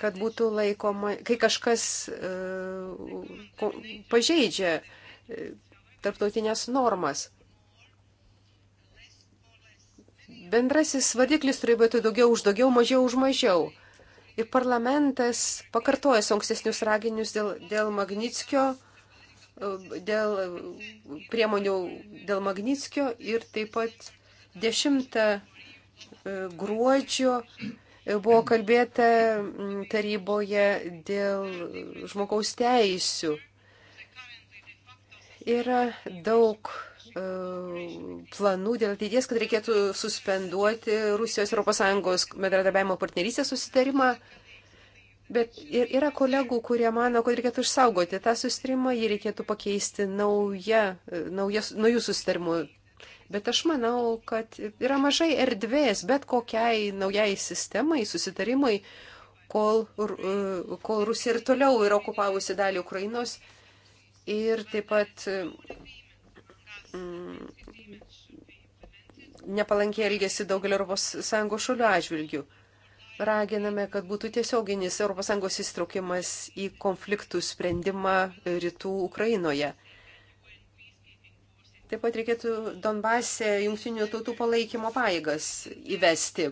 kad būtų laikoma, kai kažkas uh, pažeidžia uh, tarptautinės normas. Bendrasis vardiklis turi būti daugiau už daugiau, mažiau už mažiau. Ir parlamentas pakartoja ankstesnius raginius dėl, dėl Magnitskio, dėl priemonių dėl Magnitskio ir taip pat 10 e, gruodžio e, buvo kalbėta taryboje dėl žmogaus teisių. Yra daug E, planų dėl ateities, kad reikėtų suspenduoti Rusijos ES bendradarbiavimo partnerystės susitarimą. Bet ir yra kolegų, kurie mano, kad reikėtų išsaugoti tą susitarimą, jį reikėtų pakeisti nauja, e, nauja, naujų susitarimų. Bet aš manau, kad yra mažai erdvės bet kokiai naujai sistemai, susitarimai, kol, e, kol Rusija ir toliau yra okupavusi dalį Ukrainos ir taip pat Mm, nepalankiai elgėsi daugelio ES šalių atžvilgių. Raginame, kad būtų tiesioginis ES įstraukimas į konfliktų sprendimą rytų Ukrainoje. Taip pat reikėtų Donbase jungtinių tautų palaikymo paėgas įvesti.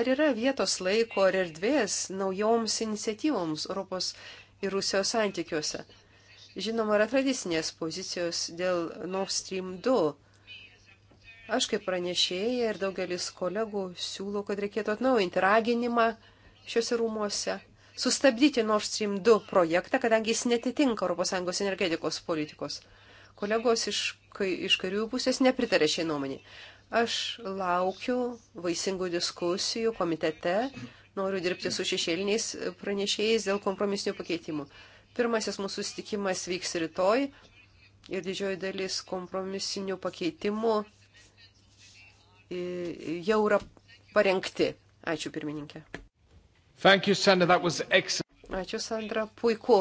Ar yra vietos laiko ar erdvės naujoms iniciatyvoms Europos ir Rusijos santykiuose? Žinoma, yra tradicinės pozicijos dėl Nord Stream 2. Aš kaip pranešėja ir daugelis kolegų siūlau, kad reikėtų atnaujinti raginimą šiuose rūmuose, sustabdyti Nord Stream 2 projektą, kadangi jis netitinka ES energetikos politikos. Kolegos iš, kai, iš karių pusės nepritarė šiai nuomonį. Aš laukiu vaisingų diskusijų komitete, noriu dirbti su šešėliniais pranešėjais dėl kompromisinių pakeitimų. Pirmasis mūsų sustikimas vyks rytoj ir didžioji dalis kompromisinių pakeitimų e, jau yra parengti. Ačiū pirmininkė. You, Sandra. Ačiū, Sandra. Puiku.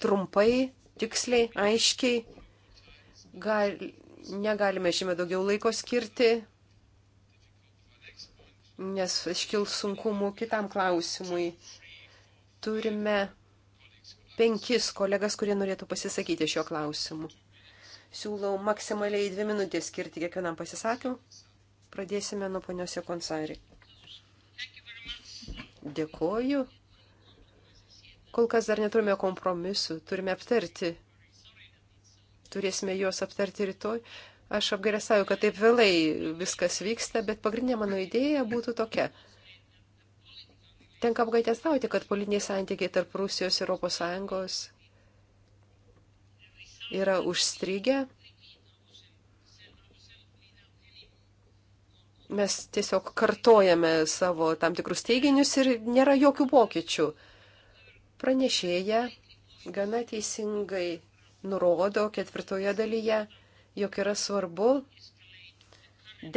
Trumpai, tiksliai, aiškiai. Gal, negalime šiame daugiau laiko skirti, nes iškils sunkumų kitam klausimui. Turime penkis kolegas, kurie norėtų pasisakyti šiuo klausimu. Siūlau maksimaliai dvi minutės skirti kiekvienam pasisakymui. Pradėsime nuo ponios Jekonsari. Dėkoju. Kol kas dar neturime kompromisų, turime aptarti. Turėsime juos aptarti rytoj. Aš apgaresauju, kad taip vėlai viskas vyksta, bet pagrindinė mano idėja būtų tokia. Tenka apgaitestauti, kad politiniai santykiai tarp Rusijos ir ES yra užstrigę. Mes tiesiog kartojame savo tam tikrus teiginius ir nėra jokių pokyčių. Pranešėja gana teisingai nurodo ketvirtoje dalyje, jog yra svarbu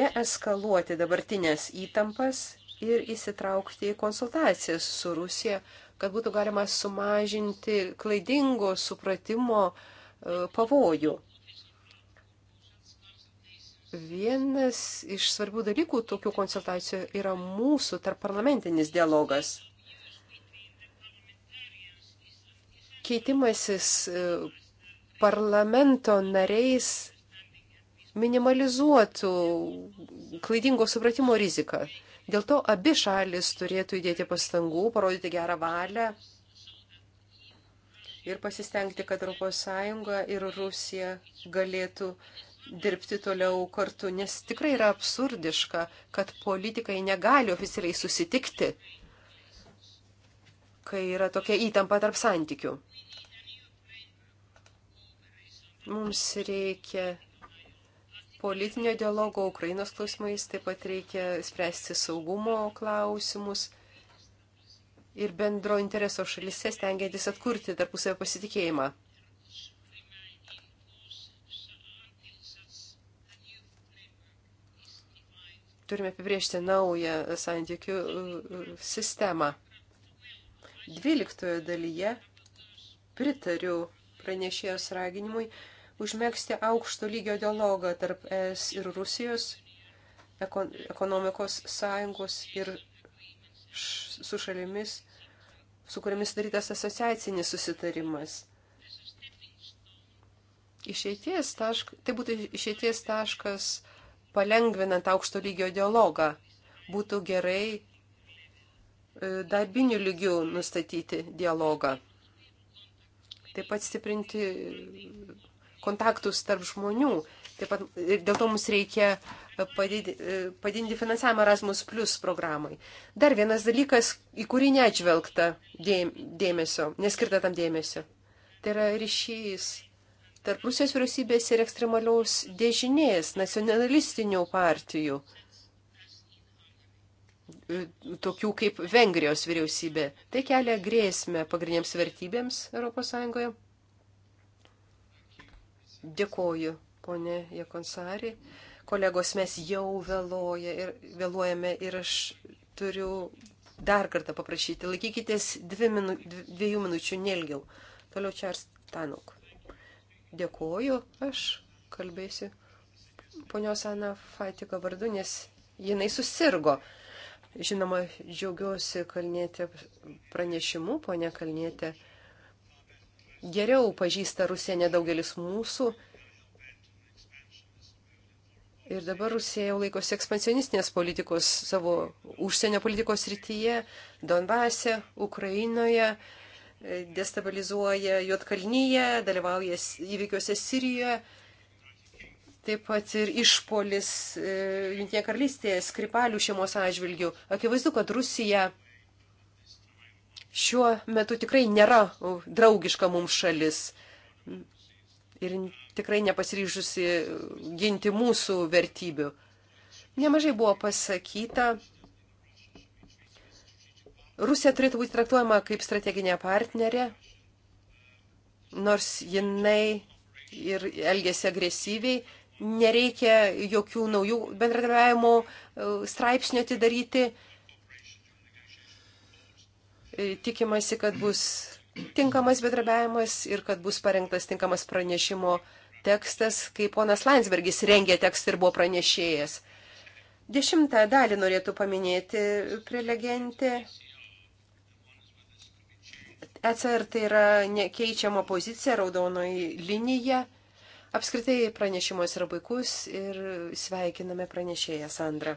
deeskaluoti dabartinės įtampas ir įsitraukti į konsultacijas su Rusija, kad būtų galima sumažinti klaidingo supratimo e, pavojų. Vienas iš svarbių dalykų tokių konsultacijų yra mūsų tarpparlamentinis dialogas. Keitimasis e, parlamento nariais minimalizuotų klaidingo supratimo riziką. Dėl to abi šalis turėtų įdėti pastangų, parodyti gerą valią ir pasistengti, kad ES ir Rusija galėtų dirbti toliau kartu, nes tikrai yra absurdiška, kad politikai negali oficialiai susitikti, kai yra tokia įtampa tarp santykių. Mums reikia politinio dialogo Ukrainos klausimais, taip pat reikia spręsti saugumo klausimus ir bendro intereso šalise stengiantis atkurti tarpusavio pasitikėjimą. Turime apibriežti naują santykių uh, uh, sistemą. Dvyliktojo dalyje pritariu pranešėjos raginimui užmėgsti aukšto lygio dialogą tarp ES ir Rusijos, ekonomikos sąjungos ir su šalimis, su kuriamis darytas asociacinis susitarimas. Išeities tašk, tai būtų išeities taškas palengvinant aukšto lygio dialogą. Būtų gerai e, darbinių lygių nustatyti dialogą. Taip pat stiprinti kontaktus tarp žmonių. Taip pat e, dėl to mums reikia e, e, padidinti finansavimą Erasmus Plus programai. Dar vienas dalykas, į kurį neatžvelgta dėmesio, neskirta tam dėmesio. Tai yra ryšys tarp Rusijos vyriausybės ir ekstremaliaus dešinės nacionalistinių partijų, tokių kaip Vengrijos vyriausybė. Tai kelia grėsmę pagrindiniams vertybėms ES. Dėkoju, ponė Jekonsari. Kolegos, mes jau vėloja ir, vėluojame ir aš turiu dar kartą paprašyti. Laikykitės dvi minu, dviejų minučių, nelgiau. Toliau Čars Tanuk. Dėkoju, aš kalbėsiu ponios Ana Fatiko vardu, nes jinai susirgo. Žinoma, džiaugiuosi Kalnėtė pranešimu, ponia Kalnėtė geriau pažįsta Rusiją nedaugelis mūsų. Ir dabar Rusija jau laikosi ekspansionistinės politikos savo užsienio politikos rytyje, Donbase, Ukrainoje, e, destabilizuoja Jotkalnyje, dalyvauja įvykiuose Sirijoje. Taip pat ir išpolis e, Junktinėje karalystėje Skripalių šeimos atžvilgių. Akivaizdu, kad Rusija šiuo metu tikrai nėra draugiška mums šalis ir tikrai nepasiryžusi ginti mūsų vertybių. Nemažai buvo pasakyta. Rusija turėtų būti traktuojama kaip strateginė partnerė, nors jinai ir elgėsi agresyviai, nereikia jokių naujų bendradarbiavimo e, straipsnių atidaryti. E, tikimasi, kad bus tinkamas bedrabiavimas ir kad bus parengtas tinkamas pranešimo tekstas, kai ponas Landsbergis rengė tekstą ir buvo pranešėjas. Dešimtą dalį norėtų paminėti prelegentė. ECR tai yra nekeičiama pozicija, raudonoji linija. Apskritai pranešimas yra puikus ir sveikiname pranešėją Sandrą.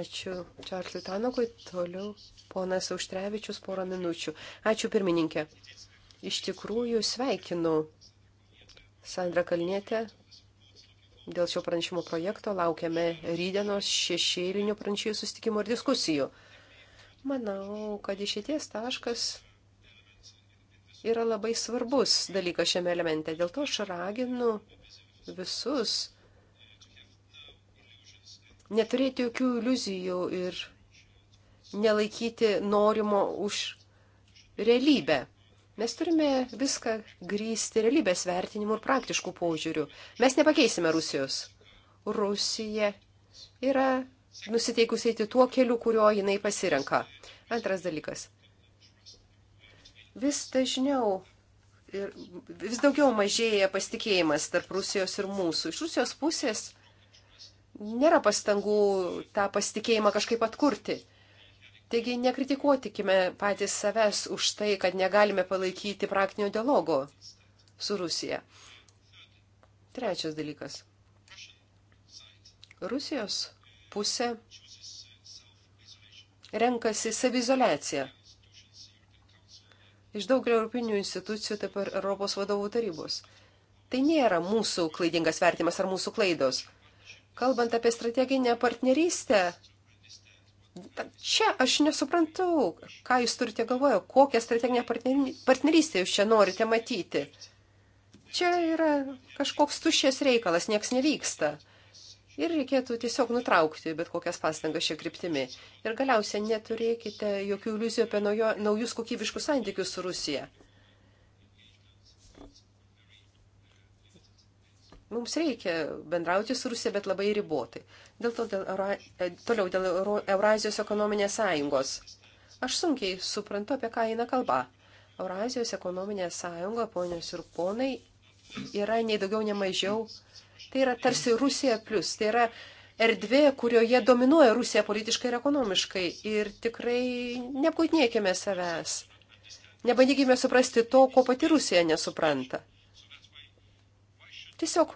Ačiū Čarliui Tanokui. Toliau Ponas Auštrevičius porą minučių. Ačiū pirmininkė. Iš tikrųjų sveikinu Sandra Kalnietė dėl šio pranešimo projekto. Laukiame rydienos šešėlinių pranešėjų sustikimo ir diskusijų. Manau, kad išėties taškas yra labai svarbus dalykas šiame elemente. Dėl to aš raginu visus neturėti jokių iliuzijų ir nelaikyti norimo už realybę. Mes turime viską grįsti realybės vertinimu ir praktiškų požiūrių. Mes nepakeisime Rusijos. Rusija yra nusiteikusi eiti tuo keliu, kurio jinai pasirenka. Antras dalykas. Vis dažniau ir vis daugiau mažėja pasitikėjimas tarp Rusijos ir mūsų. Iš Rusijos pusės nėra pastangų tą pasitikėjimą kažkaip atkurti. Taigi nekritikuotikime patys savęs už tai, kad negalime palaikyti praktinio dialogo su Rusija. Trečias dalykas. Rusijos pusė renkasi savizolaciją iš daugelio europinių institucijų, taip ir Europos vadovų tarybos. Tai nėra mūsų klaidingas vertimas ar mūsų klaidos. Kalbant apie strateginę partnerystę, Čia aš nesuprantu, ką jūs turite galvoje, kokią strateginę partnerystę jūs čia norite matyti. Čia yra kažkoks tušės reikalas, nieks nevyksta. Ir reikėtų tiesiog nutraukti bet kokias pastangas šią kryptimį. Ir galiausiai neturėkite jokių iliuzijų apie naujo, naujus kokybiškus santykius su Rusija. Mums reikia bendrauti su Rusija, bet labai ribotai. Dėl to dėl Eura, e, toliau dėl Eurazijos ekonominės sąjungos. Aš sunkiai suprantu, apie ką eina kalba. Eurazijos ekonominė sąjunga, ponios ir ponai, yra nei daugiau, nei mažiau. Tai yra tarsi Rusija plus. Tai yra erdvė, kurioje dominuoja Rusija politiškai ir ekonomiškai. Ir tikrai neapgaudinėkime savęs. Nebandykime suprasti to, ko pati Rusija nesupranta. Tiesiog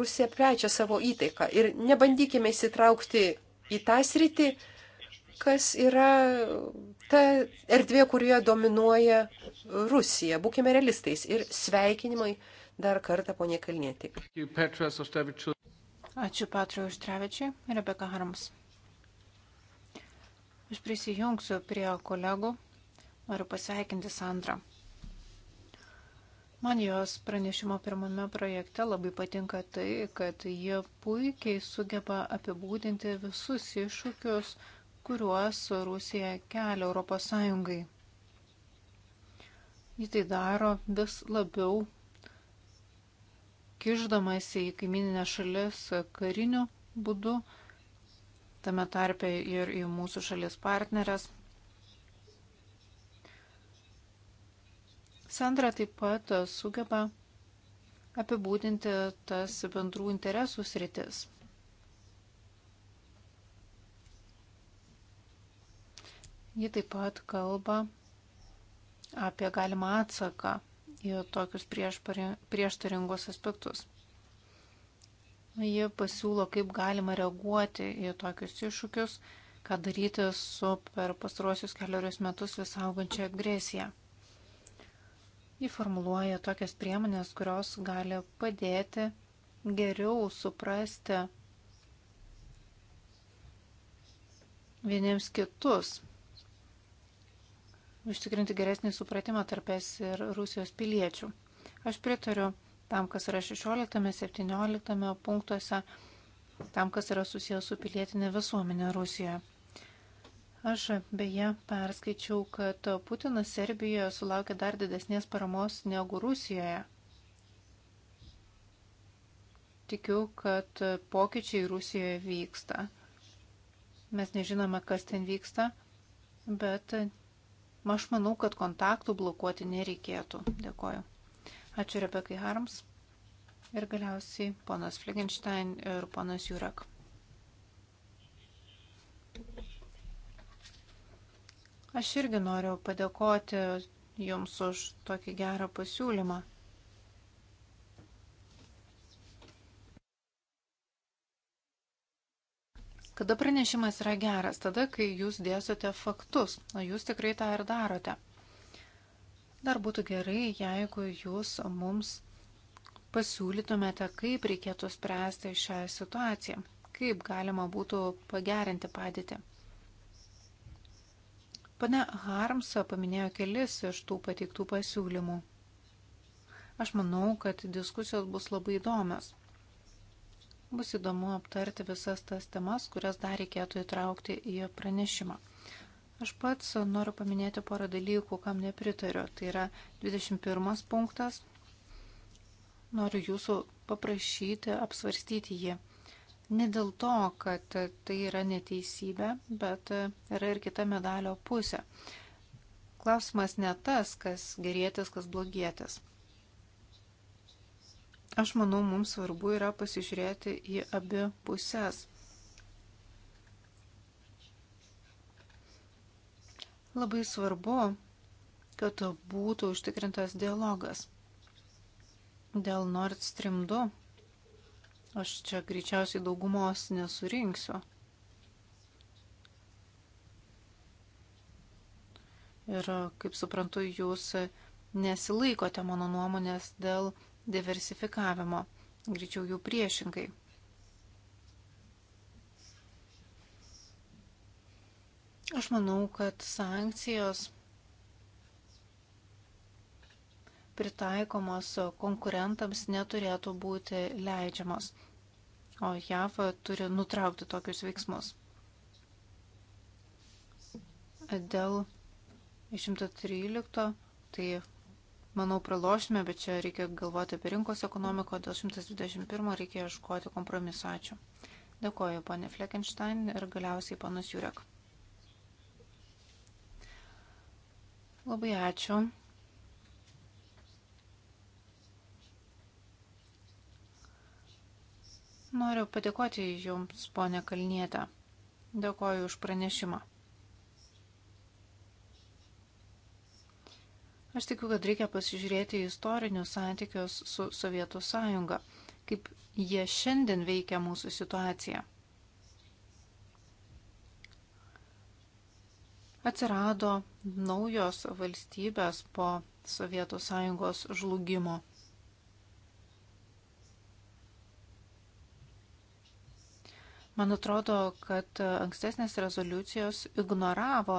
Rusija plečia savo įtaiką ir nebandykime įsitraukti į tą sritį, kas yra ta erdvė, kurioje dominuoja Rusija. Būkime realistais ir sveikinimai dar kartą ponė Kalnėti. Ačiū Patriu Užtrevičiui ir Rebeka Harms. Aš prisijungsiu prie kolegų. Noriu pasveikinti Sandrą. Man jos pranešimo pirmame projekte labai patinka tai, kad jie puikiai sugeba apibūdinti visus iššūkius, kuriuos Rusija kelia Europos Sąjungai. Ji tai daro vis labiau kiždamasi į kaimininę šalis kariniu būdu, tame tarpe ir į mūsų šalies partnerės Sandra taip pat sugeba apibūdinti tas bendrų interesų sritis. Ji taip pat kalba apie galimą atsaką į tokius prieštaringus aspektus. Ji pasiūlo, kaip galima reaguoti į tokius iššūkius, ką daryti su per pastaruosius keliarius metus vis augančia agresija įformuluoja tokias priemonės, kurios gali padėti geriau suprasti vieniems kitus, užtikrinti geresnį supratimą tarpės ir Rusijos piliečių. Aš pritariu tam, kas yra 16-17 punktuose, tam, kas yra susijęs su pilietinė visuomenė Rusijoje. Aš beje perskaičiau, kad Putinas Serbijoje sulaukė dar didesnės paramos negu Rusijoje. Tikiu, kad pokyčiai Rusijoje vyksta. Mes nežinome, kas ten vyksta, bet aš manau, kad kontaktų blokuoti nereikėtų. Dėkoju. Ačiū Rebekai Harms ir galiausiai ponas Flegenstein ir ponas Jurek. Aš irgi noriu padėkoti Jums už tokį gerą pasiūlymą. Kada pranešimas yra geras? Tada, kai jūs dėsote faktus, o jūs tikrai tą ir darote. Dar būtų gerai, jeigu jūs mums pasiūlytumėte, kaip reikėtų spręsti šią situaciją, kaip galima būtų pagerinti padėtį. Pane Harmsa paminėjo kelis iš tų pateiktų pasiūlymų. Aš manau, kad diskusijos bus labai įdomios. Bus įdomu aptarti visas tas temas, kurias dar reikėtų įtraukti į pranešimą. Aš pats noriu paminėti porą dalykų, kam nepritariu. Tai yra 21 punktas. Noriu jūsų paprašyti apsvarstyti jį. Ne dėl to, kad tai yra neteisybė, bet yra ir kita medalio pusė. Klausimas ne tas, kas gerėtis, kas blogėtis. Aš manau, mums svarbu yra pasižiūrėti į abi pusės. Labai svarbu, kad būtų užtikrintas dialogas. Dėl Nord Stream 2 Aš čia greičiausiai daugumos nesurinksiu. Ir, kaip suprantu, jūs nesilaikote mano nuomonės dėl diversifikavimo, greičiau jų priešingai. Aš manau, kad sankcijos pritaikomos konkurentams neturėtų būti leidžiamos, o JAV turi nutraukti tokius veiksmus. Dėl 113, tai manau pralošime, bet čia reikia galvoti apie rinkos ekonomiką, dėl 121 reikia ieškoti kompromisu. Ačiū. Dėkoju, ponė Fleckenstein ir galiausiai panas Jurek. Labai ačiū. Noriu padėkoti Jums, ponė Kalnietė. Dėkoju už pranešimą. Aš tikiu, kad reikia pasižiūrėti į istorinius santykius su Sovietų sąjunga, kaip jie šiandien veikia mūsų situaciją. Atsirado naujos valstybės po Sovietų sąjungos žlugimo. Man atrodo, kad ankstesnės rezoliucijos ignoravo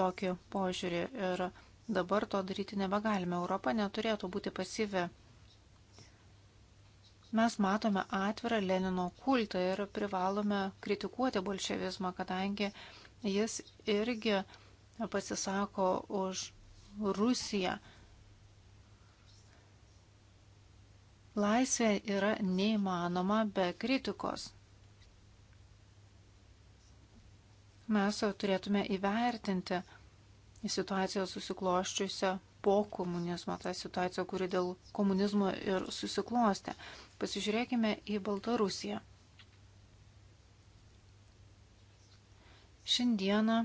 tokį požiūrį ir dabar to daryti nebegalime. Europa neturėtų būti pasyvi. Mes matome atvirą Lenino kultą ir privalome kritikuoti bolševizmą, kadangi jis irgi pasisako už Rusiją. Laisvė yra neįmanoma be kritikos. mes turėtume įvertinti situaciją susikloščiusią po komunizmo, tą situaciją, kuri dėl komunizmo ir susiklostė. Pasižiūrėkime į Baltarusiją. Šiandieną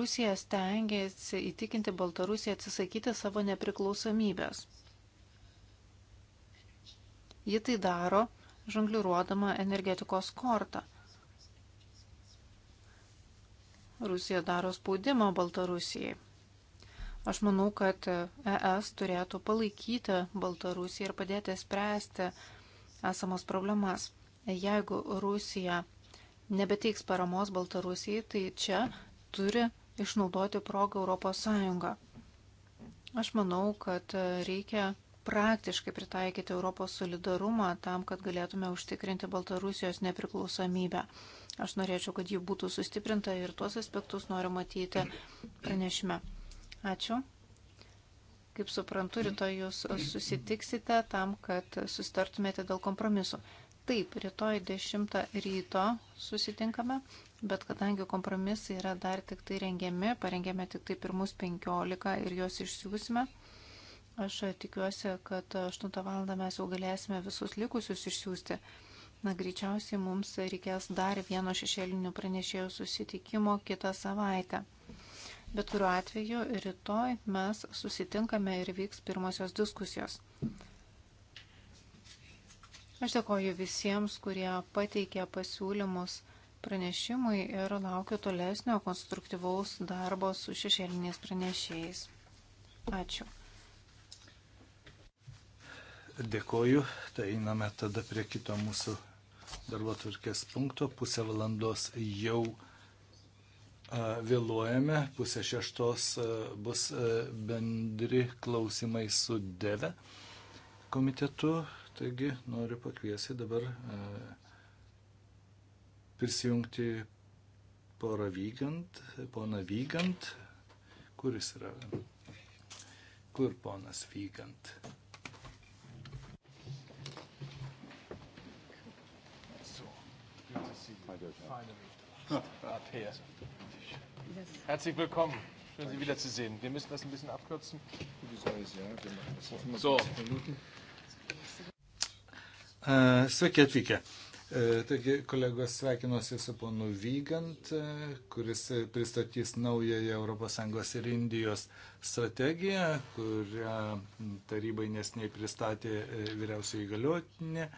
Rusija stengiasi įtikinti Baltarusiją atsisakyti savo nepriklausomybės. Ji tai daro žongliruodama energetikos kortą. Rusija daro spaudimą Baltarusijai. Aš manau, kad ES turėtų palaikyti Baltarusiją ir padėti spręsti esamas problemas. Jeigu Rusija nebeteiks paramos Baltarusijai, tai čia turi išnaudoti progą ES. Aš manau, kad reikia praktiškai pritaikyti Europos solidarumą tam, kad galėtume užtikrinti Baltarusijos nepriklausomybę. Aš norėčiau, kad ji būtų sustiprinta ir tuos aspektus noriu matyti pranešime. Ačiū. Kaip suprantu, rytoj jūs susitiksite tam, kad sustartumėte dėl kompromisu. Taip, rytoj 10 ryto susitinkame, bet kadangi kompromisai yra dar tik tai rengiami, parengėme tik tai pirmus 15 ir juos išsiųsime. Aš tikiuosi, kad 8 val. mes jau galėsime visus likusius išsiųsti. Na, greičiausiai mums reikės dar vieno šešėlinių pranešėjų susitikimo kitą savaitę. Bet kuriuo atveju, rytoj mes susitinkame ir vyks pirmosios diskusijos. Aš dėkoju visiems, kurie pateikė pasiūlymus pranešimui ir laukiu tolesnio konstruktyvaus darbo su šešėliniais pranešėjais. Ačiū. Dėkoju. Tai einame tada prie kito mūsų darbo tvarkės punkto. Pusę valandos jau vėluojame. Pusę šeštos bus bendri klausimai su Deve komitetu. Taigi noriu pakviesti dabar prisijungti porą Vygant, poną Vygant, kuris yra, kur ponas Vygant. see you. Hi, Finally. Up here. Herzlich willkommen. Schön, Sie wiederzusehen. Wir müssen das ein bisschen abkürzen. So. Äh, sveiki atvykę. Äh, taigi, kolegos, sveikinuosi su ponu Vygant, e, kuris pristatys naująją ES ir Indijos strategiją, kurią tarybai nesniai pristatė e, vyriausiai įgaliotinė.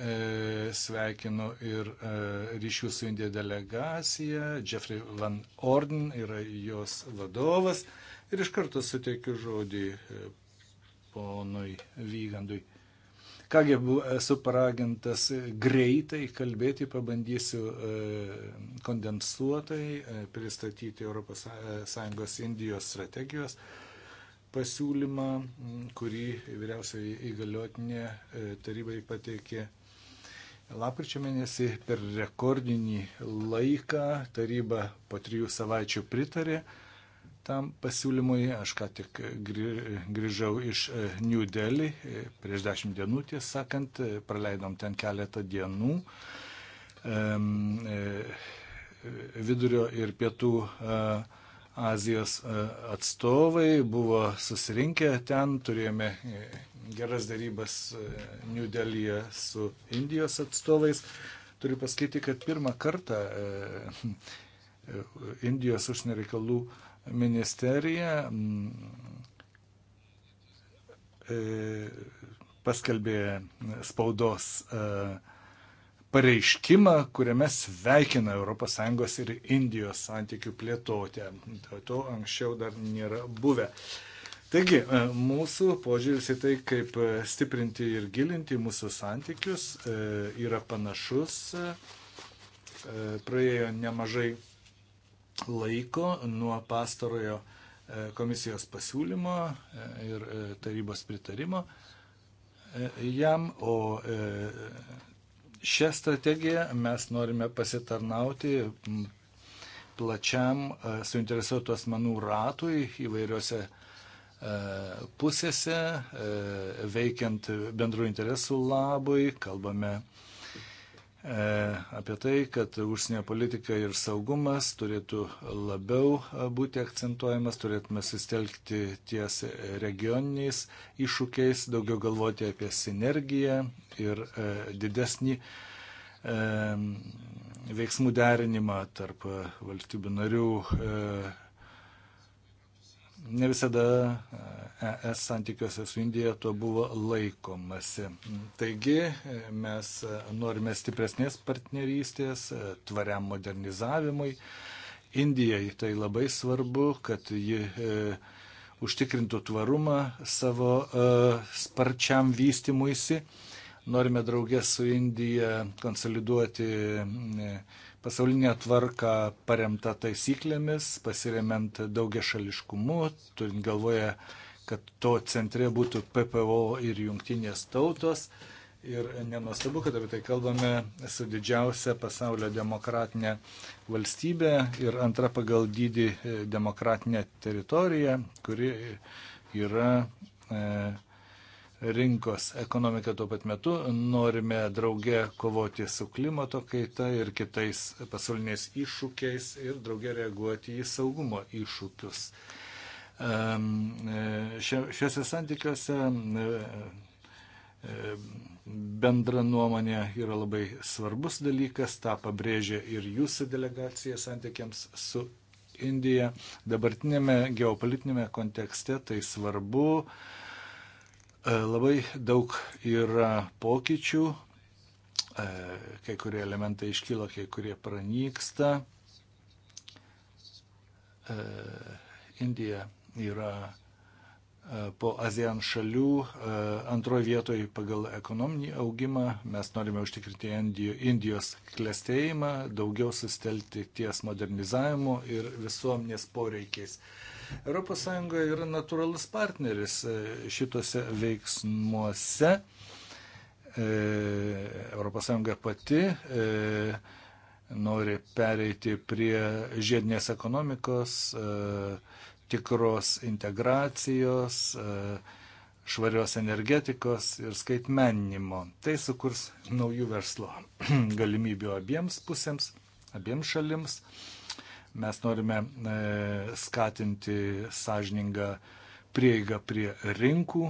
E, sveikinu ir e, ryšių su Indija delegacija. Jeffrey Van Orden yra jos vadovas. Ir iš karto suteikiu žodį e, ponui Vygandui. Kągi, esu paragintas greitai kalbėti, pabandysiu kondensuotai pristatyti ES Indijos strategijos pasiūlymą, kurį vyriausiai įgaliotinė tarybai pateikė Lapkričio mėnesį per rekordinį laiką taryba po trijų savaičių pritarė tam pasiūlymui. Aš ką tik grįžau iš e, New Delhi, e, prieš dešimt dienų, tiesą sakant, e, praleidom ten keletą dienų. Vidurio ir pietų Azijos atstovai buvo susirinkę ten, turėjome geras darybas e, New Delhi'e su Indijos atstovais. Turiu pasakyti, kad pirmą kartą e, e, Indijos užsienio reikalų ministerija mm, paskelbė spaudos pareiškimą, kuriame sveikina ES ir Indijos santykių plėtotę. To anksčiau dar nėra buvę. Taigi, e, mūsų požiūris į tai, kaip e, stiprinti ir gilinti mūsų santykius, e, yra panašus. Praėjo nemažai laiko nuo pastarojo komisijos pasiūlymo ir tarybos pritarimo jam, o šią strategiją mes norime pasitarnauti plačiam suinteresuotų asmenų ratui įvairiuose pusėse, e, veikiant bendrų interesų labui, kalbame e, apie tai, kad užsienio politika ir saugumas turėtų labiau e, būti akcentuojamas, turėtume sustelkti ties regioniniais iššūkiais, daugiau galvoti apie sinergiją ir didesnį veiksmų derinimą tarp valstybių narių Ne visada ES e santykiuose su Indija to buvo laikomasi. Taigi e, mes e, norime stipresnės partnerystės, tvariam modernizavimui. Indijai tai labai svarbu, kad ji e, užtikrintų tvarumą savo e, sparčiam vystimuisi. Norime draugės su Indija konsoliduoti pasaulinę tvarką paremta taisyklėmis, pasiremiant daugiašališkumu, turint galvoje, kad to centre būtų PPO ir jungtinės tautos. Ir nenuostabu, kad apie tai kalbame su didžiausia pasaulio demokratinė valstybė ir antra pagal dydį demokratinė teritorija, kuri yra e, rinkos ekonomiką tuo pat metu. Norime drauge kovoti su klimato kaita ir kitais pasauliniais iššūkiais ir drauge reaguoti į saugumo iššūkius. E, šiuose santykiuose e, e, bendra nuomonė yra labai svarbus dalykas, tą pabrėžė ir jūsų delegacija santykiams su Indija. Dabartinėme geopolitinėme kontekste tai svarbu. Uh, E, labai daug yra pokyčių, e, kai kurie elementai iškyla, kai kurie pranyksta. E, Indija yra po ASEAN šalių antroje vietoje pagal ekonominį augimą. Mes norime užtikrinti Indijos klėstėjimą, daugiau sustelti ties modernizavimu ir visuomenės poreikiais. ES yra natūralus partneris e, šitose veiksmuose. ES pati e, nori pereiti prie žiedinės ekonomikos, e, tikros integracijos, švarios energetikos ir skaitmeninimo. Tai sukurs naujų verslo galimybių abiems pusėms, abiems šalims. Mes norime e, skatinti sąžiningą prieigą prie rinkų,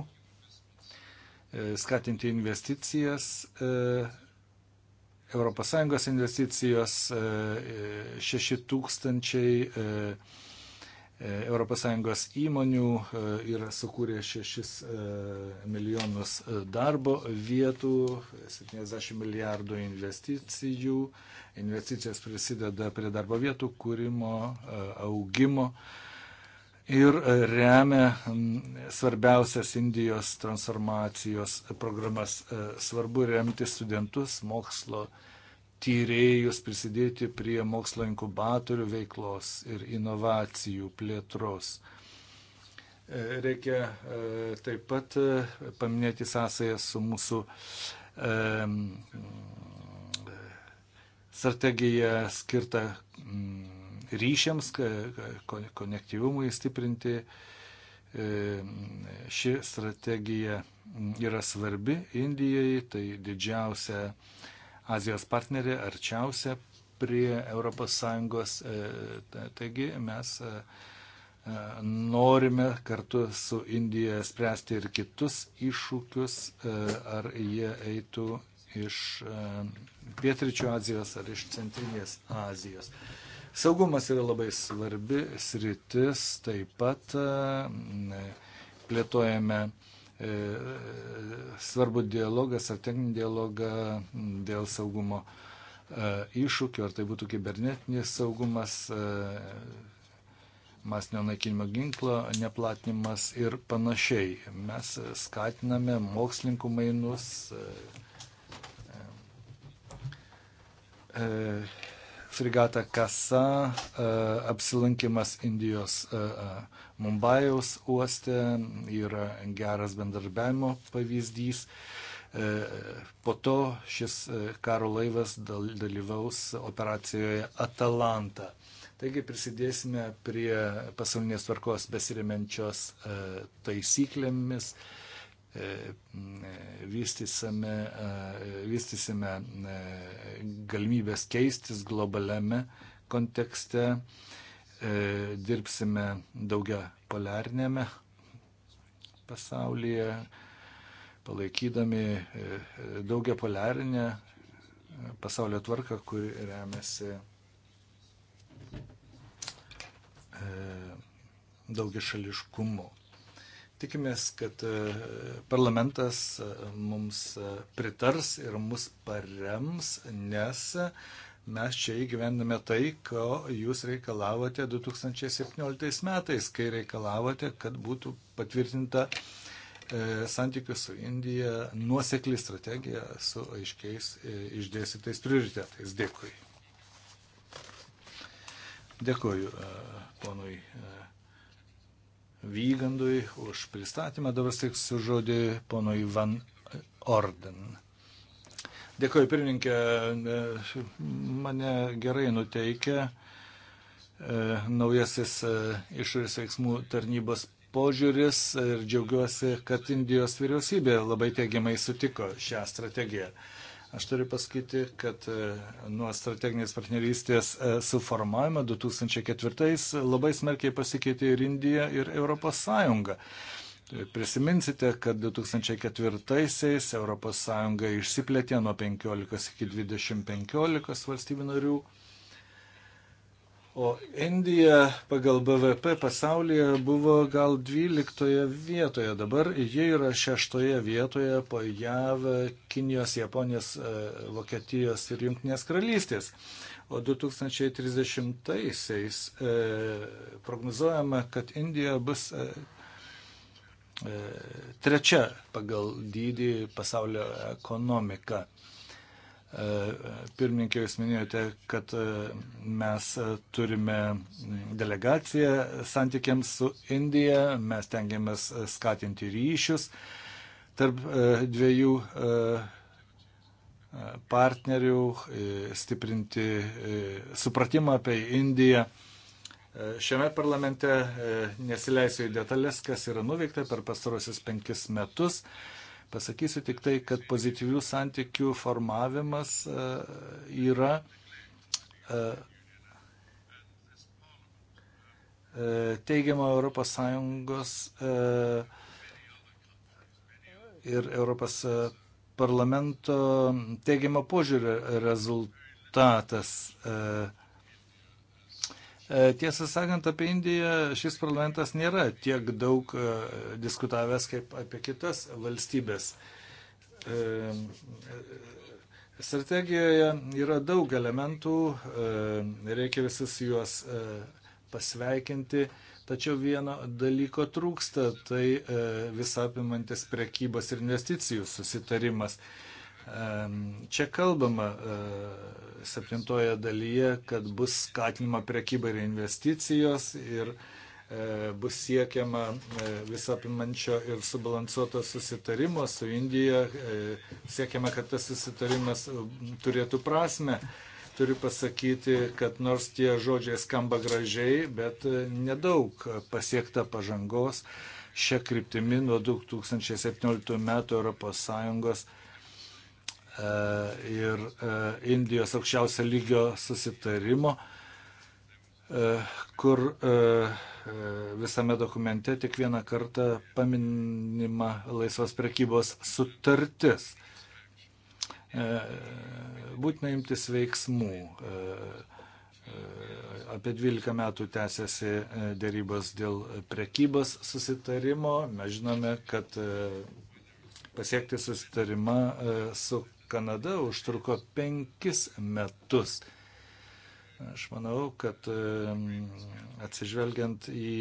e, skatinti investicijas. ES investicijos 6 e, tūkstančiai ES įmonių e, ir sukūrė 6 e, milijonus e, darbo vietų, 70 milijardų investicijų. Investicijos prisideda prie darbo vietų kūrimo, augimo ir remia svarbiausias Indijos transformacijos programas. Svarbu remti studentus, mokslo, tyrėjus prisidėti prie mokslo inkubatorių veiklos ir inovacijų plėtros. E, reikia e, taip pat e, paminėti sąsają su mūsų strategija skirta mm, ryšiams, konektyvumui stiprinti. Ši strategija yra svarbi Indijai, tai didžiausia Azijos partnerė arčiausia prie ES. E, taigi mes e, e, norime kartu su Indija spręsti ir kitus iššūkius, ar jie eitų iš Pietričio Azijos ar iš Centrinės Azijos. Saugumas yra labai svarbi sritis, taip pat plėtojame uh, E, svarbu dialogas ar techninį dialogą dėl saugumo e, iššūkių, ar tai būtų kibernetinis saugumas, e, masinio naikinimo ginklo neplatinimas ir panašiai. Mes skatiname mokslininkų mainus. Frigata Kasa apsilankimas Indijos Mumbajaus uoste yra geras bendarbiavimo pavyzdys. E, po to šis e, karo laivas dalyvaus operacijoje Atalanta. Taigi prisidėsime prie pasaulinės tvarkos besirimenčios e, taisyklėmis, vystysime, vystysime galimybės keistis globaliame kontekste. E, dirbsime daugia poliarnėme pasaulyje, palaikydami e, daugia poliarinę pasaulio tvarką, kuri remiasi e, daugia šališkumu. Tikimės, kad parlamentas mums pritars ir mus parems, nes mes čia įgyvendame tai, ko jūs reikalavote 2017 metais, kai reikalavote, kad būtų patvirtinta e, santykių su Indija nuosekli strategija su aiškiais e, išdėstytais prioritetais. Dėkui. Dėkuoju e, ponui e, Vygandui už pristatymą. Dabar steiksiu žodį ponui Van Orden. Dėkuoju, pirmininkė, e, mane gerai nuteikia e, naujasis e, išorės veiksmų tarnybos požiūris ir džiaugiuosi, kad Indijos vyriausybė labai teigiamai sutiko šią strategiją. Aš turiu pasakyti, kad nuo strateginės partnerystės suformavimo 2004 labai smarkiai pasikeitė ir Indija, ir Europos Sąjunga. Prisiminsite, kad 2004-aisiais ES išsiplėtė nuo 15 iki 2015 valstybių narių, o Indija pagal BVP pasaulyje buvo gal 12 vietoje, dabar jie yra 6 vietoje po JAV, Kinijos, Japonijos, e, Vokietijos ir Junktinės karalystės. O 2030-aisiais e, prognozuojama, kad Indija bus. E, E, trečia pagal dydį pasaulio ekonomika. E, pirmininkė, jūs minėjote, kad e, mes turime delegaciją santykiams su Indija, mes tengiamės skatinti ryšius tarp dviejų partnerių, stiprinti supratimą apie Indiją. Šiame parlamente e, nesileisiu į detalės, kas yra nuveikta per pastarosius penkis metus. Pasakysiu tik tai, kad pozityvių santykių formavimas e, yra e, teigiama ES ir ES parlamento teigiamo požiūrio rezultatas. E, E, tiesą sakant, apie Indiją šis parlamentas nėra tiek daug e, diskutavęs kaip apie kitas valstybės. E, strategijoje yra daug elementų, reikia visus juos pasveikinti, tačiau vieno dalyko trūksta, tai visapimantis prekybos ir investicijų susitarimas. Čia kalbama e, septintoje dalyje, kad bus skatinama prekyba ir investicijos ir e, bus siekiama e, visapimančio ir subalansuoto susitarimo su Indija, siekiama, kad tas susitarimas turėtų prasme. Turiu pasakyti, kad nors tie žodžiai skamba gražiai, bet nedaug pasiekta pažangos šią kryptimį nuo 2017 metų ES E, ir e, Indijos aukščiausio lygio susitarimo, e, kur visame dokumente tik vieną kartą paminima laisvos prekybos sutartis. Būtina imtis veiksmų. Apie 12 metų tęsiasi dėrybos dėl prekybos susitarimo. Mes žinome, kad pasiekti susitarimą su Kanada užtruko penkis metus. Aš manau, kad atsižvelgiant į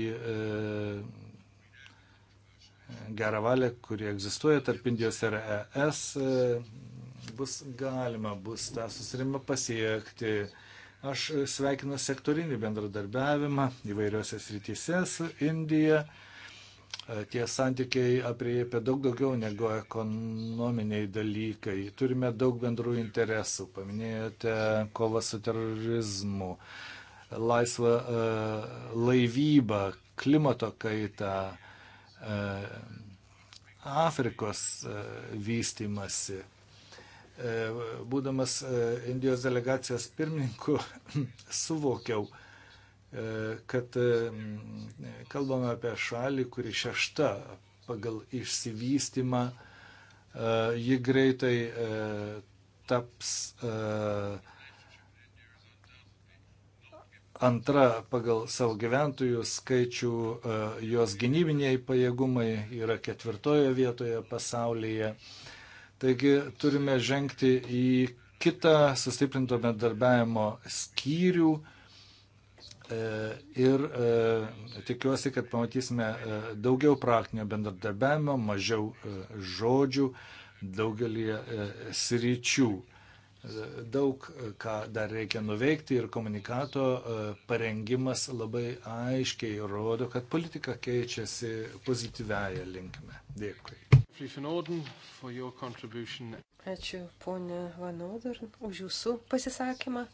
gerą valią, kuri egzistuoja tarp Indijos ir ES, bus galima, bus tą susirimą pasiekti. Aš sveikinu sektorinį bendradarbiavimą įvairiose srityse su Indija. E, tie santykiai apriepia daug daugiau negu ekonominiai dalykai. Turime daug bendrų interesų. Paminėjote kovą su terorizmu, laisvą e, laivybą, klimato kaitą, e, Afrikos vystimasi būdamas Indijos delegacijos pirmininku, suvokiau, E, kad e, kalbame apie šalį, kuri šešta pagal išsivystimą, e, ji greitai taps antra pagal savo gyventojų skaičių, jos gynybiniai pajėgumai yra ketvirtoje vietoje pasaulyje. Taigi turime žengti į kitą sustiprinto bendarbiavimo skyrių, E, ir e, tikiuosi, kad pamatysime e, daugiau praktinio bendradarbiavimo, mažiau žodžių daugelį sričių. Daug ką dar reikia nuveikti ir komunikato parengimas labai aiškiai rodo, kad politika keičiasi pozityvėje linkme. Dėkui. Ačiū, ponė Vanoder, už jūsų pasisakymą.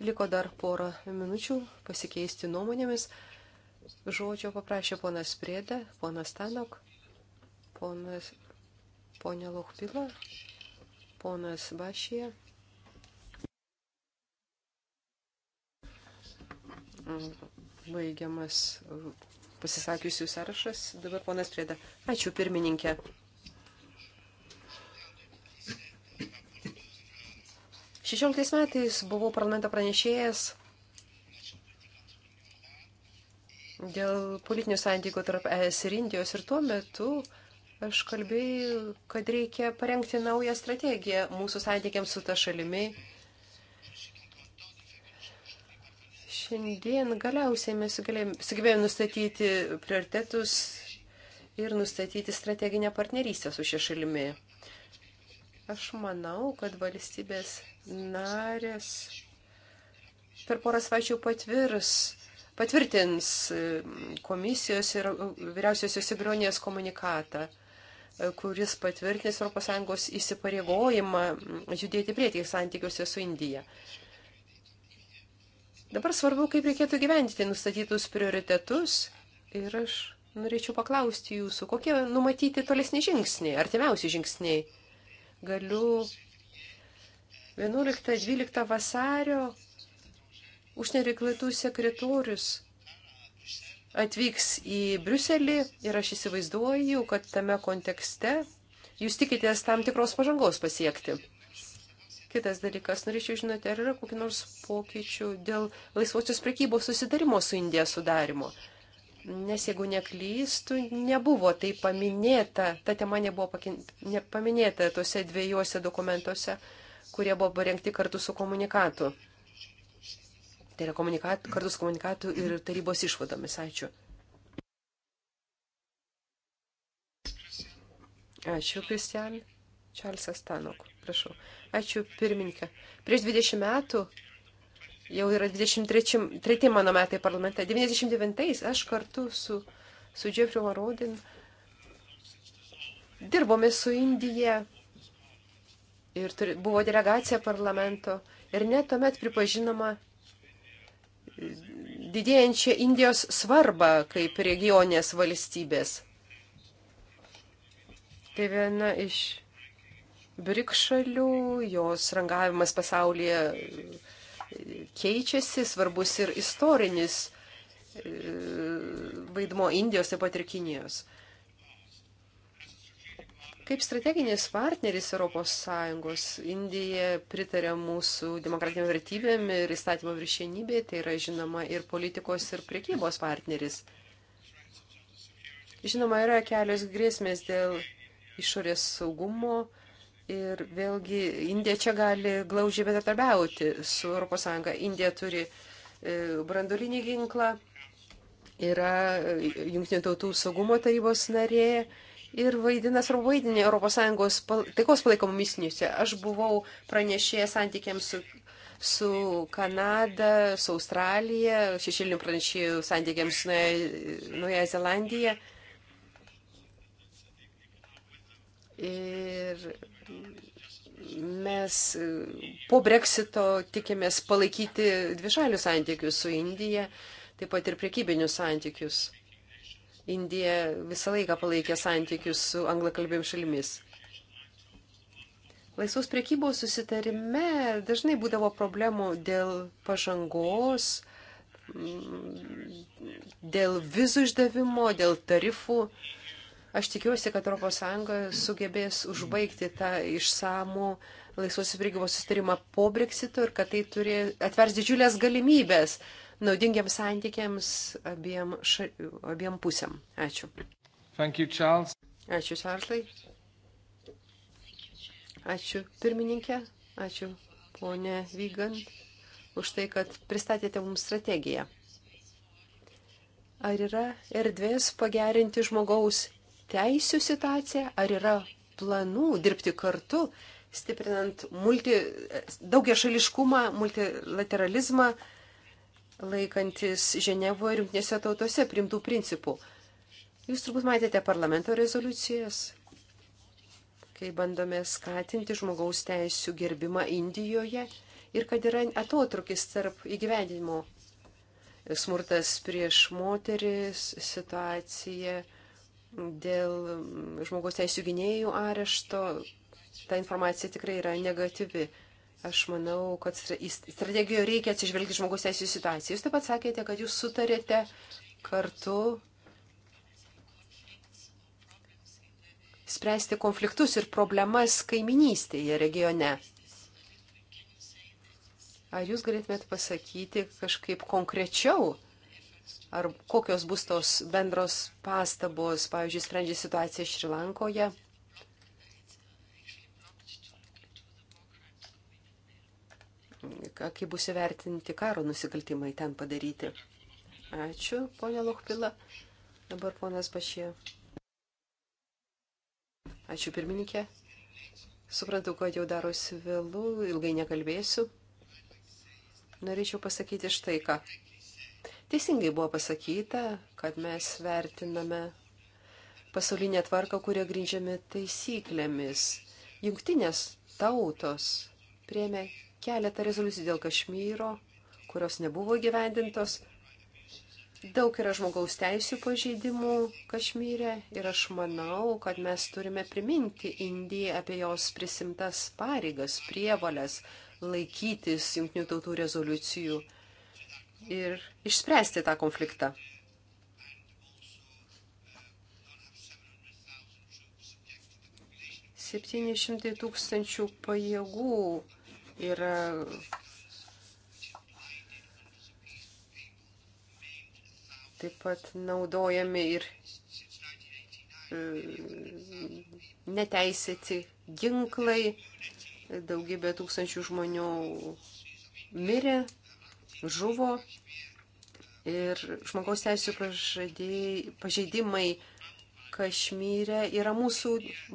Liko dar porą minučių pasikeisti nuomonėmis. Žodžio paprašė ponas Priedė, ponas Tanok, ponas, ponė Lochpila, ponas Bašyje. Baigiamas pasisakiusių sąrašas. Dabar ponas Priedė. Ačiū pirmininkė. 16 metais buvau parlamento pranešėjęs dėl politinių santykių tarp ES ir Indijos ir tuo metu aš kalbėjau, kad reikia parengti naują strategiją mūsų santykiams su ta šalimi. Šiandien galiausiai mes sugebėjome nustatyti prioritetus ir nustatyti strateginę partnerystę su šia šalimi. Aš manau, kad valstybės narės per porą savaičių patvirs, patvirtins mm, komisijos ir mm, vyriausiosios įgronės komunikatą, kuris patvirtins ES įsipareigojimą mm, judėti priekį santykiuose su Indija. Dabar svarbu, kaip reikėtų gyventi nustatytus prioritetus ir aš norėčiau paklausti jūsų, kokie numatyti tolesni žingsniai, artimiausi žingsniai galiu 11-12 vasario užsienio reikalų sekretorius atvyks į Briuselį ir aš įsivaizduoju, kad tame kontekste jūs tikitės tam tikros pažangos pasiekti. Kitas dalykas, norėčiau žinoti, ar yra kokių nors pokyčių dėl laisvosios prekybos susidarimo su Indija sudarimo nes jeigu neklystų, nebuvo tai paminėta, ta tema nebuvo paminėta tuose dviejose dokumentuose, kurie buvo parengti kartu su komunikatu. Tai yra komunikat, kartu su komunikatu ir tarybos išvadomis. Ačiū. Ačiū, Kristian. Čarlzas Stanok, prašau. Ačiū, pirmininkė. Prieš 20 metų Jau yra 23 treti, mano metai parlamente. 99-ais aš kartu su, su Jeffrey Varodin dirbome su Indija ir turi, buvo delegacija parlamento ir net tuomet pripažinoma didėjančią Indijos svarbą kaip regionės valstybės. Tai viena iš brikšalių, jos rangavimas pasaulyje keičiasi, svarbus ir istorinis e, vaidmo Indijos, taip pat ir Kinijos. Kaip strateginis partneris ES, Indija pritarė mūsų demokratiniam vertybėm ir įstatymo viršienybė, tai yra žinoma ir politikos ir priekybos partneris. Žinoma, yra kelios grėsmės dėl išorės saugumo, Ir vėlgi Indija čia gali glaužiai bendradarbiauti su ES. Indija turi e, brandolinį ginklą, yra e, Junktinių tautų saugumo tarybos narė ir vaidina svarbu vaidinį ES taikos palaikomų misijose. Aš buvau pranešėjęs santykiams su, su Kanada, su Australija, šešėlinių pranešėjų santykiams su Nuoja Zelandija. Ir mes e, po breksito tikimės palaikyti dvišalius santykius su Indija, taip pat ir prekybinius santykius. Indija visą laiką palaikė santykius su anglakalbėm šalimis. Laisvos priekybos susitarime dažnai būdavo problemų dėl pažangos, dėl vizų išdavimo, dėl tarifų. Aš tikiuosi, kad ES sugebės užbaigti tą išsamų laisvosios prigybos sustarimą po Brexito ir kad tai turi, atvers didžiulės galimybės naudingiams santykiams abiem, ša, abiem pusėm. Ačiū. Thank you, Charles. Ačiū, Čarlzai. Ačiū, pirmininkė. Ačiū, ponė Vygan, už tai, kad pristatėte mums strategiją ar yra erdvės pagerinti žmogaus teisų situacija, ar yra planų dirbti kartu, stiprinant multi, daugia šališkumą, multilateralizmą, laikantis Ženevoje ir jungtinėse tautose primtų principų. Jūs turbūt matėte parlamento rezoliucijas, kai bandome skatinti žmogaus teisų gerbimą Indijoje ir kad yra atotrukis tarp įgyvendinimo. Smurtas prieš moteris, situacija dėl mm, žmogaus teisų gynėjų arešto, ta informacija tikrai yra negatyvi. Aš manau, kad strategijoje reikia atsižvelgti žmogaus teisų situaciją. Jūs taip pat sakėte, kad jūs sutarėte kartu spręsti konfliktus ir problemas kaiminystėje regione. Ar jūs galėtumėt pasakyti kažkaip konkrečiau, ar kokios bus tos bendros pastabos, pavyzdžiui, sprendžia situaciją Šrilankoje. Kaip bus įvertinti karo nusikaltimai ten padaryti. Ačiū, ponia Lokpila. Dabar ponas Bašė. Ačiū, pirmininkė. Suprantu, kad jau darosi vėlų, ilgai nekalbėsiu. Norėčiau pasakyti štai ką. Teisingai buvo pasakyta, kad mes vertiname pasaulinę tvarką, kurie grindžiami taisyklėmis. Jungtinės tautos priemė keletą rezoliucijų dėl Kašmyro, kurios nebuvo gyvendintos. Daug yra žmogaus teisų pažeidimų Kašmyre ir aš manau, kad mes turime priminti Indijai apie jos prisimtas pareigas, prievalės laikytis jungtinių tautų rezoliucijų ir išspręsti tą konfliktą. Septyni šimtai tūkstančių pajėgų yra taip pat naudojami ir e, neteisėti ginklai, daugybė tūkstančių žmonių mirė žuvo ir žmogaus teisų pažeidimai Kašmyre yra mūsų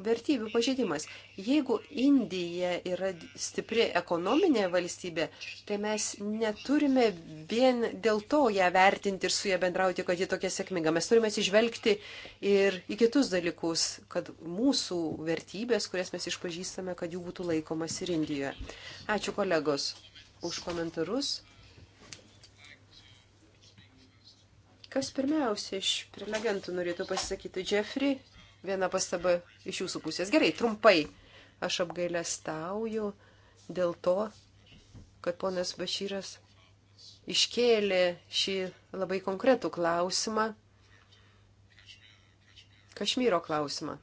vertybių pažeidimas. Jeigu Indija yra stipri ekonominė valstybė, tai mes neturime vien dėl to ją vertinti ir su ją bendrauti, kad ji tokia sėkminga. Mes turime atsižvelgti ir į kitus dalykus, kad mūsų vertybės, kurias mes išpažįstame, kad jų būtų laikomas ir Indijoje. Ačiū kolegos už komentarus. Kas pirmiausia iš prelegentų norėtų pasisakyti? Jeffrey, viena pastaba iš jūsų pusės. Gerai, trumpai. Aš apgailę stauju dėl to, kad ponas Bašyras iškėlė šį labai konkretų klausimą. Kašmyro klausimą.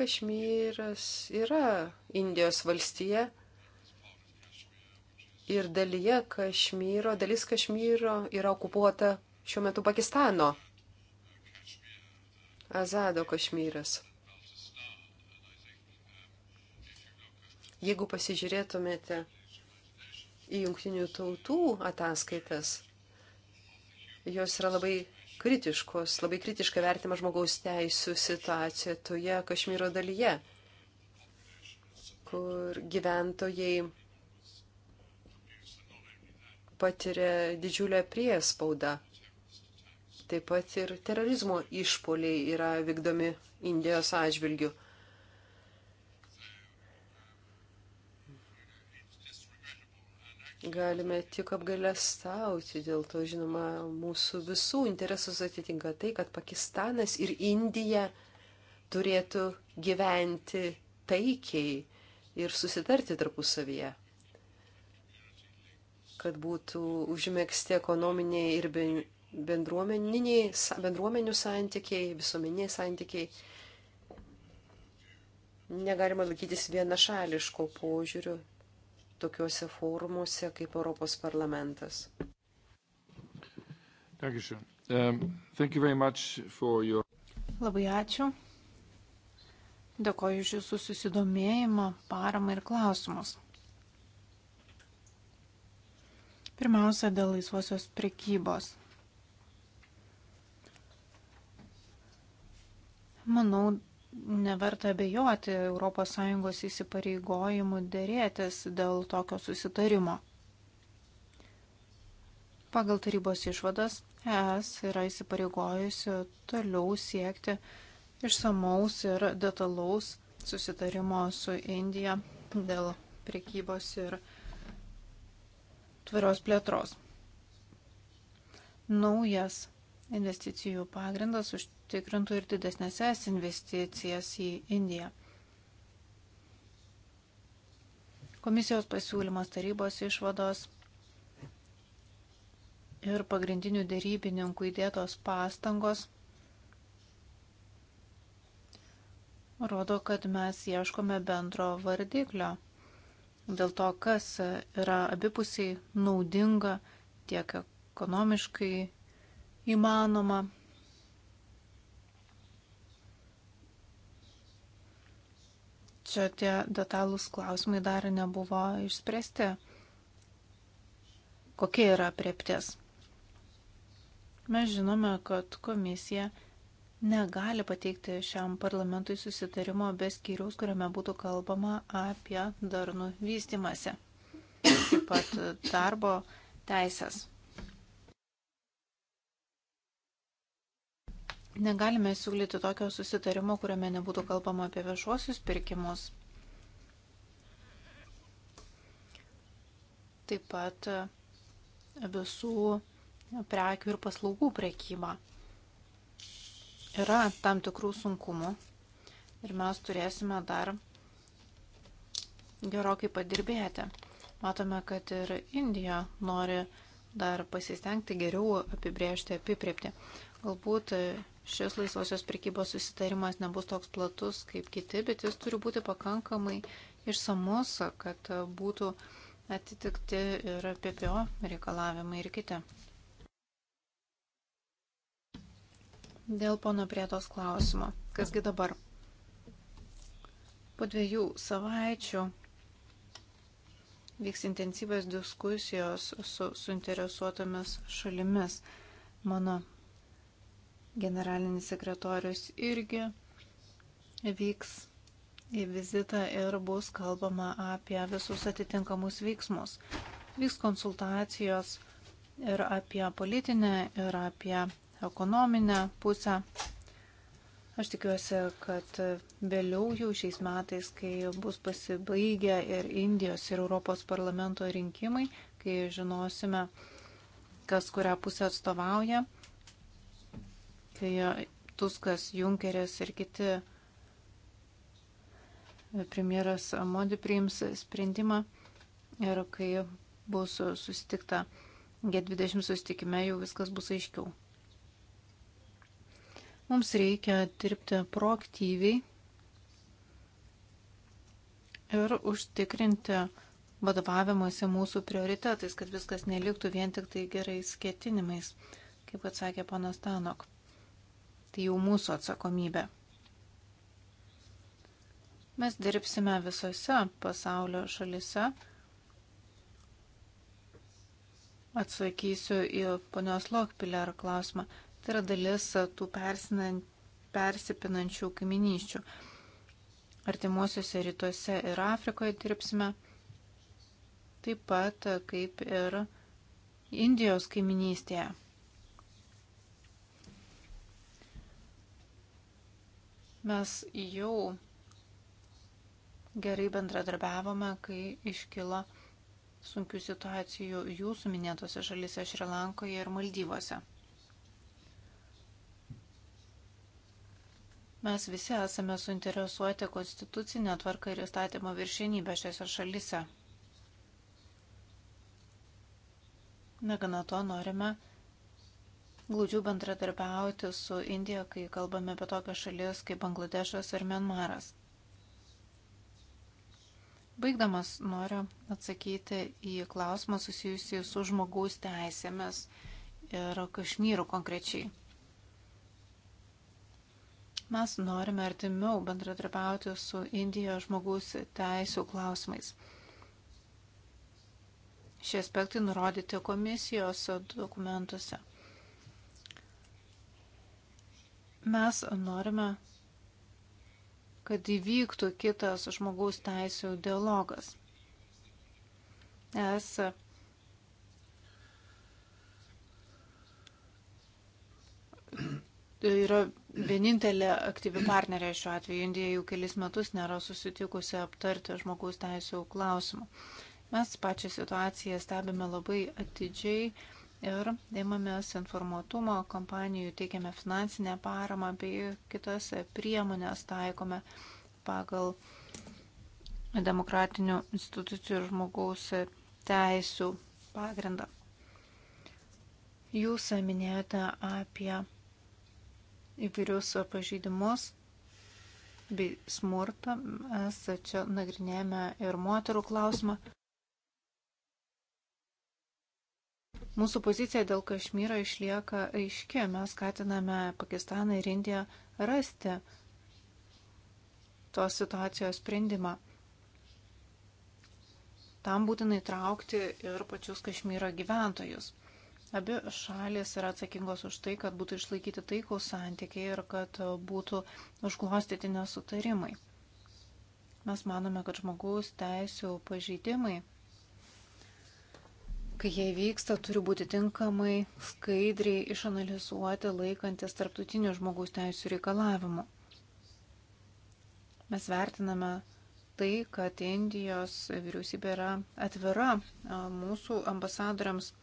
Kašmyras yra Indijos valstija, ir dalyje Kašmyro, dalis Kašmyro yra okupuota šiuo metu Pakistano. Azado Kašmyras. Jeigu pasižiūrėtumėte į jungtinių tautų ataskaitas, jos yra labai kritiškos, labai kritiškai vertima žmogaus teisų situacija toje Kašmyro dalyje, kur gyventojai patiria didžiulę priespaudą. Taip pat ir terorizmo išpoliai yra vykdomi Indijos atžvilgių. Galime tik apgailestauti, dėl to, žinoma, mūsų visų interesus atitinka tai, kad Pakistanas ir Indija turėtų gyventi taikiai ir susitarti tarpusavyje kad būtų užmėgsti ekonominiai ir bendruomeniniai, bendruomenių santykiai, visuomeniai santykiai. Negalima laikytis vienašališko požiūrių tokiuose forumuose kaip Europos parlamentas. Um, your... Labai ačiū. Dėkoju iš jūsų susidomėjimą, paramą ir klausimus. Pirmiausia, dėl laisvosios prekybos. Manau, neverta abejoti ES įsipareigojimu dėrėtis dėl tokio susitarimo. Pagal tarybos išvadas ES yra įsipareigojusi toliau siekti išsamaus ir detalaus susitarimo su Indija dėl priekybos ir tvarios plėtros. Naujas investicijų pagrindas užtikrintų ir didesnėses investicijas į Indiją. Komisijos pasiūlymas tarybos išvados ir pagrindinių dėrybininkų įdėtos pastangos rodo, kad mes ieškome bendro vardiklio dėl to, kas yra abipusiai naudinga tiek ekonomiškai įmanoma. Čia tie detalūs klausimai dar nebuvo išspręsti. Kokia yra priepties? Mes žinome, kad komisija negali pateikti šiam parlamentui susitarimo be skyriaus, kuriame būtų kalbama apie darnų vystimąsi, taip pat darbo teisės. Negalime siūlyti tokio susitarimo, kuriame nebūtų kalbama apie viešuosius pirkimus. Taip pat visų prekių ir paslaugų prekybą. Yra tam tikrų sunkumų ir mes turėsime dar gerokai padirbėti. Matome, kad ir Indija nori dar pasistengti geriau apibriežti apipriepti. Galbūt šis laisvosios prekybos susitarimas nebus toks platus kaip kiti, bet jis turi būti pakankamai išsamus, kad būtų atitikti ir PPO reikalavimai ir kiti. Dėl pono prietos klausimo. Kasgi dabar? Po dviejų savaičių vyks intensyvės diskusijos su suinteresuotomis šalimis. Mano generalinis sekretorius irgi vyks į vizitą ir bus kalbama apie visus atitinkamus veiksmus. Vyks konsultacijos ir apie politinę, ir apie ekonominę pusę. Aš tikiuosi, kad vėliau jau šiais metais, kai bus pasibaigę ir Indijos ir Europos parlamento rinkimai, kai žinosime, kas kurią pusę atstovauja, kai Tuskas, Junkeris ir kiti premjeras Modi priims sprendimą ir kai bus susitikta G20 susitikime, jau viskas bus aiškiau. Mums reikia dirbti proaktyviai ir užtikrinti vadovavimuose mūsų prioritetais, kad viskas neliktų vien tik tai gerais ketinimais, kaip atsakė panas Tanok. Tai jau mūsų atsakomybė. Mes dirbsime visose pasaulio šalise. Atsakysiu į ponios Lokpiler klausimą. Tai yra dalis tų persipinančių kaiminysčių. Artimuosiuose rytuose ir Afrikoje dirbsime taip pat kaip ir Indijos kaiminystėje. Mes jau gerai bendradarbiavome, kai iškilo sunkių situacijų jūsų minėtose šalise Šrilankoje ir Maldyvose. Mes visi esame suinteresuoti konstitucinę tvarką ir įstatymo viršienybę šiose šalise. Negana to norime glūdžių bendradarbiauti su Indija, kai kalbame apie tokias šalis kaip Bangladešas ir Mianmaras. Baigdamas noriu atsakyti į klausimą susijusį su žmogaus teisėmis ir Kašmyru konkrečiai. Mes norime artimiau bendradarbiauti su Indija žmogaus teisų klausimais. Šie aspektai nurodyti komisijos dokumentuose. Mes norime, kad įvyktų kitas žmogaus teisų dialogas. Nes yra vienintelė aktyvi partnerė šiuo atveju. Indija jau kelis metus nėra susitikusi aptarti žmogaus teisų klausimų. Mes pačią situaciją stebime labai atidžiai ir įmamės informatumo kompanijų, teikiame finansinę paramą bei kitas priemonės taikome pagal demokratinių institucijų ir žmogaus teisų pagrindą. Jūs minėjote apie įvairius pažeidimus bei smurtą. Mes čia nagrinėjame ir moterų klausimą. Mūsų pozicija dėl Kašmyro išlieka aiški. Mes skatiname Pakistaną ir Indiją rasti tos situacijos sprendimą. Tam būtina įtraukti ir pačius Kašmyro gyventojus. Abi šalis yra atsakingos už tai, kad būtų išlaikyti taikaus santykiai ir kad būtų užglostyti nesutarimai. Mes manome, kad žmogaus teisų pažeidimai, kai jie vyksta, turi būti tinkamai, skaidriai išanalizuoti laikantis tarptautinių žmogaus teisų reikalavimų. Mes vertiname tai, kad Indijos vyriausybė yra atvira mūsų ambasadoriams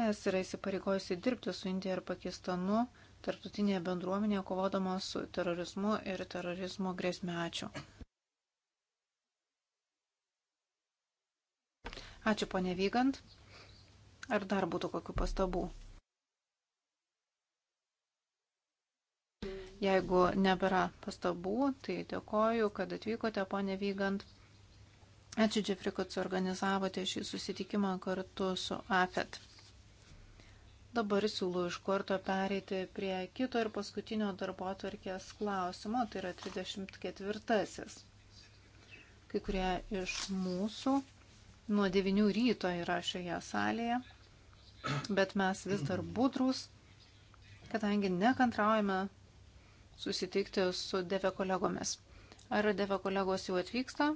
Es yra įsipareigojusi dirbti su Indija ir Pakistanu tarptautinėje bendruomenėje kovodama su terorizmu ir terorizmo grėsme. Ačiū. Ačiū, ponė Vygant. Ar dar būtų kokių pastabų? Jeigu nebėra pastabų, tai dėkoju, kad atvykote, ponė Vygant. Ačiū, Džefri, kad suorganizavote šį susitikimą kartu su AFET. Dabar siūlau iš karto pereiti prie kito ir paskutinio darbo atvarkės klausimo, tai yra 34. Kai kurie iš mūsų nuo 9 ryto yra šioje salėje, bet mes vis dar budrus, kadangi nekantraujame susitikti su deve kolegomis. Ar deve kolegos jau atvyksta?